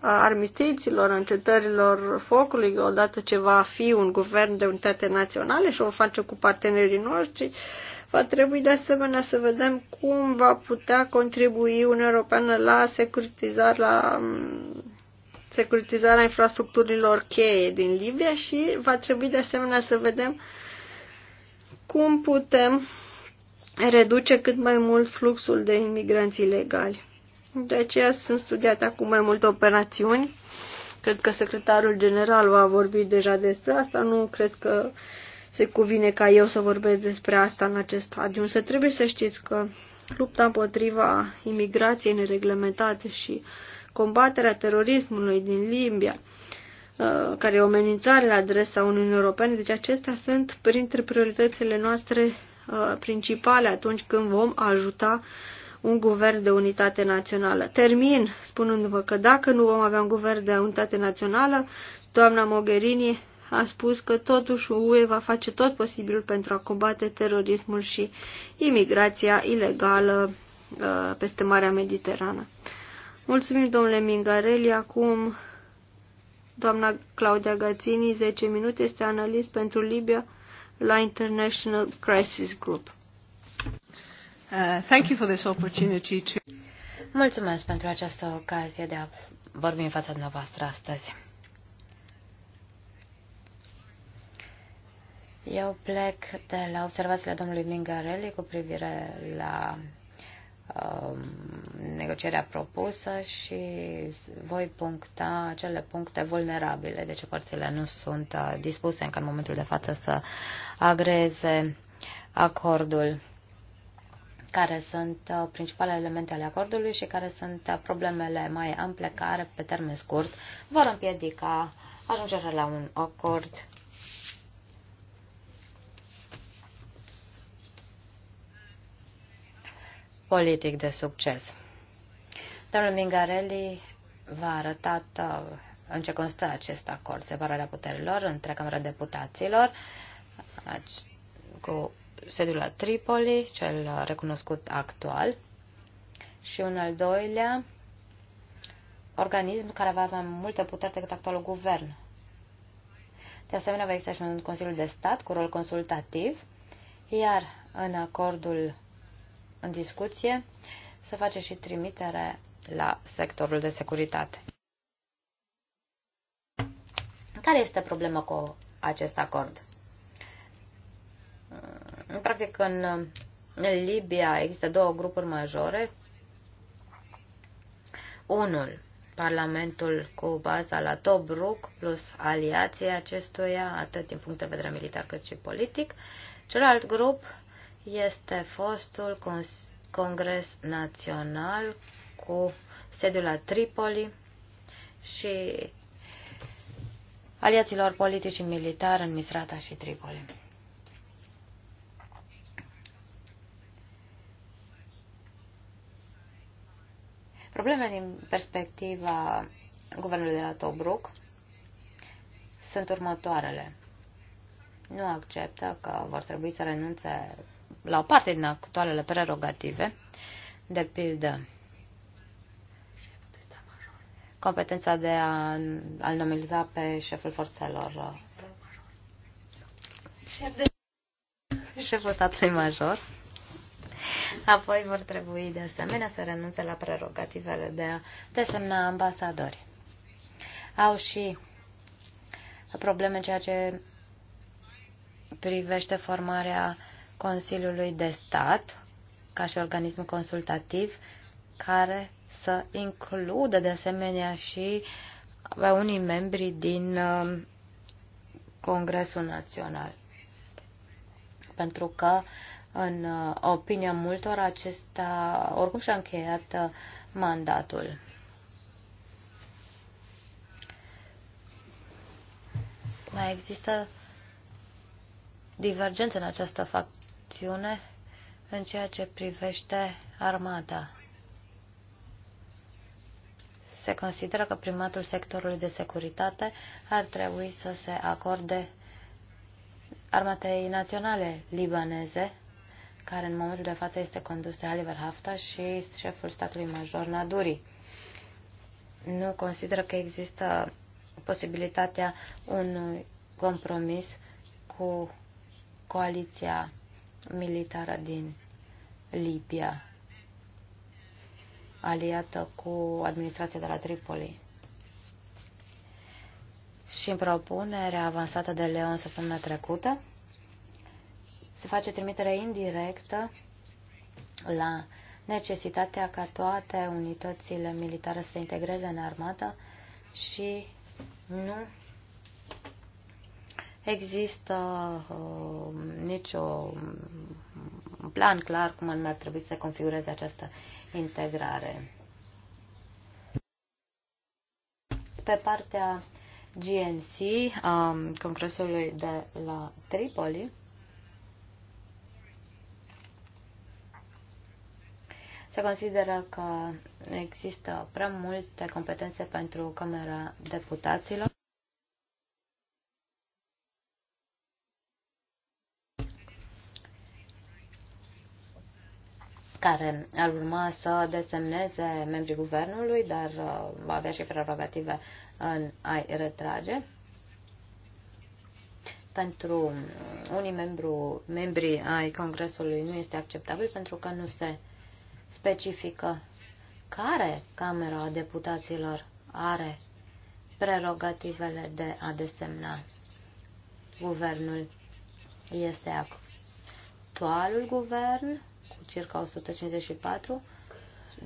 armistițiilor, încetărilor focului, odată ce va fi un guvern de unitate națională și o face cu partenerii noștri. Va trebui de asemenea să vedem cum va putea contribui Uniunea Europeană la securitizare, la mm, securitizarea infrastructurilor cheie din Libia și va trebui de asemenea să vedem cum putem reduce cât mai mult fluxul de imigranți ilegali. De aceea sunt studiate acum mai multe operațiuni. Cred că secretarul general va vorbi deja despre asta. Nu cred că uh, se cuvine ca eu să vorbesc despre asta în acest stadiu, însă trebuie să știți că lupta împotriva imigrației nereglementate și combaterea terorismului din Libia, uh, care e o amenințare la adresa Uniunii Europene, deci acestea sunt printre prioritățile noastre uh, principale atunci când vom ajuta un guvern de unitate națională. Termin spunându-vă că dacă nu vom avea un guvern de unitate națională, doamna Mogherini a spus că totuși UE va face tot posibilul pentru a combate terorismul și imigrația ilegală uh, peste Marea Mediterană. Mulțumim, domnule Mingarelli. Acum, doamna Claudia Gazzini, 10 minute, este analist pentru Libia la International Crisis Group. Uh, thank you for this opportunity to... Mulțumesc pentru această ocazie de a vorbi în fața dumneavoastră astăzi. Eu plec de la observațiile domnului Mingarelli cu privire la um, negocierea propusă și voi puncta acele puncte vulnerabile, de ce părțile nu sunt uh, dispuse încă în momentul de față să agreze acordul care sunt uh, principalele elemente ale acordului și care sunt uh, problemele mai ample care, pe termen scurt, vor împiedica ajungerea la un acord politic de succes. Domnul Mingarelli v-a arătat uh, în ce constă acest acord, separarea puterilor între Camera Deputaților cu sediul la Tripoli, cel uh, recunoscut actual, și un al doilea organism care va avea multe puteri decât actualul guvern. De asemenea, va exista și un Consiliu de Stat cu rol consultativ, iar în acordul în discuție, să face și trimitere la sectorul de securitate. Care este problema cu acest acord? În practic, în, în Libia există două grupuri majore. Unul, Parlamentul cu baza la Tobruk plus aliații acestuia, atât din punct de vedere militar cât și politic. Celălalt grup este fostul Congres Național cu sediul la Tripoli și aliaților politici și militari în Misrata și Tripoli. Problemele din perspectiva guvernului de la Tobruk sunt următoarele. Nu acceptă că vor trebui să renunțe la o parte din actualele prerogative, de pildă competența de a, a nominaliza pe șeful forțelor Șef de... șeful statului major. Apoi vor trebui de asemenea să renunțe la prerogativele de a desemna ambasadori. Au și probleme în ceea ce privește formarea Consiliului de Stat, ca și organism consultativ, care să includă de asemenea și pe unii membri din um, Congresul Național. Pentru că, în uh, opinia multor, acesta oricum și-a încheiat uh, mandatul. Mai există divergențe în această fac acțiune în ceea ce privește armata. Se consideră că primatul sectorului de securitate ar trebui să se acorde armatei naționale libaneze, care în momentul de față este condus de Oliver Hafta și șeful statului major Naduri. Nu consideră că există posibilitatea unui compromis cu coaliția militară din Libia, aliată cu administrația de la Tripoli. Și în propunerea avansată de Leon săptămâna trecută, se face trimitere indirectă la necesitatea ca toate unitățile militare să se integreze în armată și nu există uh, nicio plan clar cum ar trebui să configureze această integrare. Pe partea GNC a um, Congresului de la Tripoli, se consideră că există prea multe competențe pentru Camera Deputaților. care ar urma să desemneze membrii guvernului, dar uh, va avea și prerogative în a retrage. Pentru unii membru, membri ai Congresului nu este acceptabil pentru că nu se specifică care Camera Deputaților are prerogativele de a desemna guvernul. Este actualul guvern circa 154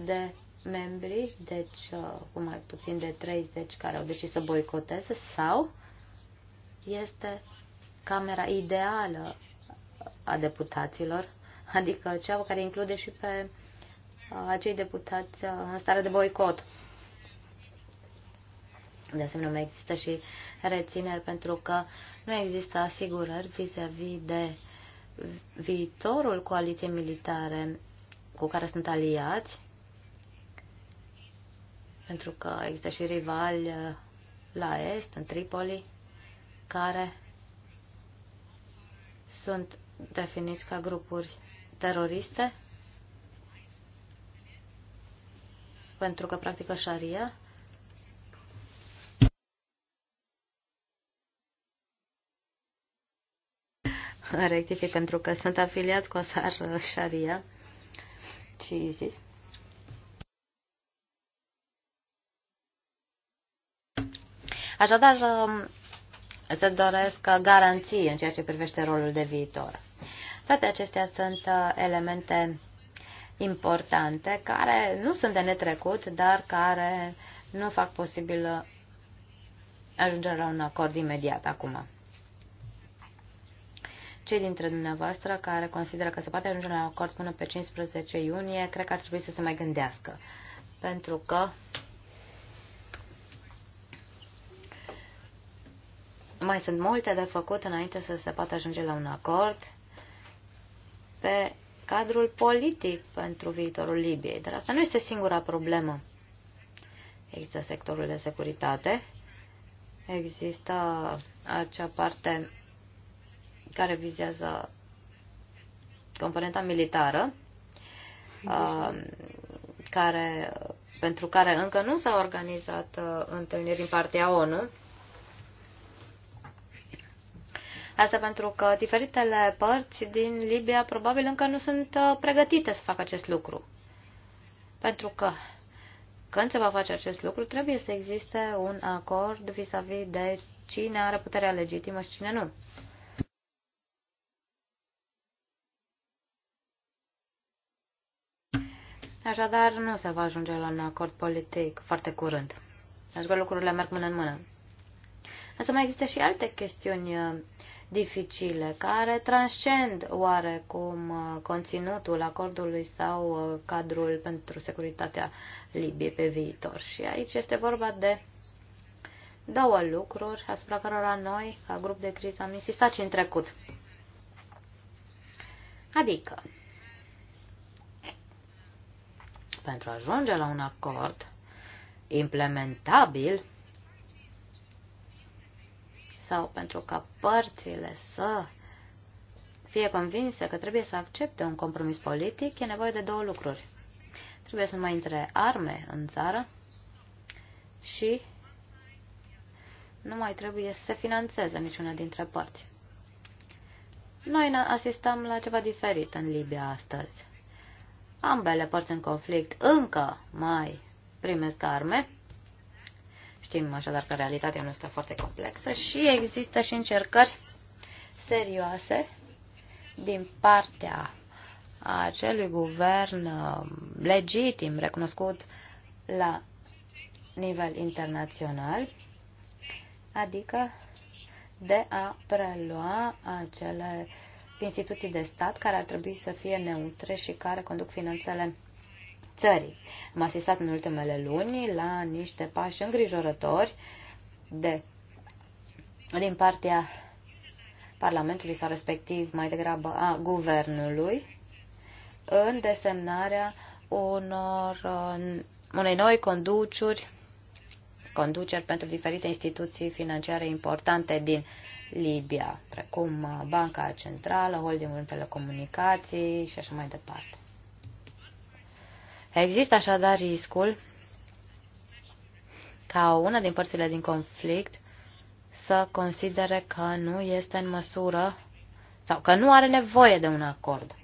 de membri, deci uh, cu mai puțin de 30 care au decis să boicoteze, sau este camera ideală a deputaților, adică cea care include și pe uh, acei deputați uh, în stare de boicot. De asemenea, mai există și rețineri pentru că nu există asigurări vis-a-vis -vis de viitorul coaliției militare cu care sunt aliați, pentru că există și rivali uh, la est, în Tripoli, care sunt definiți ca grupuri teroriste, pentru că practică șaria, rectific pentru că sunt afiliați cu Asar Sharia Ce zis? Așadar, um, se doresc garanții în ceea ce privește rolul de viitor. Toate acestea sunt uh, elemente importante care nu sunt de netrecut, dar care nu fac posibil uh, ajungerea la un acord imediat acum. Cei dintre dumneavoastră care consideră că se poate ajunge la un acord până pe 15 iunie, cred că ar trebui să se mai gândească. Pentru că mai sunt multe de făcut înainte să se poată ajunge la un acord pe cadrul politic pentru viitorul Libiei. Dar asta nu este singura problemă. Există sectorul de securitate, există acea parte care vizează componenta militară, uh, care, pentru care încă nu s-a organizat uh, întâlniri din partea ONU. Asta pentru că diferitele părți din Libia probabil încă nu sunt uh, pregătite să facă acest lucru. Pentru că când se va face acest lucru, trebuie să existe un acord vis-a-vis -vis de cine are puterea legitimă și cine nu. Așadar, nu se va ajunge la un acord politic foarte curând. Așa deci, că lucrurile merg mână în mână. Însă mai există și alte chestiuni uh, dificile, care transcend oarecum uh, conținutul acordului sau uh, cadrul pentru securitatea Libiei pe viitor. Și aici este vorba de două lucruri asupra cărora noi, ca grup de criză, am insistat și în trecut. Adică, deci pentru a ajunge la un acord implementabil sau pentru ca părțile să fie convinse că trebuie să accepte un compromis politic, e nevoie de două lucruri. Trebuie să nu mai intre arme în țară și nu mai trebuie să se financeze niciuna dintre părți. Noi asistăm la ceva diferit în Libia astăzi ambele părți în conflict încă mai primesc arme, știm așadar că realitatea nu este foarte complexă, și există și încercări serioase din partea acelui guvern um, legitim, recunoscut la nivel internațional, adică de a prelua acele uh, instituții de stat care ar trebui să fie neutre și care conduc finanțele țării. Am asistat în ultimele luni la niște pași îngrijorători de, din partea Parlamentului sau respectiv mai degrabă a Guvernului în desemnarea unor, unei noi conduceri, conduceri pentru diferite instituții financiare importante din Libia, precum uh, Banca Centrală, Holdingul Telecomunicații și așa mai departe. Există așadar riscul ca una din părțile din conflict să considere că nu este în măsură sau că nu are nevoie de un acord.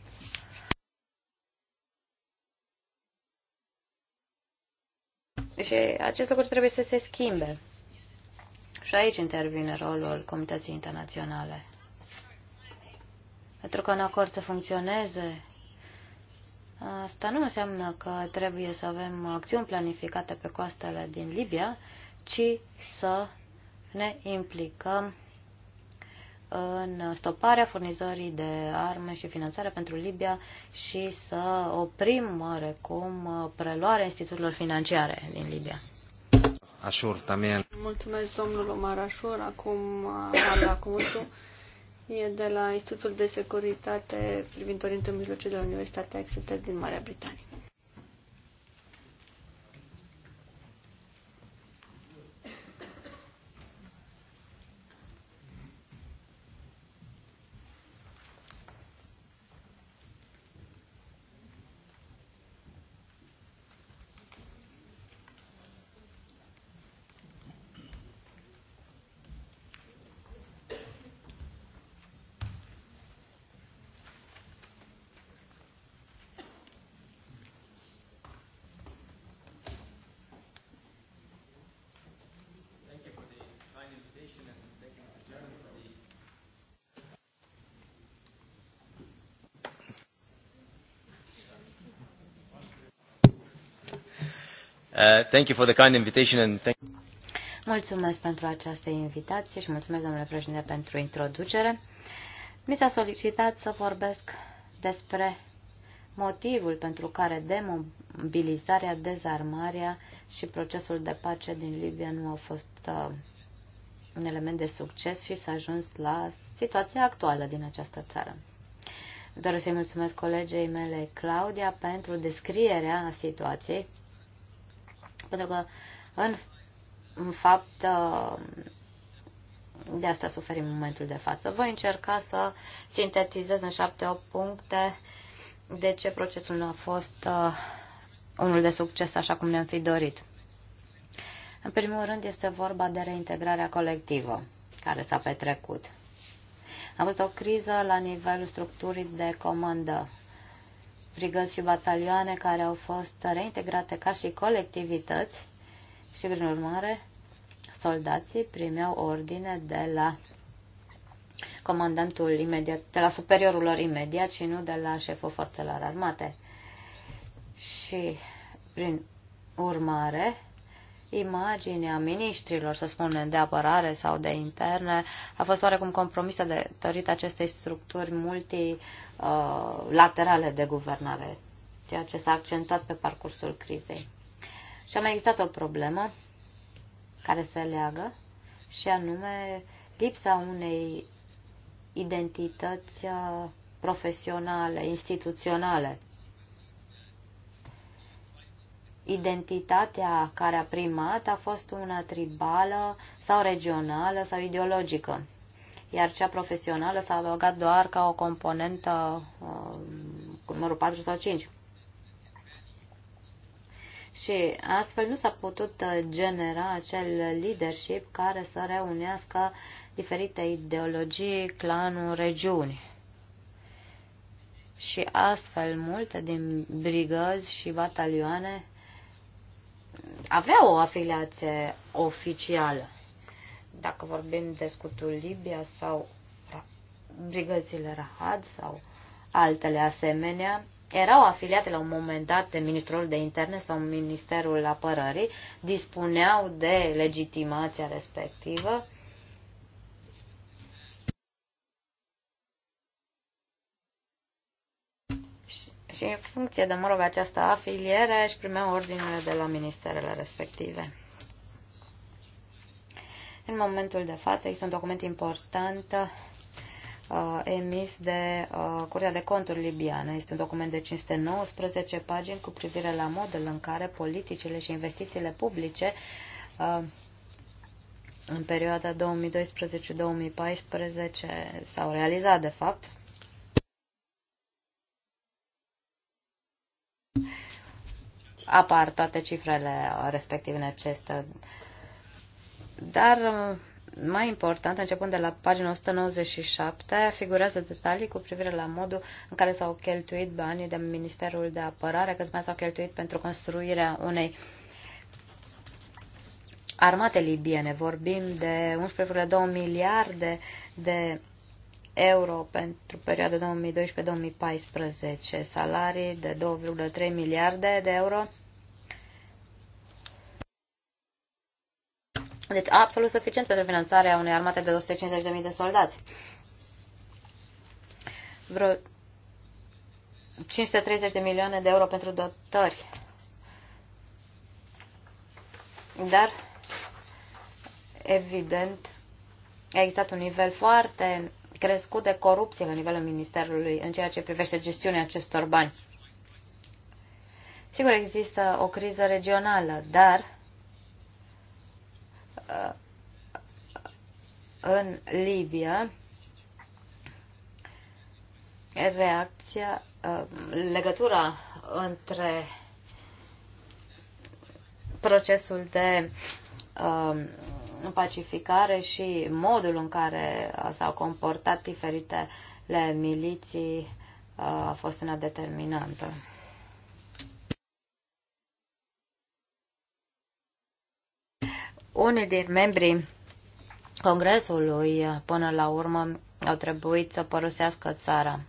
Și acest lucru trebuie să se schimbe. Și aici intervine rolul comunității internaționale. Pentru că un acord să funcționeze, asta nu înseamnă că trebuie să avem acțiuni planificate pe coastele din Libia, ci să ne implicăm în stoparea furnizării de arme și finanțare pentru Libia și să oprim oarecum preluarea instituțiilor financiare din Libia. Ashur también. Mulțumesc, domnul Omar Ashur. Acum am la cuvântul. E de la Institutul de Securitate privind Orientul Mijlociu de la Universitatea Exeter din Marea Britanie. Uh, thank you for the kind invitation and thank Mulțumesc pentru această invitație și mulțumesc, domnule președinte, pentru introducere. Mi s-a solicitat să vorbesc despre motivul pentru care demobilizarea, dezarmarea și procesul de pace din Libia nu au fost uh, un element de succes și s-a ajuns la situația actuală din această țară. Doresc să-i mulțumesc colegei mele, Claudia, pentru descrierea situației pentru că, în, în fapt, uh, de asta suferim în momentul de față. Voi încerca să sintetizez în șapte-opt puncte de ce procesul nu a fost uh, unul de succes așa cum ne-am fi dorit. În primul rând este vorba de reintegrarea colectivă care s-a petrecut. Am avut o criză la nivelul structurii de comandă brigăți și batalioane care au fost reintegrate ca și colectivități și, prin urmare, soldații primeau ordine de la comandantul imediat, de la superiorul lor imediat și nu de la șeful forțelor armate. Și, prin urmare, imaginea ministrilor, să spunem, de apărare sau de interne, a fost oarecum compromisă de tărit acestei structuri multilaterale uh, de guvernare, ceea ce s-a accentuat pe parcursul crizei. Și a mai existat o problemă care se leagă și anume lipsa unei identități uh, profesionale, instituționale identitatea care a primat a fost una tribală sau regională sau ideologică, iar cea profesională s-a adăugat doar ca o componentă uh, cu numărul 4 sau 5. Și astfel nu s-a putut uh, genera acel leadership care să reunească diferite ideologii, clanuri, regiuni. Și astfel multe din brigăzi și batalioane avea o afiliație oficială. Dacă vorbim de scutul Libia sau brigățile Rahad sau altele asemenea, erau afiliate la un moment dat de Ministerul de Interne sau Ministerul Apărării, dispuneau de legitimația respectivă și în funcție de, mă rog, această afiliere își primeau ordinele de la ministerele respective. În momentul de față există un document important uh, emis de uh, Curtea de Conturi libiană. Este un document de 519 pagini cu privire la modul în care politicile și investițiile publice uh, în perioada 2012-2014 s-au realizat, de fapt, apar toate cifrele respective în acest. Dar uh, mai important, începând de la pagina 197, figurează detalii cu privire la modul în care s-au cheltuit banii de Ministerul de Apărare, câți bani s-au cheltuit pentru construirea unei armate libiene. Vorbim de 11,2 miliarde de euro pentru perioada 2012-2014, salarii de 2,3 miliarde de euro. Deci absolut suficient pentru finanțarea unei armate de 250.000 de soldați. Vreo 530 de milioane de euro pentru dotări. Dar, evident, a existat un nivel foarte crescut de corupție la nivelul Ministerului în ceea ce privește gestiunea acestor bani. Sigur, există o criză regională, dar uh, în Libia reacția, uh, legătura între procesul de uh, pacificare și modul în care uh, s-au comportat diferitele miliții uh, a fost una determinantă. Unii din membrii Congresului, uh, până la urmă, au trebuit să părăsească țara.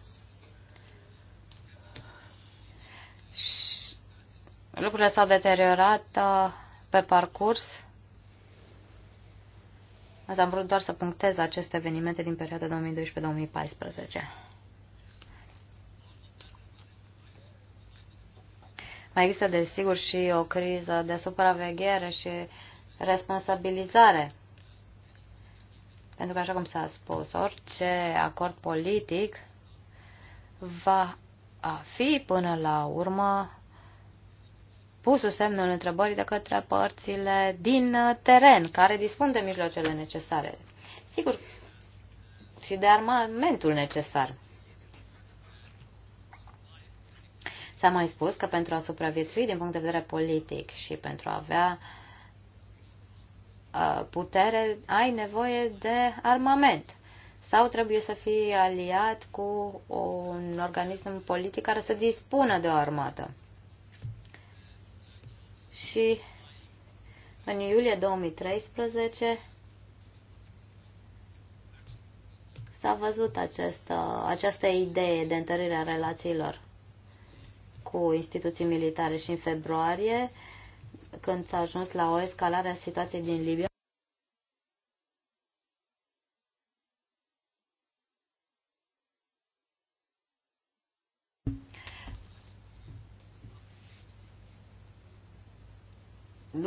lucrurile s-au deteriorat pe parcurs Asta am vrut doar să punctez aceste evenimente din perioada 2012-2014. Mai există, desigur, și o criză de supraveghere și responsabilizare. Pentru că, așa cum s-a spus, orice acord politic va fi până la urmă pus semnul întrebării de către părțile din teren, care dispun de mijloacele necesare. Sigur, și de armamentul necesar. S-a mai spus că pentru a supraviețui din punct de vedere politic și pentru a avea uh, putere, ai nevoie de armament. Sau trebuie să fii aliat cu un organism politic care să dispună de o armată și în iulie 2013 s-a văzut această, această idee de întărire a relațiilor cu instituții militare și în februarie, când s-a ajuns la o escalare a situației din Libia,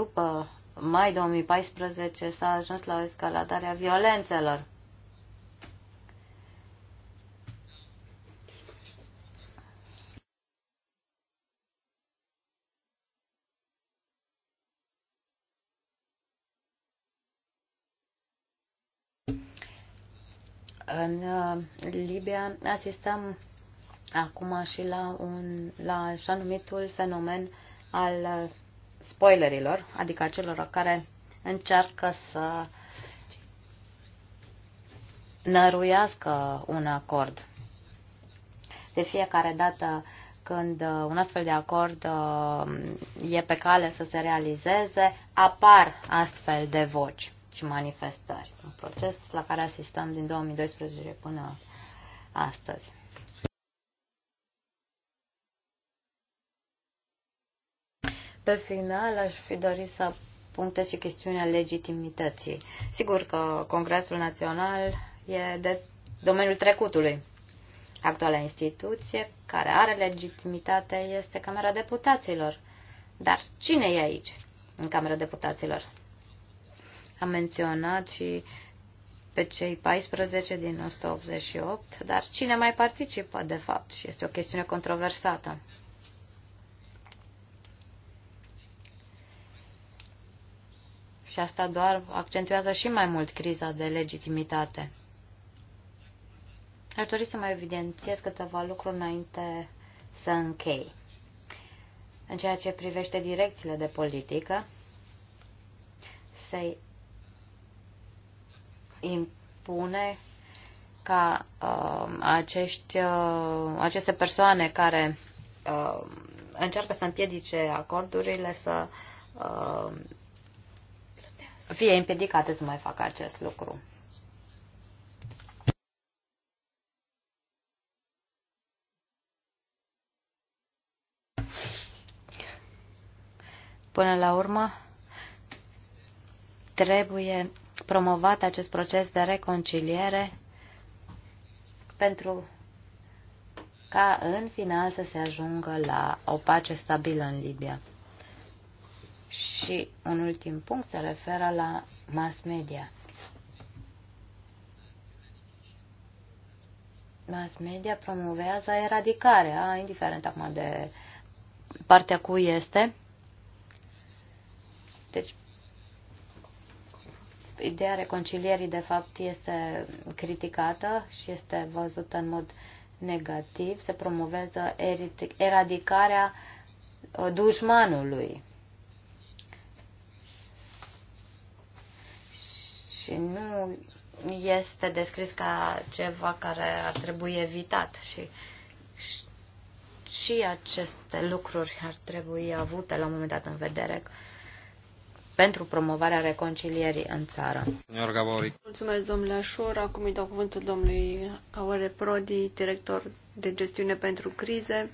după mai 2014 s-a ajuns la o escaladare a violențelor. În uh, Libia asistăm acum și la, un, la așa numitul fenomen al uh, spoilerilor, adică celor care încearcă să năruiască un acord. De fiecare dată când uh, un astfel de acord uh, e pe cale să se realizeze, apar astfel de voci și manifestări. Un proces la care asistăm din 2012 până astăzi. Pe final, aș fi dorit să punctez și chestiunea legitimității. Sigur că Congresul Național e de domeniul trecutului. Actuala instituție care are legitimitate este Camera Deputaților. Dar cine e aici, în Camera Deputaților? Am menționat și pe cei 14 din 188, dar cine mai participă, de fapt, și este o chestiune controversată. și asta doar accentuează și mai mult criza de legitimitate. Aș dori să mai evidențiez câteva lucruri înainte să închei. În ceea ce privește direcțiile de politică, se impune ca uh, acești, uh, aceste persoane care uh, încearcă să împiedice acordurile să uh, fie împiedicate să mai facă acest lucru. Până la urmă, trebuie promovat acest proces de reconciliere pentru ca în final să se ajungă la o pace stabilă în Libia. Și un ultim punct se referă la mass media. Mass media promovează eradicarea, indiferent acum de partea cui este. Deci, ideea reconcilierii, de fapt, este criticată și este văzută în mod negativ. Se promovează eradicarea uh, dușmanului. și nu este descris ca ceva care ar trebui evitat și, și, și aceste lucruri ar trebui avute la un moment dat în vedere pentru promovarea reconcilierii în țară. Mulțumesc, domnule Așur. Acum îi dau cuvântul domnului Aure Prodi, director de gestiune pentru crize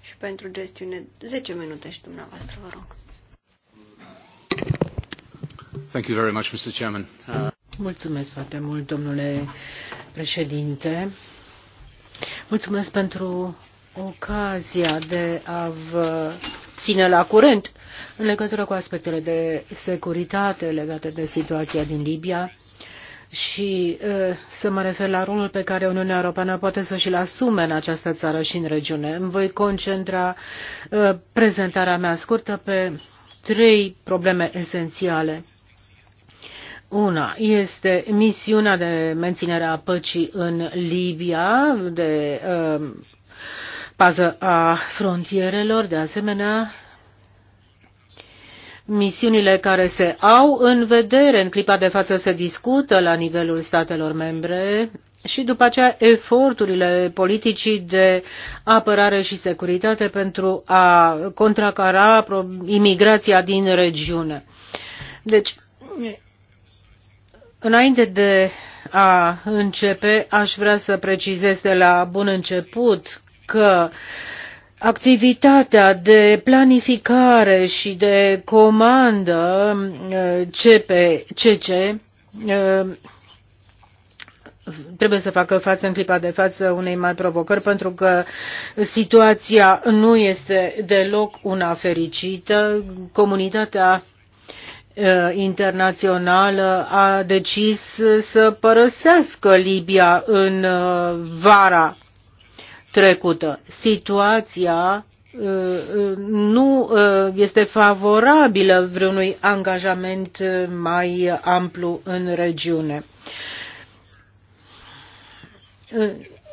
și pentru gestiune. 10 minute și dumneavoastră, vă rog. Uh, Mulțumesc foarte mult, domnule președinte. Mulțumesc pentru ocazia de a vă ține la curent în legătură cu aspectele de securitate legate de situația din Libia și uh, să mă refer la rolul pe care Uniunea Europeană poate să și-l asume în această țară și în regiune. Îmi voi concentra uh, prezentarea mea scurtă pe trei probleme esențiale una este misiunea de menținere a păcii în Libia, de um, pază a frontierelor, de asemenea misiunile care se au în vedere în clipa de față se discută la nivelul statelor membre și după aceea eforturile politicii de apărare și securitate pentru a contracara imigrația din regiune. Deci, Înainte de a începe, aș vrea să precizez de la bun început că activitatea de planificare și de comandă CPCC uh, uh, trebuie să facă față în clipa de față unei mari provocări pentru că situația nu este deloc una fericită. Comunitatea Uh, internațională a decis să părăsească Libia în uh, vara trecută. Situația uh, nu este favorabilă vreunui angajament mai amplu în regiune.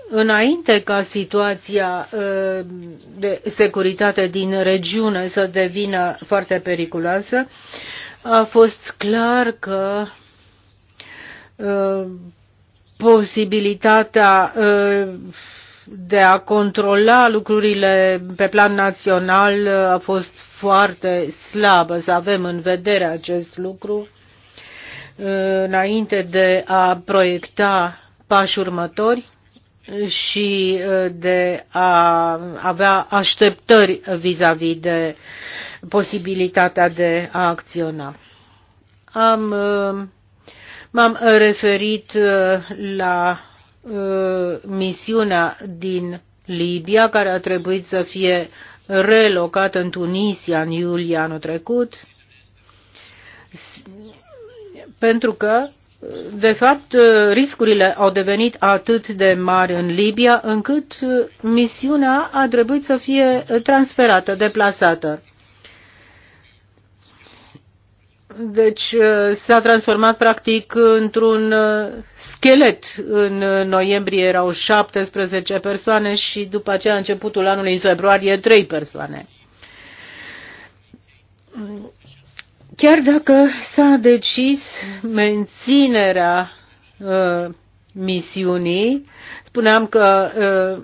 Înainte ca situația de securitate din regiune să devină foarte periculoasă, a fost clar că uh, posibilitatea uh, de a controla lucrurile pe plan național uh, a fost foarte slabă, să avem în vedere acest lucru înainte de a proiecta pași următori și de a avea așteptări vis-a-vis -vis de posibilitatea de a acționa. Am, uh, m-am referit uh, la uh, misiunea din Libia, care a trebuit să fie relocată în Tunisia în iulie anul trecut, pentru că, de fapt, riscurile au devenit atât de mari în Libia, încât misiunea a trebuit să fie transferată, deplasată. Deci uh, s-a transformat practic într-un uh, schelet. În uh, noiembrie erau 17 persoane și după aceea începutul anului în februarie 3 persoane. Chiar dacă s-a decis menținerea uh, misiunii, spuneam că uh,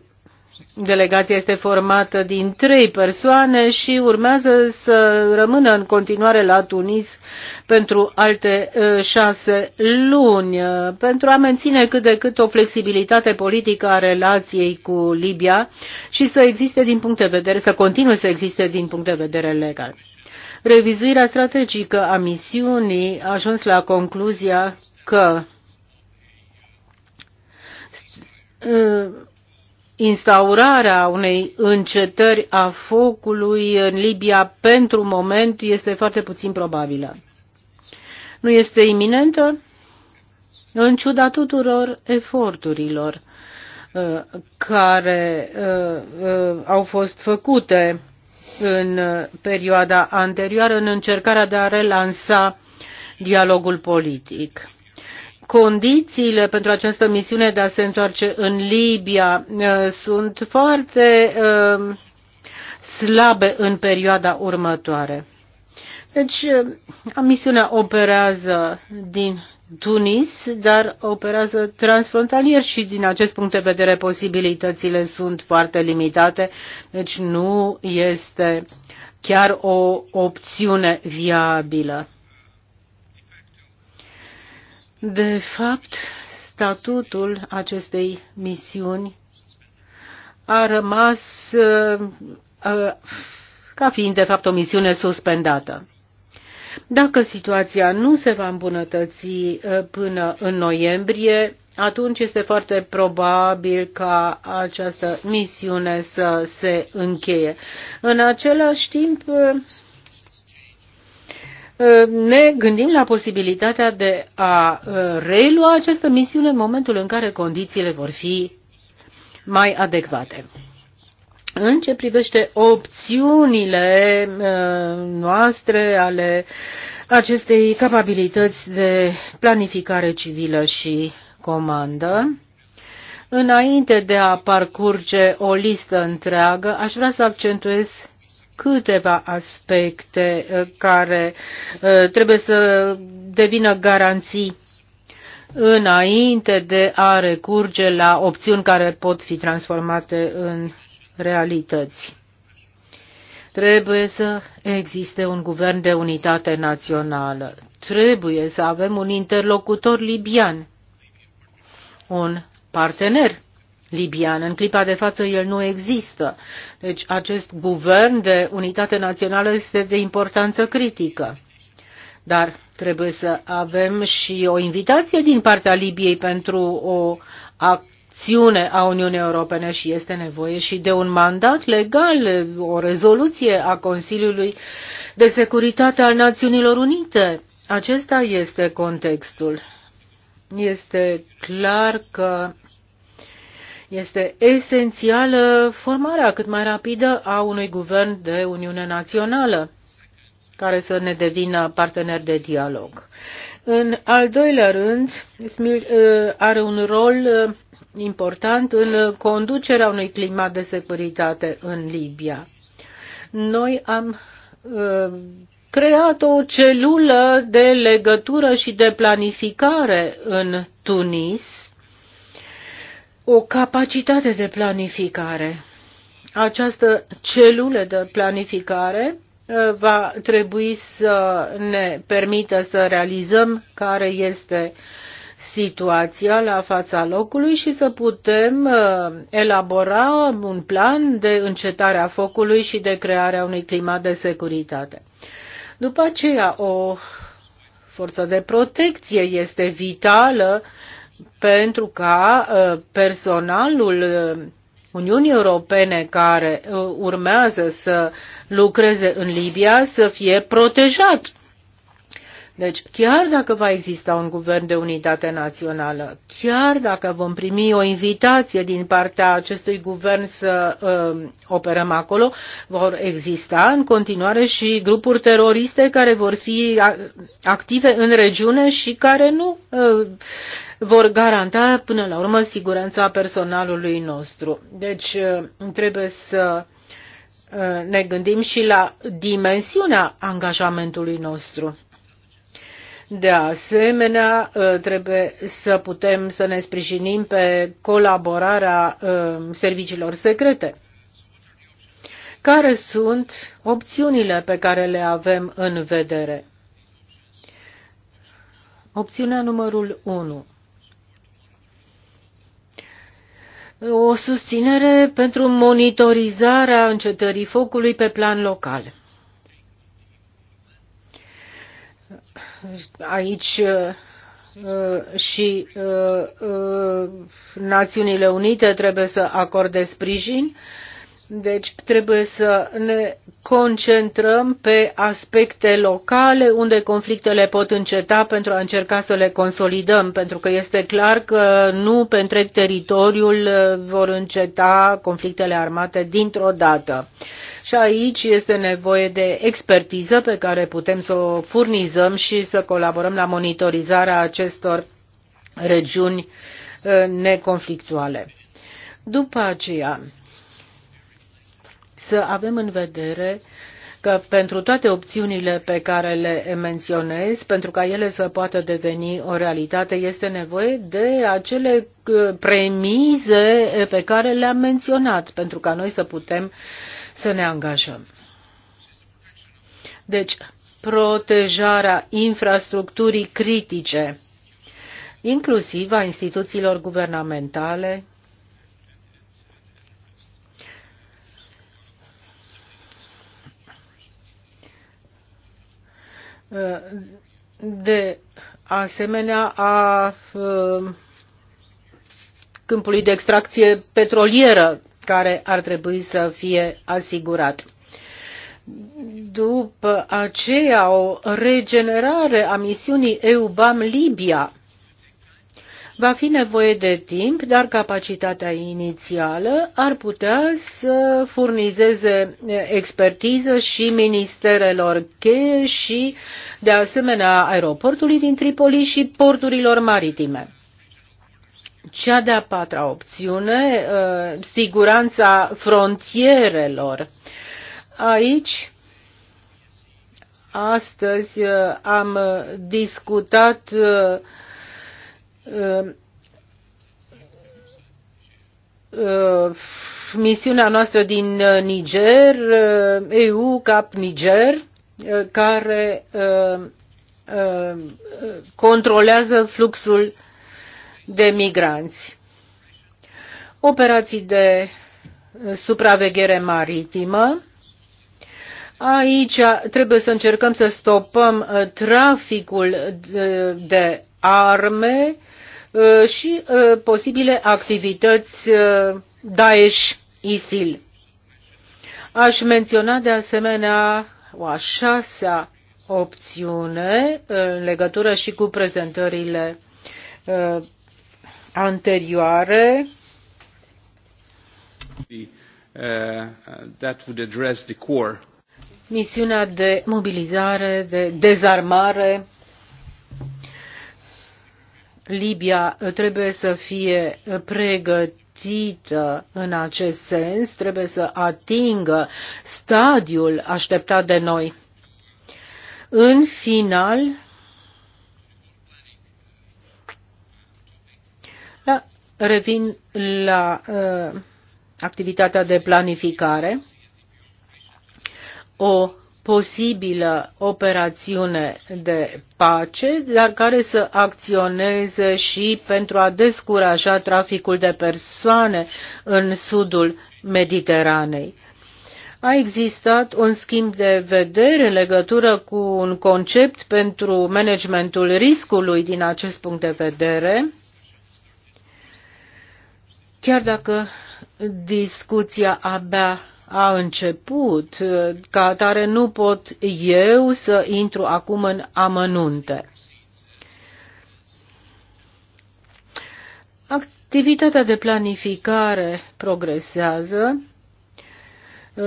Delegația este formată din trei persoane și urmează să rămână în continuare la Tunis pentru alte șase luni, pentru a menține cât de cât o flexibilitate politică a relației cu Libia și să existe din punct de vedere, să continue să existe din punct de vedere legal. Revizuirea strategică a misiunii a ajuns la concluzia că instaurarea unei încetări a focului în Libia pentru moment este foarte puțin probabilă. Nu este iminentă în ciuda tuturor eforturilor uh, care uh, uh, au fost făcute în perioada anterioară în încercarea de a relansa dialogul politic condițiile pentru această misiune de a se întoarce în Libia uh, sunt foarte uh, slabe în perioada următoare. Deci, uh, misiunea operează din Tunis, dar operează transfrontalier și din acest punct de vedere posibilitățile sunt foarte limitate, deci nu este chiar o opțiune viabilă. De fapt, statutul acestei misiuni a rămas uh, uh, ca fiind de fapt o misiune suspendată. Dacă situația nu se va îmbunătăți uh, până în noiembrie, atunci este foarte probabil ca această misiune să se încheie. În același timp, ne gândim la posibilitatea de a uh, relua această misiune în momentul în care condițiile vor fi mai adecvate. În ce privește opțiunile uh, noastre ale acestei capabilități de planificare civilă și comandă, înainte de a parcurge o listă întreagă, aș vrea să accentuez câteva aspecte uh, care uh, trebuie să devină garanții înainte de a recurge la opțiuni care pot fi transformate în realități. Trebuie să existe un guvern de unitate națională. Trebuie să avem un interlocutor libian, un partener libian. În clipa de față el nu există. Deci acest guvern de unitate națională este de importanță critică. Dar trebuie să avem și o invitație din partea Libiei pentru o acțiune a Uniunii Europene și este nevoie și de un mandat legal, o rezoluție a Consiliului de Securitate al Națiunilor Unite. Acesta este contextul. Este clar că este esențială formarea cât mai rapidă a unui guvern de Uniune Națională care să ne devină partener de dialog. În al doilea rând, SMIL uh, are un rol uh, important în conducerea unui climat de securitate în Libia. Noi am uh, creat o celulă de legătură și de planificare în Tunis o capacitate de planificare. Această celulă de planificare uh, va trebui să ne permită să realizăm care este situația la fața locului și să putem uh, elabora un plan de încetarea focului și de crearea unui climat de securitate. După aceea, o forță de protecție este vitală pentru ca ă, personalul ă, Uniunii Europene care ă, urmează să lucreze în Libia să fie protejat deci, chiar dacă va exista un guvern de unitate națională, chiar dacă vom primi o invitație din partea acestui guvern să uh, operăm acolo, vor exista în continuare și grupuri teroriste care vor fi active în regiune și care nu uh, vor garanta până la urmă siguranța personalului nostru. Deci, uh, trebuie să uh, ne gândim și la dimensiunea angajamentului nostru de asemenea, ă, trebuie să putem să ne sprijinim pe colaborarea ă, serviciilor secrete. Care sunt opțiunile pe care le avem în vedere? Opțiunea numărul 1. O susținere pentru monitorizarea încetării focului pe plan local. aici uh, uh, și uh, Națiunile Unite trebuie să acorde sprijin. Deci trebuie să ne concentrăm pe aspecte locale unde conflictele pot înceta pentru a încerca să le consolidăm, pentru că este clar că nu pe întreg teritoriul vor înceta conflictele armate dintr-o dată. Și aici este nevoie de expertiză pe care putem să o furnizăm și să colaborăm la monitorizarea acestor regiuni uh, neconflictuale. După aceea, să avem în vedere că pentru toate opțiunile pe care le menționez, pentru ca ele să poată deveni o realitate, este nevoie de acele uh, premize pe care le-am menționat, pentru ca noi să putem să ne angajăm. Deci, protejarea infrastructurii critice, inclusiv a instituțiilor guvernamentale, de asemenea a uh, câmpului de extracție petrolieră care ar trebui să fie asigurat. După aceea, o regenerare a misiunii EUBAM Libia Va fi nevoie de timp, dar capacitatea inițială ar putea să furnizeze expertiză și ministerelor cheie și, de asemenea, aeroportului din Tripoli și porturilor maritime. Cea de-a patra opțiune, uh, siguranța frontierelor. Aici Astăzi uh, am discutat uh, misiunea noastră din Niger, EU Cap Niger, care controlează fluxul de migranți. Operații de supraveghere maritimă. Aici trebuie să încercăm să stopăm uh, traficul uh, de arme uh, și posibile activități Daesh ISIL. Aș menționa de asemenea o a șasea opțiune în legătură și cu prezentările anterioare uh, misiunea de mobilizare, de dezarmare. Libia trebuie să fie pregătită în acest sens, trebuie să atingă stadiul așteptat de noi. În final, Da, revin la uh, activitatea de planificare. O posibilă operațiune de pace, dar care să acționeze și pentru a descuraja traficul de persoane în sudul Mediteranei. A existat un schimb de vedere în legătură cu un concept pentru managementul riscului din acest punct de vedere Chiar dacă discuția abia a început, ca atare nu pot eu să intru acum în amănunte. Activitatea de planificare progresează.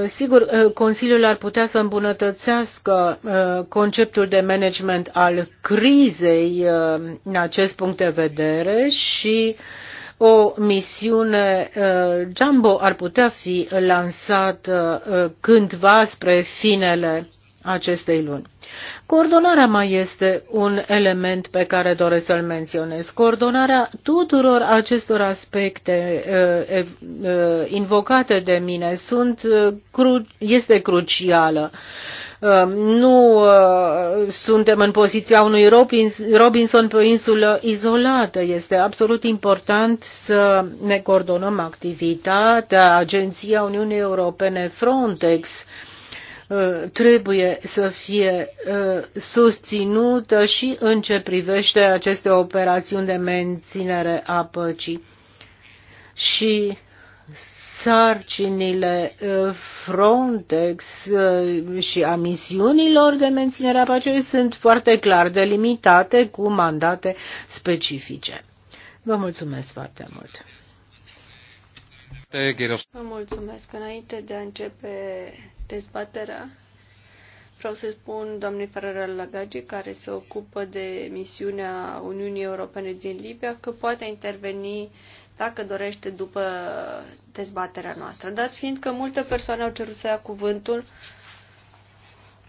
Sigur, Consiliul ar putea să îmbunătățească uh, conceptul de management al crizei uh, în acest punct de vedere și uh, o misiune uh, jumbo ar putea fi lansată uh, cândva spre finele acestei luni. Coordonarea mai este un element pe care doresc să-l menționez. Coordonarea tuturor acestor aspecte uh, uh, invocate de mine sunt, uh, cru- este crucială. Uh, nu uh, suntem în poziția unui Robinson pe o insulă izolată. Este absolut important să ne coordonăm activitatea. Agenția Uniunii Europene Frontex uh, trebuie să fie susținută și în ce privește aceste operațiuni de menținere a păcii. Și sarcinile uh, Frontex uh, și a misiunilor de menținere a pacei sunt foarte clar delimitate cu mandate specifice. Vă mulțumesc foarte mult! Vă mulțumesc. Înainte de a începe dezbaterea, Vreau să spun doamnei Ferrara Lagage, care se ocupă de misiunea Uniunii Europene din Libia, că poate interveni dacă dorește după dezbaterea noastră. Dat fiind că multe persoane au cerut să ia cuvântul,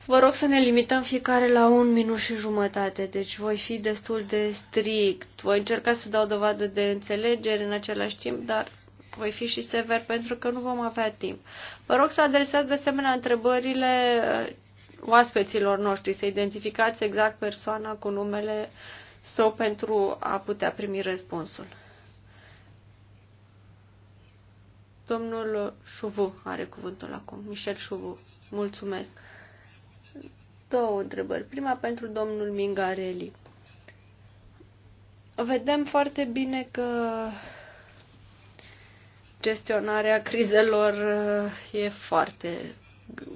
vă rog să ne limităm fiecare la un minut și jumătate, deci voi fi destul de strict. Voi încerca să dau dovadă de înțelegere în același timp, dar voi fi și sever pentru că nu vom avea timp. Vă rog să adresați de asemenea întrebările oaspeților noștri, să identificați exact persoana cu numele său pentru a putea primi răspunsul. Domnul Șuvu are cuvântul acum. Michel Șuvu. Mulțumesc. Două întrebări. Prima pentru domnul Mingarelli. Vedem foarte bine că gestionarea crizelor uh, e foarte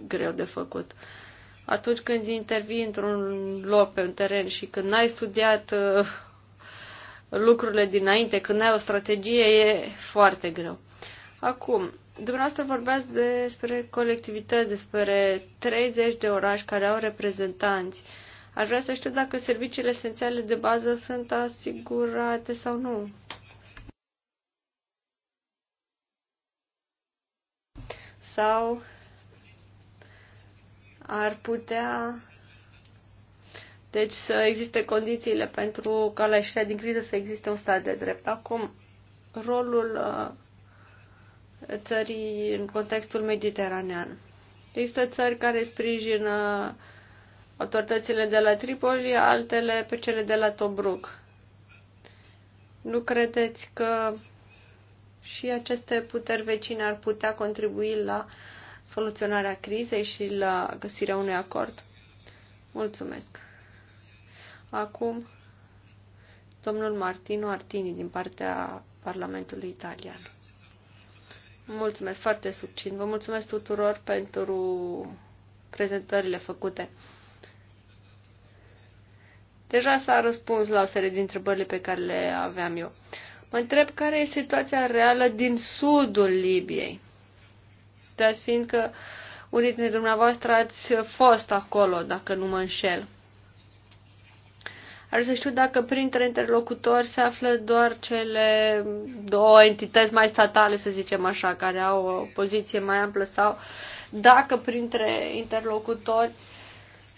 greu de făcut. Uh, atunci când intervii într-un loc pe un teren și când n-ai studiat uh, lucrurile dinainte, când n-ai o strategie, e foarte greu. Acum, dumneavoastră vorbeați despre colectivități, despre 30 de oraș care au reprezentanți. Aș vrea să știu dacă serviciile esențiale de bază sunt asigurate sau nu. Sau ar putea deci să existe condițiile pentru ca la ieșirea din criză să existe un stat de drept. Acum, rolul uh, țării în contextul mediteranean. Există țări care sprijină autoritățile de la Tripoli, altele pe cele de la Tobruk. Nu credeți că și aceste puteri vecine ar putea contribui la uh, soluționarea crizei și la găsirea unui acord? Mulțumesc. Acum, domnul Martino Artini din partea Parlamentului Italian. Mulțumesc foarte subțin. Vă mulțumesc tuturor pentru prezentările făcute. Deja s-a răspuns la o serie de întrebările pe care le aveam eu. Mă întreb care e situația reală din sudul Libiei dat fiindcă unii dintre dumneavoastră ați fost acolo, dacă nu mă înșel. Ar să știu dacă printre interlocutori se află doar cele două entități mai statale, să zicem așa, care au o poziție mai amplă sau dacă printre interlocutori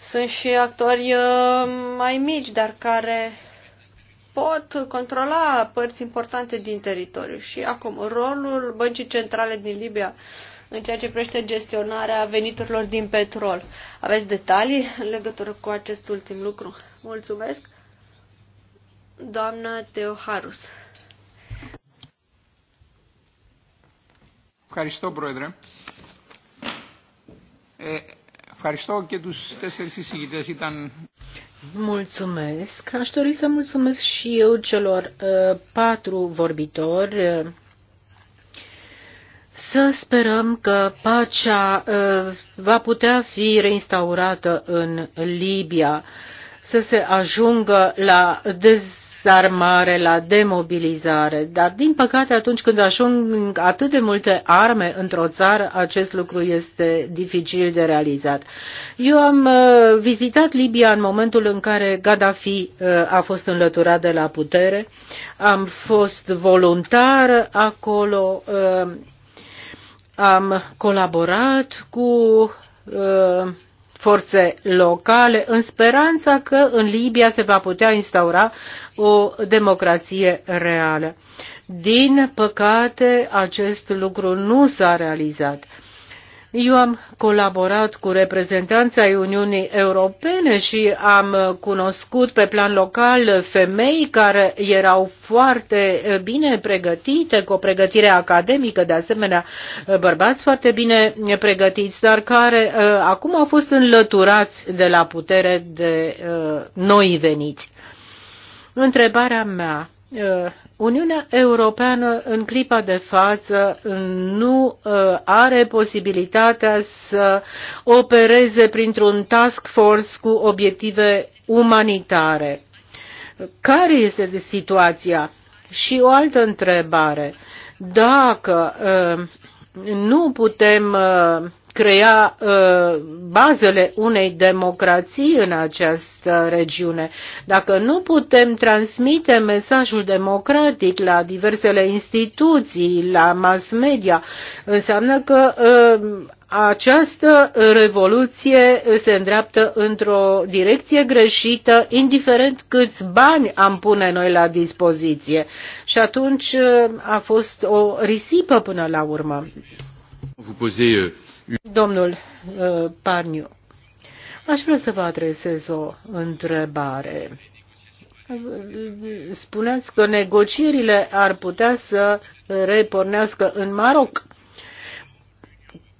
sunt și actori uh, mai mici, dar care pot controla părți importante din teritoriu. Și acum, rolul băncii centrale din Libia în ceea ce privește gestionarea veniturilor din petrol. Aveți detalii în legătură cu acest ultim lucru? Mulțumesc! Doamna Teoharus. Ευχαριστώ, Πρόεδρε. Ε, ευχαριστώ και τους τέσσερις εισηγητές. Ήταν... Mulțumesc. Aș dori să mulțumesc și eu celor uh, patru vorbitori. Uh, să sperăm că pacea ă, va putea fi reinstaurată în Libia, să se ajungă la dezarmare, la demobilizare. Dar, din păcate, atunci când ajung atât de multe arme într-o țară, acest lucru este dificil de realizat. Eu am ă, vizitat Libia în momentul în care Gaddafi ă, a fost înlăturat de la putere. Am fost voluntar acolo am colaborat cu uh, forțe locale în speranța că în Libia se va putea instaura o democrație reală. Din păcate, acest lucru nu s-a realizat. Eu am colaborat cu reprezentanța Uniunii Europene și am cunoscut pe plan local femei care erau foarte bine pregătite, cu o pregătire academică, de asemenea bărbați foarte bine pregătiți, dar care uh, acum au fost înlăturați de la putere de uh, noi veniți. Întrebarea mea uh, Uniunea Europeană în clipa de față nu uh, are posibilitatea să opereze printr-un task force cu obiective umanitare. Care este situația? Și o altă întrebare. Dacă uh, nu putem uh, crea uh, bazele unei democrații în această regiune. Dacă nu putem transmite mesajul democratic la diversele instituții, la mass media, înseamnă că uh, această revoluție se îndreaptă într-o direcție greșită, indiferent câți bani am pune noi la dispoziție. Și atunci uh, a fost o risipă până la urmă. Vous posez euh, Domnul uh, Parniu, aș vrea să vă adresez o întrebare. Spuneați că negocierile ar putea să repornească în Maroc.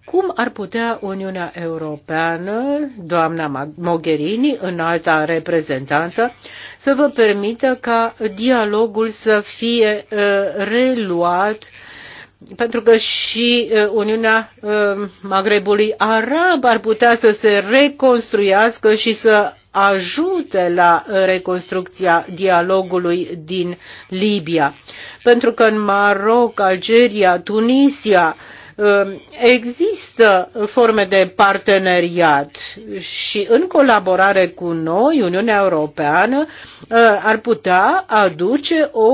Cum ar putea Uniunea Europeană, doamna Mogherini, alta reprezentantă, să vă permită ca dialogul să fie uh, reluat pentru că și uh, Uniunea uh, Magrebului Arab ar putea să se reconstruiască și să ajute la uh, reconstrucția dialogului din Libia. Pentru că în Maroc, Algeria, Tunisia, uh, Um, există forme de parteneriat și în colaborare cu noi, Uniunea Europeană uh, ar putea aduce o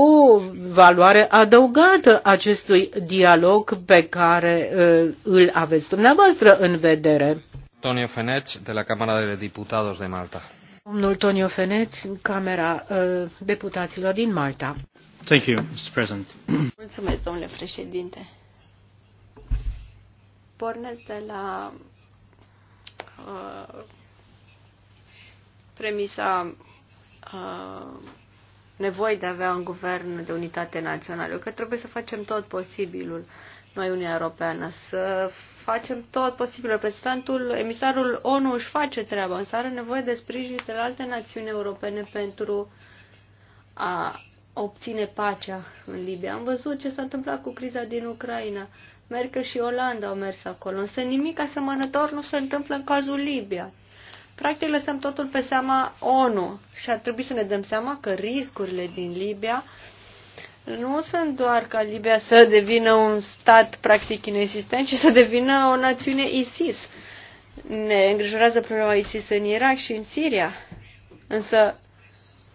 valoare adăugată acestui dialog pe care uh, îl aveți dumneavoastră în vedere. Antonio Feneț, de la Camera de Diputados de Malta. Domnul Tonio Feneț, Camera uh, Deputaților din Malta. Thank you, Mr. President. Mulțumesc, domnule președinte pornesc de la uh, premisa uh, nevoii de a avea un guvern de unitate națională. Eu cred că trebuie să facem tot posibilul noi, Uniunea Europeană, să facem tot posibilul. Reprezentantul, emisarul ONU își face treaba, însă are nevoie de sprijin de la alte națiuni europene pentru a obține pacea în Libia. Am văzut ce s-a întâmplat cu criza din Ucraina. Merkel și Olanda au mers acolo, însă nimic asemănător nu se întâmplă în cazul Libia. Practic lăsăm totul pe seama ONU și ar trebui să ne dăm seama că riscurile din Libia nu sunt doar ca Libia să devină un stat practic inexistent, ci să devină o națiune ISIS. Ne îngrijorează problema ISIS în Irak și în Siria. Însă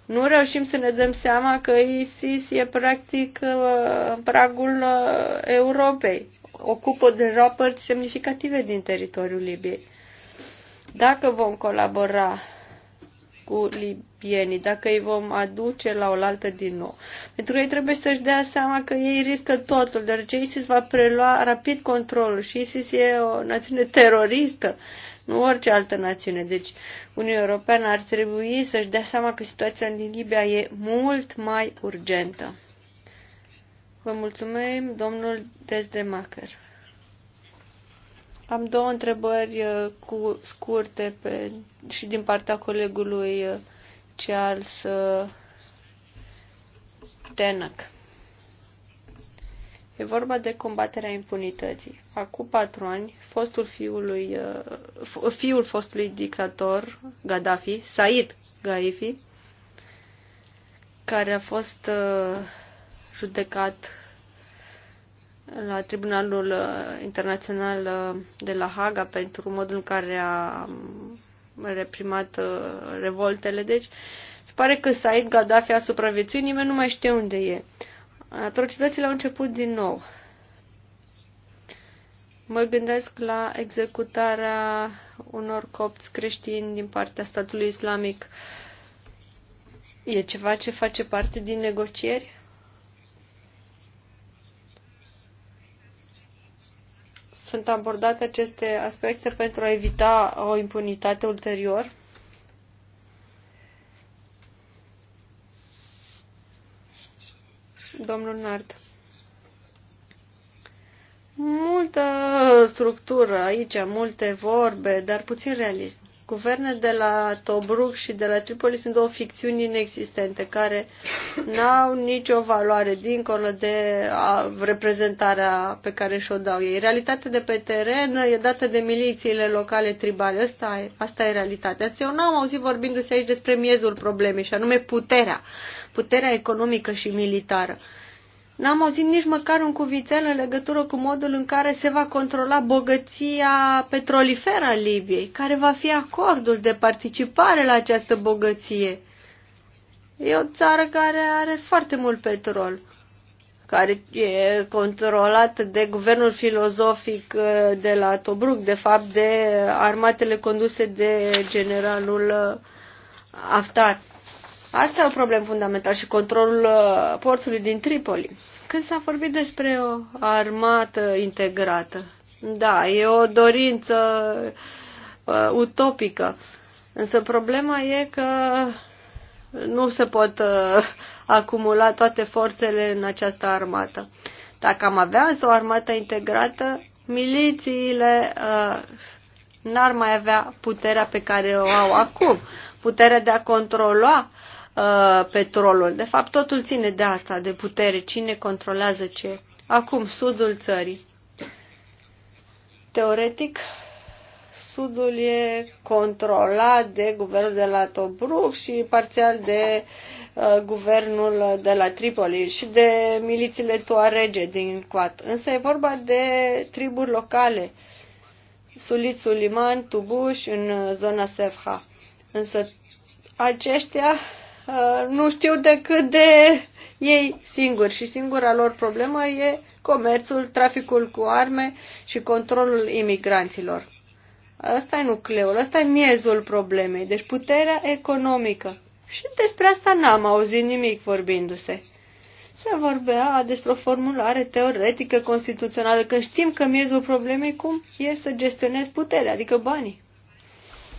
nu reușim să ne dăm seama că ISIS e practic uh, pragul uh, Europei ocupă deja părți semnificative din teritoriul Libiei. Dacă vom colabora cu libienii, dacă îi vom aduce la oaltă din nou. Pentru că ei trebuie să-și dea seama că ei riscă totul, deoarece ISIS va prelua rapid controlul și ISIS e o națiune teroristă, nu orice altă națiune. Deci Uniunea Europeană ar trebui să-și dea seama că situația din Libia e mult mai urgentă. Vă mulțumim, domnul Desdemacher. Am două întrebări uh, cu scurte pe, și din partea colegului uh, Charles uh, Tenac. E vorba de combaterea impunității. Acum patru ani, fostul fiului, fiul fostului dictator Gaddafi, Said Gaifi, care a fost judecat la Tribunalul uh, Internațional uh, de la Haga pentru modul în care a um, reprimat uh, revoltele. Deci, se pare că Said Gaddafi a supraviețuit, nimeni nu mai știe unde e. Atrocitățile au început din nou. Mă gândesc la executarea unor copți creștini din partea statului islamic. E ceva ce face parte din negocieri? sunt abordate aceste aspecte pentru a evita o impunitate ulterior? Domnul Nard. Multă structură aici, multe vorbe, dar puțin realism. Guverne de la Tobruk și de la Tripoli sunt două ficțiuni inexistente care n-au nicio valoare dincolo de a, reprezentarea pe care și-o dau ei. Realitatea de pe teren e dată de milițiile locale tribale. Asta e, asta e realitatea. Asta eu n-am auzit vorbindu-se aici despre miezul problemei și anume puterea. Puterea economică și militară. Uh, N-am auzit nici măcar un cuvițel în legătură cu modul în care se va controla bogăția petroliferă a Libiei, care va fi acordul de participare la această bogăție. E o țară care are foarte mult petrol, care e controlată de guvernul filozofic uh, de la Tobruk, de fapt de armatele conduse de generalul uh, Aftar. Asta e o problemă fundamentală și controlul uh, portului din Tripoli. Când s-a vorbit despre o armată integrată, da, e o dorință uh, utopică, însă problema e că nu se pot uh, acumula toate forțele în această armată. Dacă am avea însă o armată integrată, milițiile uh, n-ar mai avea puterea pe care o au acum, puterea de a controla uh, uh, petrolul. De fapt, totul ține de asta, de putere, cine controlează ce. Acum, sudul țării. Teoretic, sudul e controlat de guvernul de la Tobruk și parțial de uh, guvernul de la Tripoli și de milițiile Tuarege din Quat. Însă e vorba de triburi locale. Sulit Suliman, Tubuș, în zona Sefha. Însă aceștia Uh, nu știu decât de ei singuri și singura lor problemă e comerțul, traficul cu arme și controlul imigranților. Ăsta e nucleul, ăsta e miezul problemei, deci puterea economică. Și despre asta n-am auzit nimic vorbindu-se. Se vorbea despre o formulare teoretică constituțională, că știm că miezul problemei cum e să gestionezi puterea, adică banii.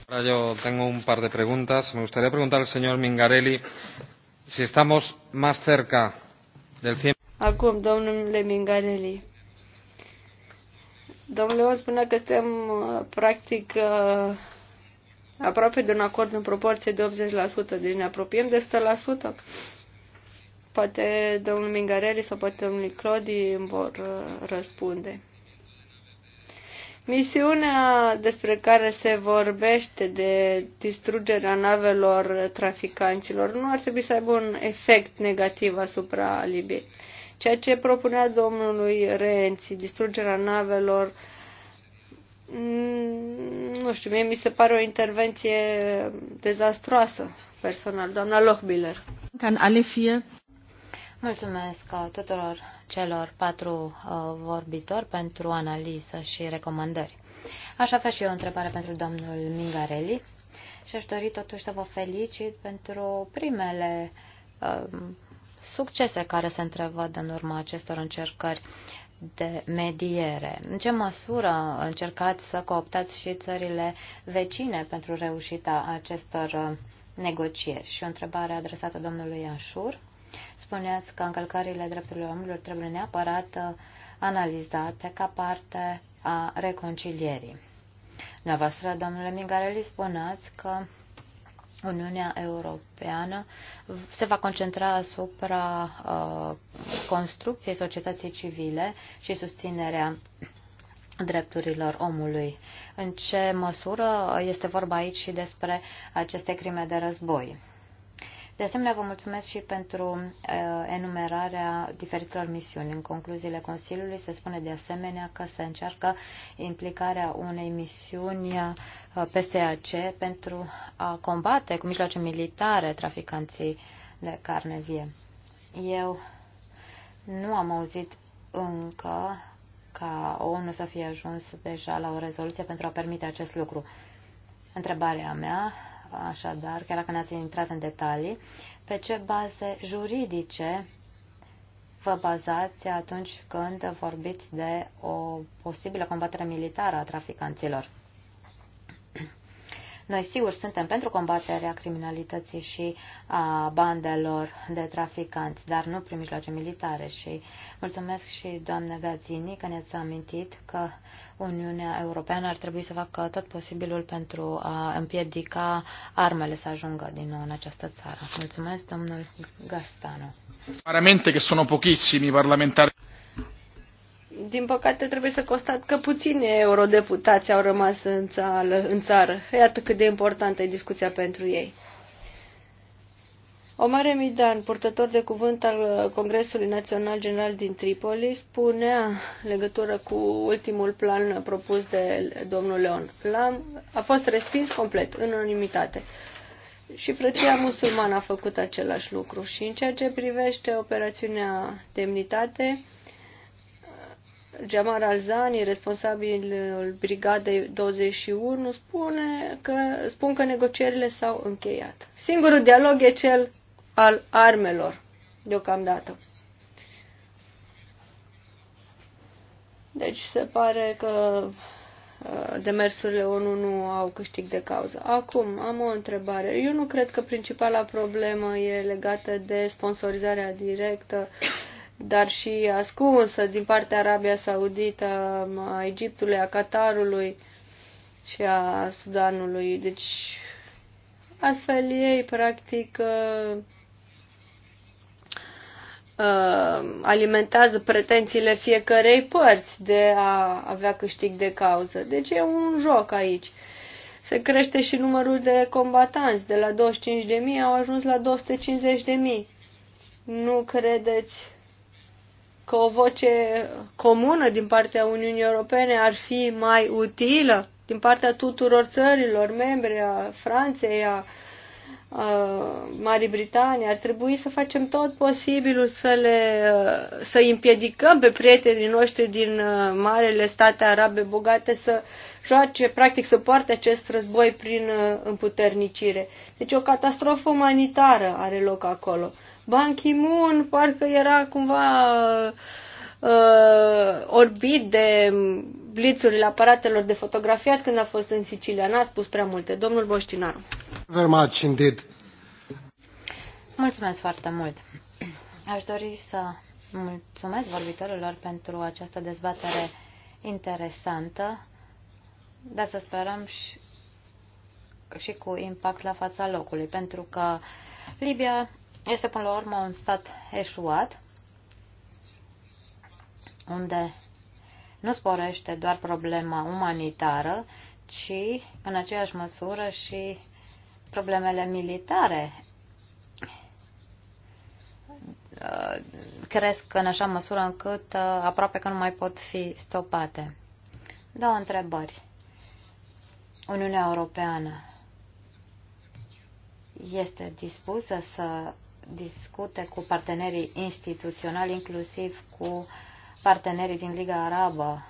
Ahora yo tengo un par de preguntas. Me gustaría preguntar al señor Mingarelli si estamos más cerca del 100. Acum, domnule Mingarelli. Domnule Leon spunea că suntem uh, practic uh, aproape de un acord în proporție de 80%, deci ne apropiem de 100%. Poate domnul Mingarelli sau poate domnul Clodi îmi vor uh, răspunde. Misiunea despre care se vorbește de distrugerea navelor traficanților nu ar trebui să aibă un efect negativ asupra Libiei. Ceea ce propunea domnului Renzi, distrugerea navelor, mm, nu știu, mie mi se pare o intervenție dezastroasă personal. Doamna Lochbiller. Can alle vier Mulțumesc uh, tuturor celor patru uh, vorbitori pentru analiză și recomandări. Aș avea și eu o întrebare pentru domnul Mingarelli și aș dori totuși să vă felicit pentru primele uh, succese care se întrevăd în urma acestor încercări de mediere. În ce măsură încercați să cooptați și țările vecine pentru reușita acestor negocieri? Și o întrebare adresată domnului Anșur spuneați că încălcările drepturilor omului trebuie neapărat uh, analizate ca parte a reconcilierii. Dumneavoastră, domnule Mingareli, spuneați că Uniunea Europeană se va concentra asupra uh, construcției societății civile și susținerea drepturilor omului. În ce măsură este vorba aici și despre aceste crime de război? De asemenea, vă mulțumesc și pentru uh, enumerarea diferitelor misiuni. În concluziile Consiliului se spune de asemenea că se încearcă implicarea unei misiuni uh, PSAC pentru a combate cu mijloace militare traficanții de carne vie. Eu nu am auzit încă ca ONU să fie ajuns deja la o rezoluție pentru a permite acest lucru. Întrebarea mea așadar, chiar dacă n-ați intrat în detalii, pe ce baze juridice vă bazați atunci când vorbiți de o posibilă combatere militară a traficanților. Noi sigur suntem pentru combaterea criminalității și a bandelor de traficanți, dar nu prin mijloace militare. Și mulțumesc și doamna Gazini că ne-ați amintit că Uniunea Europeană ar trebui să facă tot posibilul pentru a împiedica armele să ajungă din nou în această țară. Mulțumesc, domnul Gastano. Paramente că sunt pochissimi parlamentari. Din păcate trebuie să constat că puțini eurodeputați au rămas în țară. În țară. Iată cât de importantă e discuția pentru ei. Omar Emidan, purtător de cuvânt al uh, Congresului Național General din Tripoli, spunea legătură cu ultimul plan propus de domnul Leon. Plan a fost respins complet, în unanimitate. Și frăția musulmană a făcut același lucru. Și în ceea ce privește operațiunea Demnitate, Jamal Alzani, responsabilul Brigadei 21, spune că, spun că negocierile s-au încheiat. Singurul dialog e cel al armelor, deocamdată. Deci se pare că uh, demersurile ONU nu au câștig de cauză. Acum, am o întrebare. Eu nu cred că principala problemă e legată de sponsorizarea directă uh, dar și ascunsă din partea Arabia Saudită, a Egiptului, a Qatarului și a Sudanului. Deci, astfel ei, practic, uh, uh, alimentează pretențiile fiecărei părți de a avea câștig de cauză. Deci e un joc aici. Se crește și numărul de combatanți. De la 25.000 au ajuns la 250.000. Nu credeți că o voce comună din partea Uniunii Europene ar fi mai utilă din partea tuturor țărilor membre, a Franței, a, a Marii Britanii. Ar trebui să facem tot posibilul să le să împiedicăm pe prietenii noștri din marele state arabe bogate să joace, practic să poarte acest război prin împuternicire. Deci o catastrofă umanitară are loc acolo. Ban Ki-moon parcă era cumva uh, orbit de blițurile aparatelor de fotografiat când a fost în Sicilia. N-a spus prea multe. Domnul Boștinaru. Very much indeed. Mulțumesc foarte mult. Aș dori să mulțumesc vorbitorilor pentru această dezbatere interesantă, dar să sperăm și, și cu impact la fața locului, pentru că Libia este până la urmă un stat eșuat, unde nu sporește doar problema umanitară, ci în aceeași măsură și problemele militare uh, cresc în așa măsură încât uh, aproape că nu mai pot fi stopate. Două întrebări. Uniunea Europeană este dispusă să discute cu partenerii instituționali, inclusiv cu partenerii din Liga Arabă,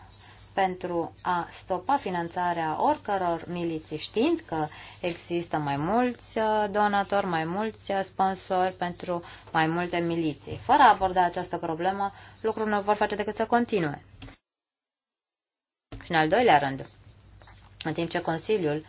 pentru a stopa finanțarea oricăror miliții, știind că există mai mulți uh, donatori, mai mulți uh, sponsori pentru mai multe miliții. Fără a aborda această problemă, lucrul nu vor face decât să continue. Și în al doilea rând, în timp ce Consiliul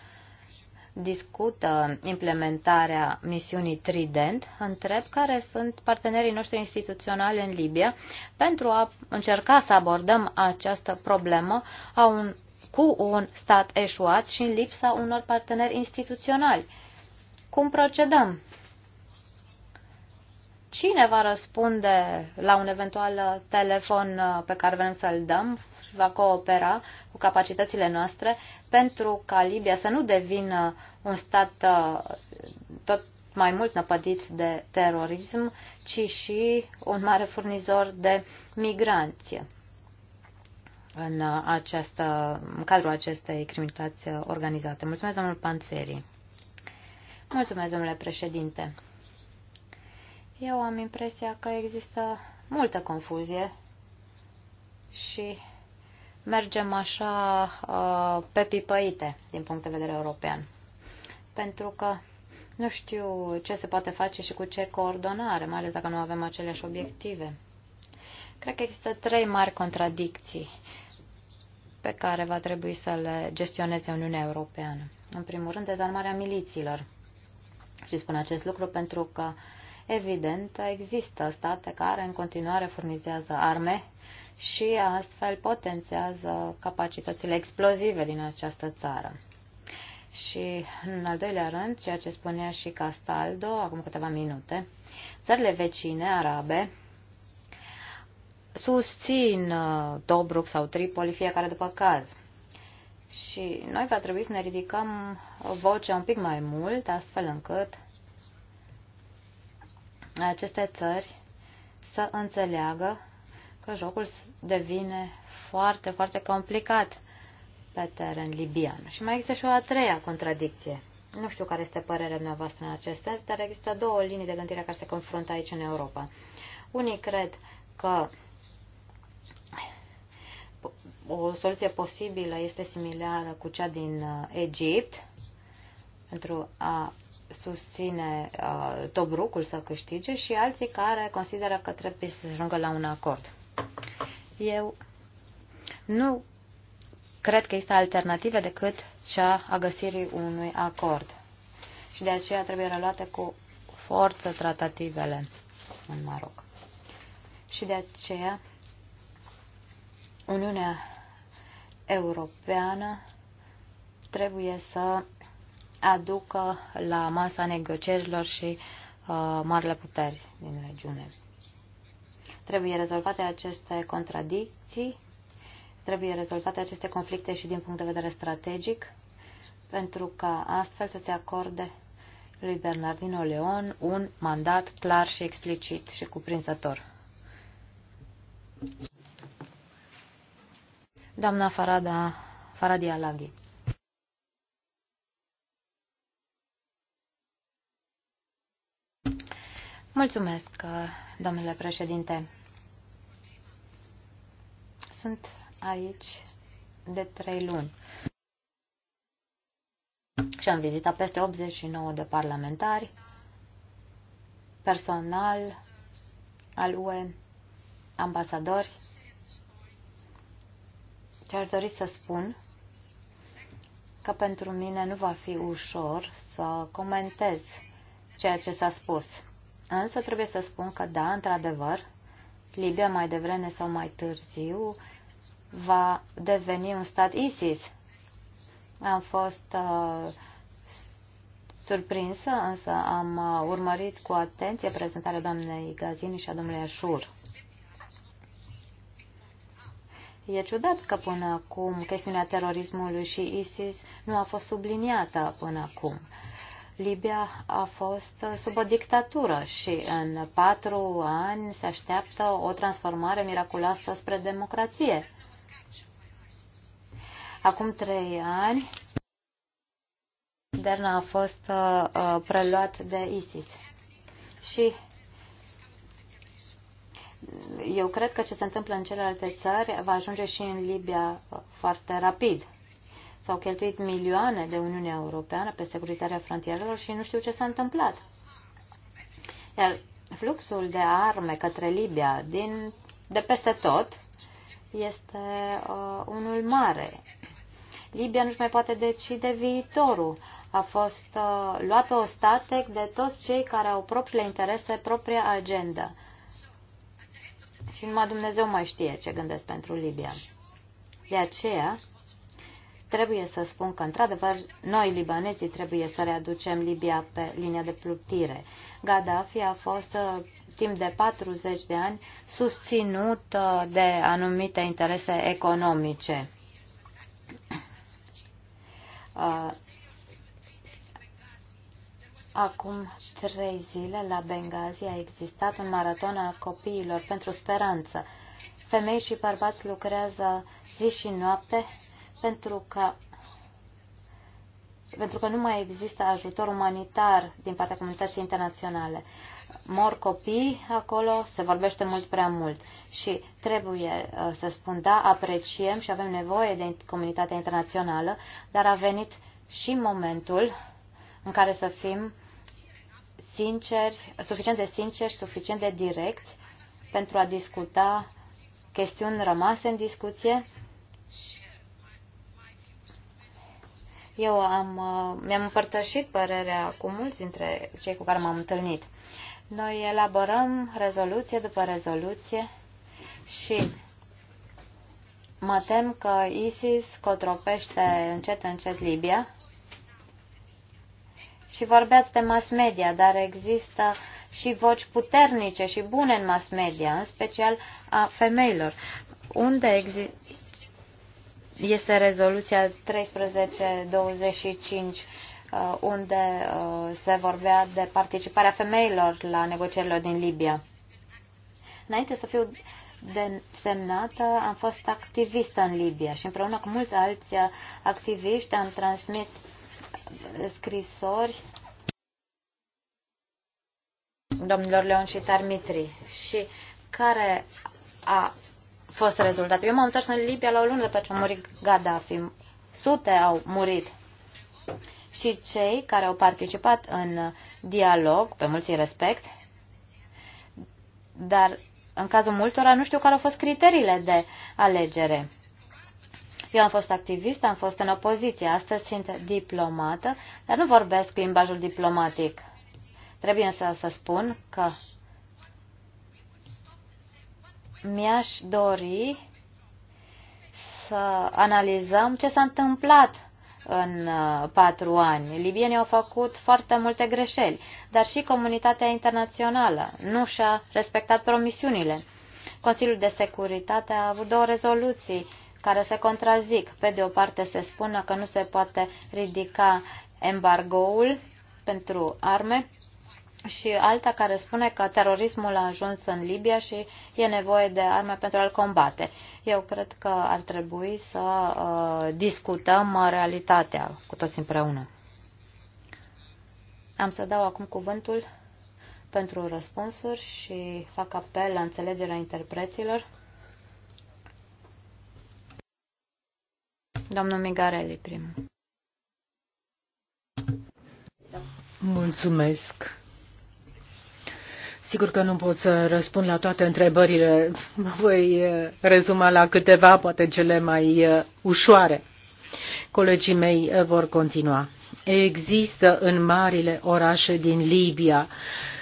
discută implementarea misiunii Trident, întreb care sunt partenerii noștri instituționali în Libia pentru a încerca să abordăm această problemă a un, cu un stat eșuat și în lipsa unor parteneri instituționali. Cum procedăm? Cine va răspunde la un eventual telefon uh, pe care vrem să-l dăm va coopera cu capacitățile noastre pentru ca Libia să nu devină un stat uh, tot mai mult năpădit de terorism, ci și un mare furnizor de migranți în, uh, această, uh, în cadrul acestei criminalități organizate. Mulțumesc, domnul Panțeri. Mulțumesc, domnule președinte. Eu am impresia că există multă confuzie și mergem așa uh, pe pipăite din punct de vedere european. Pentru că nu știu ce se poate face și cu ce coordonare, mai ales dacă nu avem aceleași obiective. Cred că există trei mari contradicții pe care va trebui să le gestioneze Uniunea Europeană. În primul rând, dezarmarea miliților. Și spun acest lucru pentru că uh, Evident, există state care în continuare furnizează arme și astfel potențează capacitățile explozive din această țară. Și, în al doilea rând, ceea ce spunea și Castaldo acum câteva minute, țările vecine arabe susțin uh, Tobruk sau Tripoli, fiecare după caz. Și noi va trebui să ne ridicăm vocea un pic mai mult, astfel încât aceste țări să înțeleagă că jocul devine foarte, foarte complicat pe teren libian. Și mai există și o a treia contradicție. Nu știu care este părerea dumneavoastră în acest sens, dar există două linii de gândire care se confruntă aici în Europa. Unii cred că o soluție posibilă este similară cu cea din uh, Egipt pentru a susține uh, Tobrucul să câștige și alții care consideră că trebuie să se ajungă la un acord. Eu nu cred că există alternative decât cea a găsirii unui acord. Și de aceea trebuie reluate cu forță tratativele în Maroc. Și de aceea Uniunea Europeană trebuie să aducă la masa negocierilor și uh, marile puteri din regiune. Trebuie rezolvate aceste contradicții, trebuie rezolvate aceste conflicte și din punct de vedere strategic, pentru ca astfel să se acorde lui Bernardino Leon un mandat clar și explicit și cuprinzător. Doamna Farada, Faradia Laghi. Mulțumesc, domnule președinte. Sunt aici de trei luni și am vizitat peste 89 de parlamentari, personal al UE, ambasadori. Ce aș dori să spun că pentru mine nu va fi ușor să comentez ceea ce s-a spus. Însă trebuie să spun că, da, într-adevăr, Libia mai devreme sau mai târziu va deveni un stat ISIS. Am fost uh, surprinsă, însă am uh, urmărit cu atenție prezentarea doamnei Gazini și a domnului Ashur. E ciudat că până acum chestiunea terorismului și ISIS nu a fost subliniată până acum. Libia a fost sub o dictatură și în patru ani se așteaptă o transformare miraculoasă spre democrație. Acum trei ani, Derna a fost uh, preluat de ISIS. Și eu cred că ce se întâmplă în celelalte țări va ajunge și în Libia uh, foarte rapid. S-au cheltuit milioane de Uniunea Europeană pe securizarea frontierelor și nu știu ce s-a întâmplat. Iar fluxul de arme către Libia din, de peste tot este uh, unul mare. Libia nu-și mai poate decide viitorul. A fost uh, luat o statec de toți cei care au propriile interese, propria agenda. Și numai Dumnezeu mai știe ce gândesc pentru Libia. De aceea, Trebuie să spun că, într-adevăr, noi, libanezii, trebuie să readucem Libia pe linia de plutire. Gaddafi a fost uh, timp de 40 de ani susținut uh, de anumite interese economice. Uh, acum trei zile, la Benghazi, a existat un maraton al copiilor pentru speranță. Femei și bărbați lucrează zi și noapte pentru că pentru că nu mai există ajutor umanitar din partea comunității internaționale. Mor copii acolo, se vorbește mult prea mult și trebuie uh, să spun, da, apreciem și avem nevoie de comunitatea internațională, dar a venit și momentul în care să fim sinceri, suficient de sinceri și suficient de direct pentru a discuta chestiuni rămase în discuție eu am, uh, mi-am împărtășit părerea cu mulți dintre cei cu care m-am întâlnit. Noi elaborăm rezoluție după rezoluție și mă tem că ISIS cotropește încet încet Libia și vorbeați de mass media, dar există și voci puternice și bune în mass media, în special a femeilor. Unde există este rezoluția 1325 uh, unde uh, se vorbea de participarea femeilor la negocierile din Libia. Înainte să fiu desemnată, am fost activistă în Libia și împreună cu mulți alți uh, activiști am transmit scrisori domnilor Leon și Tarmitri și care a fost rezultatul. Eu m-am întors în Libia la o lună după ce a murit Gaddafi. Sute au murit. Și cei care au participat în dialog, pe mulți îi respect, dar în cazul multora nu știu care au fost criteriile de alegere. Eu am fost activist, am fost în opoziție, astăzi sunt diplomată, dar nu vorbesc limbajul diplomatic. Trebuie însă să spun că mi-aș dori să analizăm ce s-a întâmplat în uh, patru ani. Libienii au făcut foarte multe greșeli, dar și comunitatea internațională nu și-a respectat promisiunile. Consiliul de Securitate a avut două rezoluții care se contrazic. Pe de o parte se spune că nu se poate ridica embargoul pentru arme și alta care spune că terorismul a ajuns în Libia și e nevoie de arme pentru a-l combate. Eu cred că ar trebui să uh, discutăm uh, realitatea cu toți împreună. Am să dau acum cuvântul pentru răspunsuri și fac apel la înțelegerea interpreților. Domnul Migarelli primul. Mulțumesc Sigur că nu pot să răspund la toate întrebările. Mă voi eh, rezuma la câteva, poate cele mai eh, ușoare. Colegii mei eh, vor continua. Există în marile orașe din Libia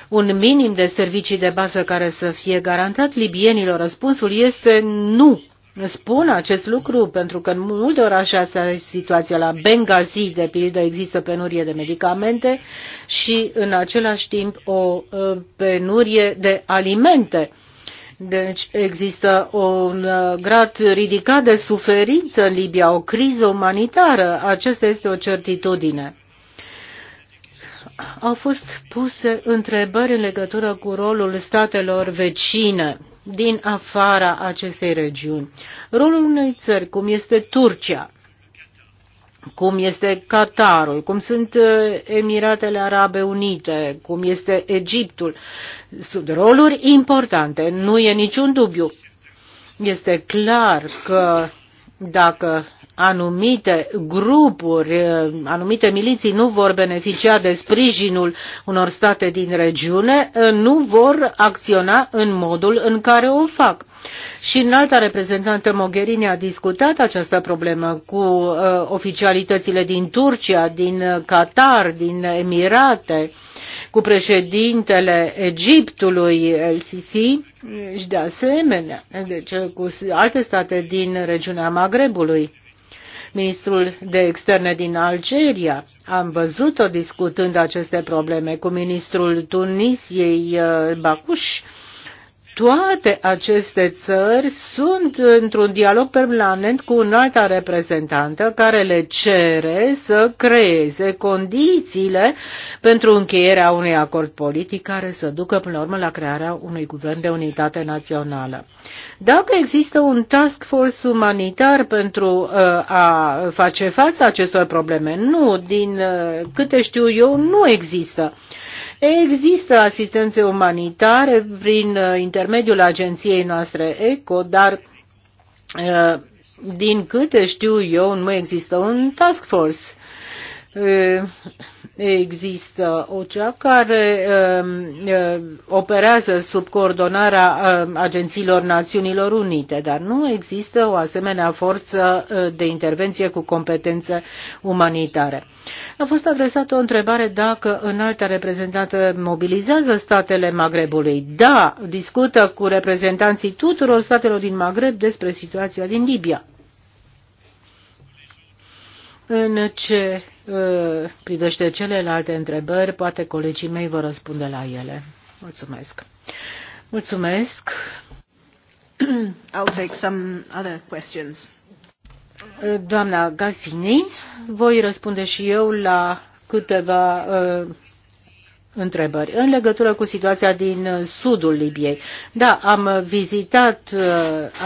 un minim de servicii de bază care să fie garantat libienilor. Răspunsul este nu spun acest lucru pentru că în multe orașe asta e situația la Benghazi, de pildă, există penurie de medicamente și în același timp o uh, penurie de alimente. Deci există un uh, grad ridicat de suferință în Libia, o criză umanitară. Acesta este o certitudine. Au fost puse întrebări în legătură cu rolul statelor vecine din afara acestei regiuni. Rolul unei țări, cum este Turcia, cum este Qatarul, cum sunt uh, Emiratele Arabe Unite, cum este Egiptul. Sunt roluri importante, nu e niciun dubiu. Este clar că dacă anumite grupuri, uh, anumite miliții nu vor beneficia de sprijinul unor state din regiune, uh, nu vor acționa în modul în care o fac. Și înalta reprezentantă Mogherini a discutat această problemă cu uh, oficialitățile din Turcia, din uh, Qatar, din Emirate, cu președintele Egiptului, El Sisi, și de asemenea, deci cu alte state din regiunea Magrebului ministrul de externe din Algeria. Am văzut-o discutând aceste probleme cu ministrul Tunisiei uh, Bakush toate aceste țări sunt într-un dialog permanent cu un alta reprezentantă care le cere să creeze condițiile pentru încheierea unui acord politic care să ducă până la urmă la crearea unui guvern de unitate națională. Dacă există un task force umanitar pentru uh, a face față acestor probleme, nu, din uh, câte știu eu, nu există. Există asistențe umanitare prin uh, intermediul agenției noastre ECO, dar uh, din câte știu eu, nu există un task force există OCEA care operează sub coordonarea agențiilor Națiunilor Unite, dar nu există o asemenea forță de intervenție cu competențe umanitare. A fost adresată o întrebare dacă înalta reprezentantă mobilizează statele Magrebului. Da, discută cu reprezentanții tuturor statelor din Magreb despre situația din Libia. În ce privește celelalte întrebări, poate colegii mei vă răspunde la ele. Mulțumesc. Mulțumesc. I'll take some other questions. Doamna Gazini, voi răspunde și eu la câteva uh, întrebări. În legătură cu situația din uh, sudul Libiei, da, am vizitat uh,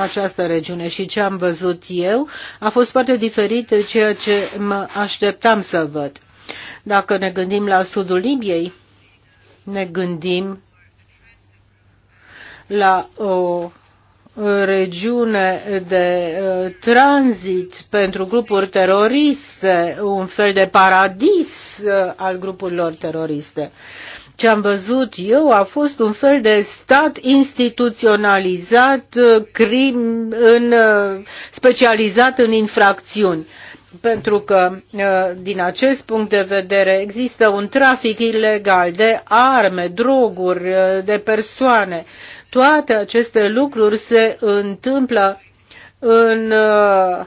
această regiune și ce am văzut eu a fost foarte diferit de ceea ce mă așteptam să văd. Dacă ne gândim la sudul Libiei, ne gândim la o regiune de uh, tranzit pentru grupuri teroriste, un fel de paradis uh, al grupurilor teroriste. Ce am văzut eu a fost un fel de stat instituționalizat, uh, crim, în, specializat în infracțiuni pentru că din acest punct de vedere există un trafic ilegal de arme, droguri, de persoane toate aceste lucruri se întâmplă în uh,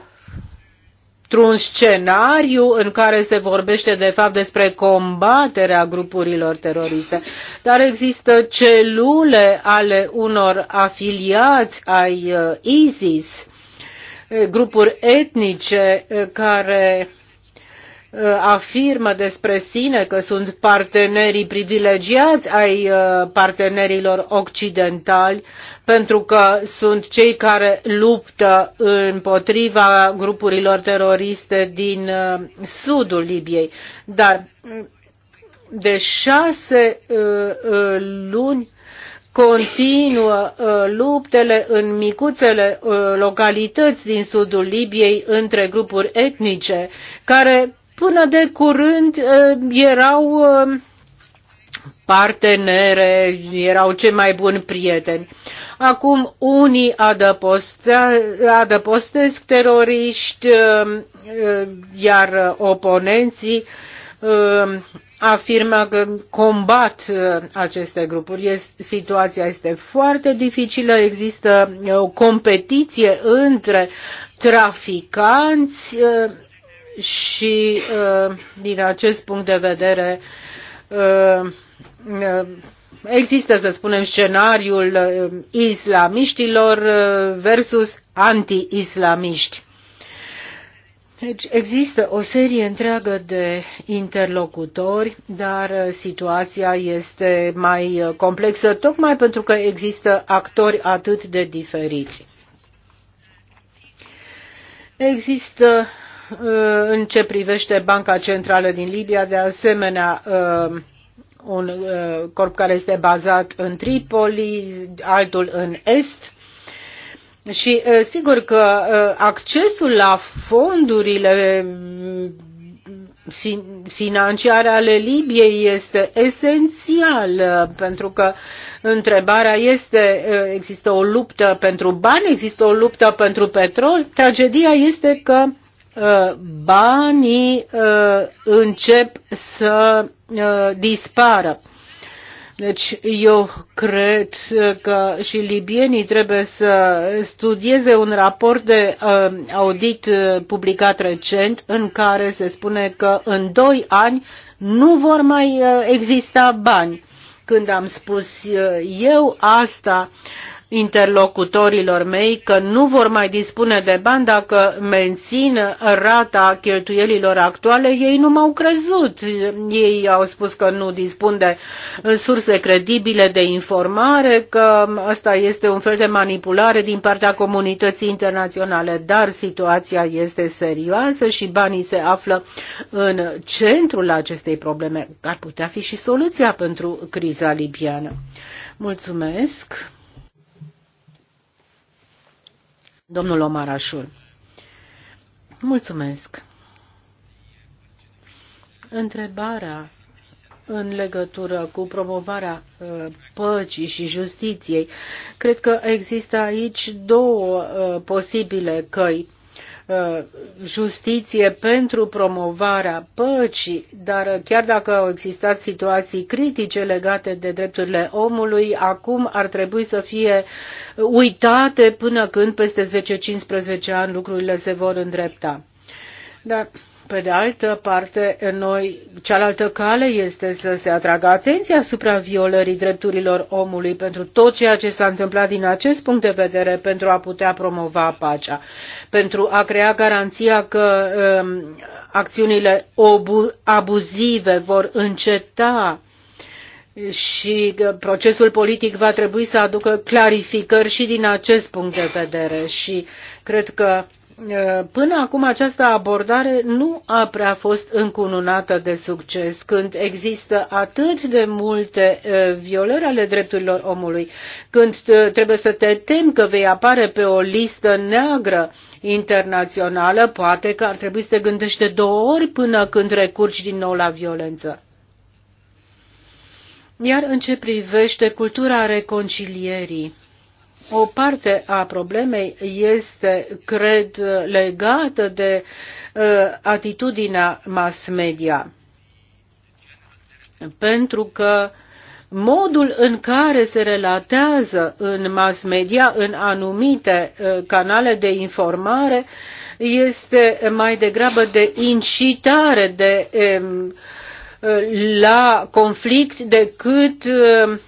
într-un scenariu în care se vorbește de fapt despre combaterea grupurilor teroriste, dar există celule ale unor afiliați ai uh, ISIS, grupuri etnice uh, care Uh, afirmă despre sine că sunt partenerii privilegiați ai uh, partenerilor occidentali, pentru că sunt cei care luptă împotriva grupurilor teroriste din uh, sudul Libiei. Dar mm, de șase luni continuă luptele în micuțele localități din sudul Libiei între grupuri etnice care Până de curând uh, erau uh, partenere, erau cei mai buni prieteni. Acum unii adăposte, adăpostesc teroriști, uh, iar oponenții afirmă că combat aceste grupuri. situația este foarte dificilă, există o competiție între traficanți și uh, din acest punct de vedere uh, uh, există, să spunem, scenariul islamiștilor versus anti-islamiști. Deci există o serie întreagă de interlocutori, dar situația este mai complexă, tocmai pentru că există actori atât de diferiți. Există în ce privește Banca Centrală din Libia, de asemenea um, un uh, corp care este bazat în Tripoli, altul în Est. Și uh, sigur că uh, accesul la fondurile financiare ale Libiei este esențial, pentru că întrebarea este, există o luptă pentru bani, există o luptă pentru petrol. Tragedia este că Uh, banii uh, încep să uh, dispară. Deci eu cred că și libienii trebuie să studieze un raport de audit publicat recent în care se spune că în doi ani nu vor mai exista bani. Când am spus eu asta, interlocutorilor mei că nu vor mai dispune de bani dacă mențin rata cheltuielilor actuale, ei nu m-au crezut. Ei au spus că nu dispun de surse credibile de informare, că asta este un fel de manipulare din partea comunității internaționale, dar situația este serioasă și banii se află în centrul acestei probleme. Ar putea fi și soluția pentru criza libiană. Mulțumesc! Domnul Omarașul. Mulțumesc. Întrebarea în legătură cu promovarea uh, păcii și justiției. Cred că există aici două uh, posibile căi Uh, justiție pentru promovarea păcii, dar chiar dacă au existat situații critice legate de drepturile omului, acum ar trebui să fie uitate până când peste 10-15 ani lucrurile se vor îndrepta. Dar pe de altă parte, noi, cealaltă cale este să se atragă atenția asupra violării drepturilor omului pentru tot ceea ce s-a întâmplat din acest punct de vedere pentru a putea promova pacea, pentru a crea garanția că um, acțiunile obu- abuzive vor înceta și procesul politic va trebui să aducă clarificări și din acest punct de vedere și cred că până acum această abordare nu a prea fost încununată de succes, când există atât de multe violări ale drepturilor omului, când trebuie să te temi că vei apare pe o listă neagră internațională, poate că ar trebui să te gândești de două ori până când recurgi din nou la violență. Iar în ce privește cultura reconcilierii, o parte a problemei este, cred, legată de uh, atitudinea mass media. Pentru că modul în care se relatează în mass media, în anumite uh, canale de informare, este mai degrabă de incitare de, um, la conflict decât uh,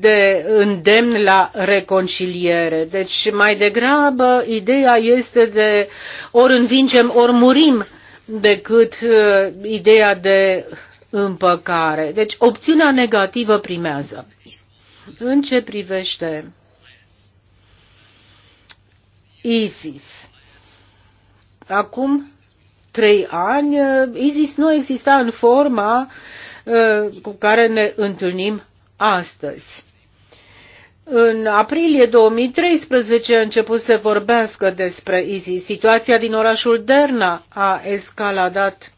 de îndemn la reconciliere. Deci mai degrabă ideea este de ori învingem, ori murim decât uh, ideea de împăcare. Deci opțiunea negativă primează. În ce privește ISIS. Acum trei ani, uh, ISIS nu exista în forma uh, cu care ne întâlnim astăzi. În aprilie 2013 a început să vorbească despre ISIS. Situația din orașul Derna a escaladat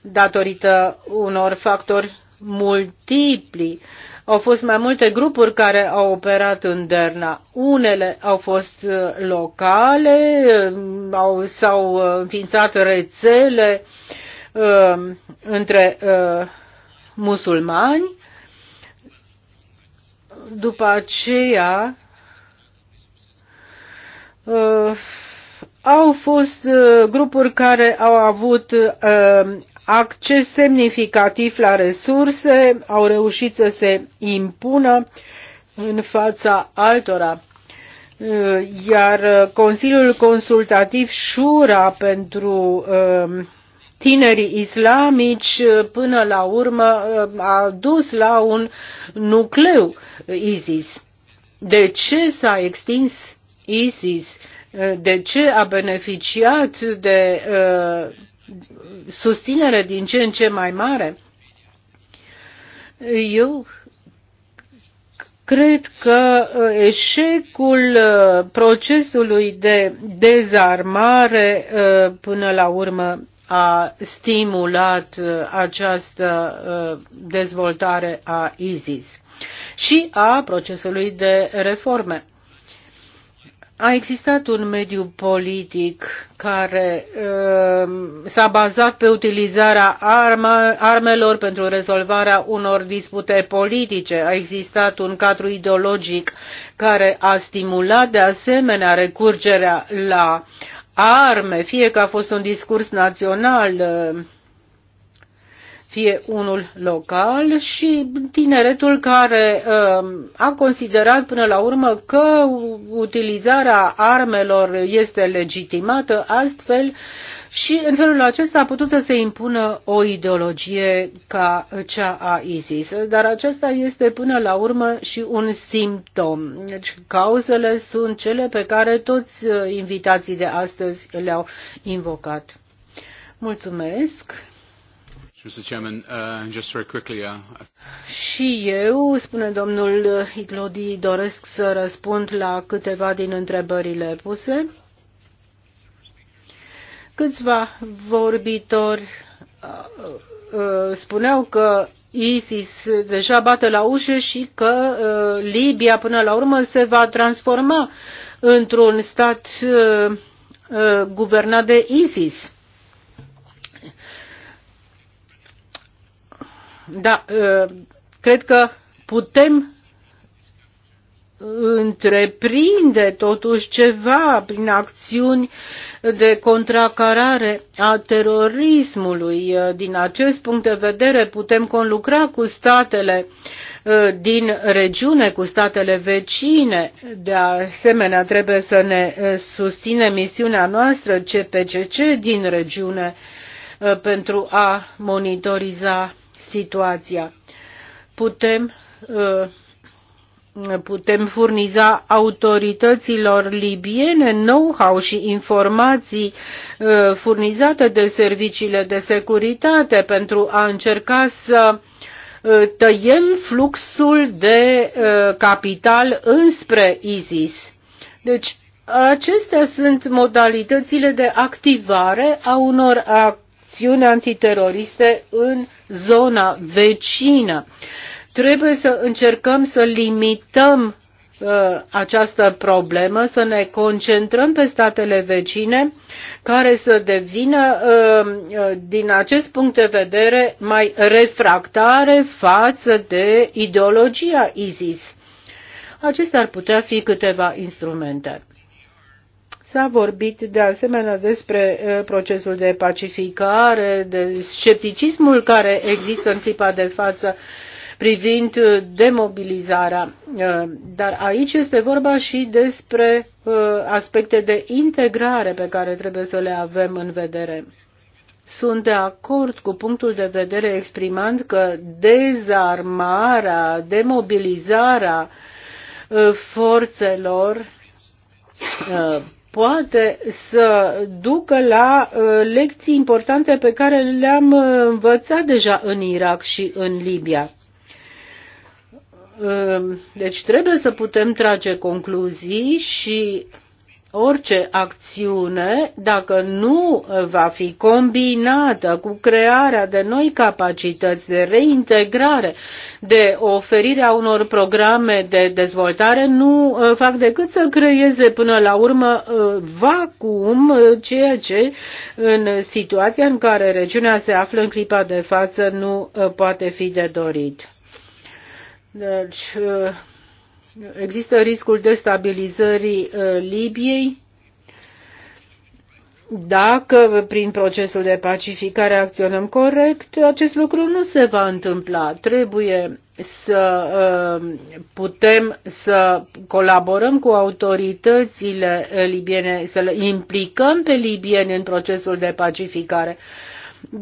datorită unor factori multipli. Au fost mai multe grupuri care au operat în Derna. Unele au fost uh, locale, uh, au, s-au uh, înființat rețele uh, între uh, musulmani după aceea uh, au fost uh, grupuri care au avut uh, acces semnificativ la resurse, au reușit să se impună în fața altora. Iar Consiliul Consultativ Shura pentru tinerii islamici până la urmă a dus la un nucleu ISIS. De ce s-a extins ISIS? De ce a beneficiat de uh, susținere din ce în ce mai mare? Eu cred că uh, eșecul uh, procesului de dezarmare uh, până la urmă a stimulat această dezvoltare a ISIS și a procesului de reforme. A existat un mediu politic care uh, s-a bazat pe utilizarea arma, armelor pentru rezolvarea unor dispute politice. A existat un cadru ideologic care a stimulat de asemenea recurgerea la arme, fie că a fost un discurs național. Uh, fie unul local și tineretul care um, a considerat până la urmă că utilizarea armelor este legitimată, astfel și în felul acesta a putut să se impună o ideologie ca cea a ISIS. Dar aceasta este până la urmă și un simptom. Deci cauzele sunt cele pe care toți uh, invitații de astăzi le-au invocat. Mulțumesc! Uh, uh, și eu, spune domnul Iglodi, doresc să răspund la câteva din întrebările puse. Câțiva vorbitori uh, spuneau că ISIS deja bate la ușă și că Libia până la urmă se va transforma într-un stat guvernat de ISIS. Da, ă, cred că putem întreprinde totuși ceva prin acțiuni de contracarare a terorismului. Ă, din acest punct de vedere putem conlucra cu statele ă, din regiune, cu statele vecine. De asemenea, trebuie să ne susținem misiunea noastră CPCC din regiune pentru a monitoriza situația. Putem uh, putem furniza autorităților libiene know-how și informații uh, furnizate de serviciile de securitate pentru a încerca să uh, tăiem fluxul de capital înspre ISIS. Deci, acestea sunt modalitățile de activare a unor acțiuni antiteroriste în zona vecină. Trebuie să încercăm să limităm uh, această problemă, să ne concentrăm pe statele vecine care să devină, uh, uh din acest punct de vedere, mai refractare față de ideologia ISIS. Acestea ar putea fi câteva instrumente. S-a vorbit de asemenea despre procesul de pacificare, de scepticismul care există în clipa de față privind demobilizarea. Dar aici este vorba și despre aspecte de integrare pe care trebuie să le avem în vedere. Sunt de acord cu punctul de vedere exprimant că dezarmarea, demobilizarea forțelor poate să ducă la uh, lecții importante pe care le-am uh, învățat deja în Irak și în Libia. Uh, deci trebuie să putem trage concluzii și orice acțiune, dacă nu va fi combinată cu crearea de noi capacități de reintegrare, de oferirea unor programe de dezvoltare, nu uh, fac decât să creeze până la urmă uh, vacuum, uh, ceea ce în situația în care regiunea se află în clipa de față nu poate fi de dorit. Deci, Există riscul destabilizării uh, Libiei dacă prin procesul de pacificare acționăm corect, acest lucru nu se va întâmpla. Trebuie să uh, putem să colaborăm cu autoritățile libiene, să le implicăm pe libieni în procesul de pacificare.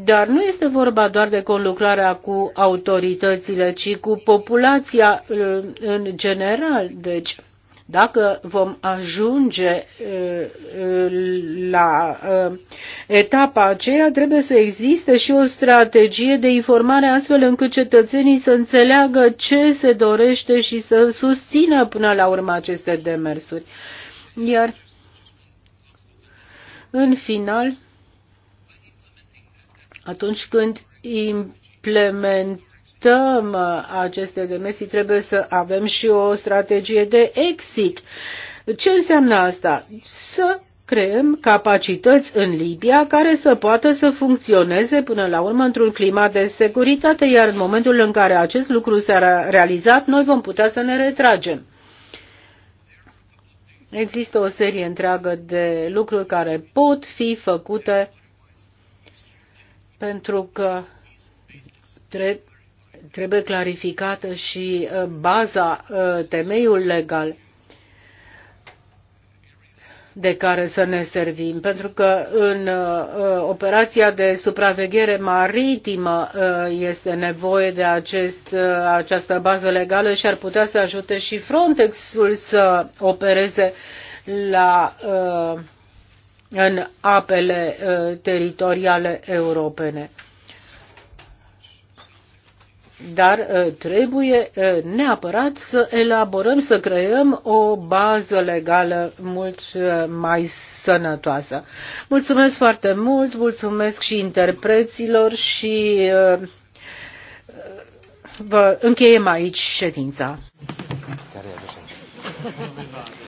Dar nu este vorba doar de conlucrarea cu autoritățile, ci cu populația uh, în general. Deci, dacă vom ajunge uh, la uh, etapa aceea, trebuie să existe și o strategie de informare astfel încât cetățenii să înțeleagă ce se dorește și să susțină până la urmă aceste demersuri. Iar în final, atunci când implementăm aceste demersii, trebuie să avem și o strategie de exit. Ce înseamnă asta? Să creăm capacități în Libia care să poată să funcționeze până la urmă într-un climat de securitate, iar în momentul în care acest lucru s-a realizat, noi vom putea să ne retragem. Există o serie întreagă de lucruri care pot fi făcute pentru că trebuie clarificată și uh, baza, uh, temeiul legal de care să ne servim, pentru că în uh, operația de supraveghere maritimă uh, este nevoie de acest, uh, această bază legală și ar putea să ajute și Frontexul să opereze la uh, în apele uh, teritoriale europene. Dar uh, trebuie uh, neapărat să elaborăm, să creăm o bază legală mult mai sănătoasă. Mulțumesc foarte mult, mulțumesc și interpreților și vă încheiem aici ședința.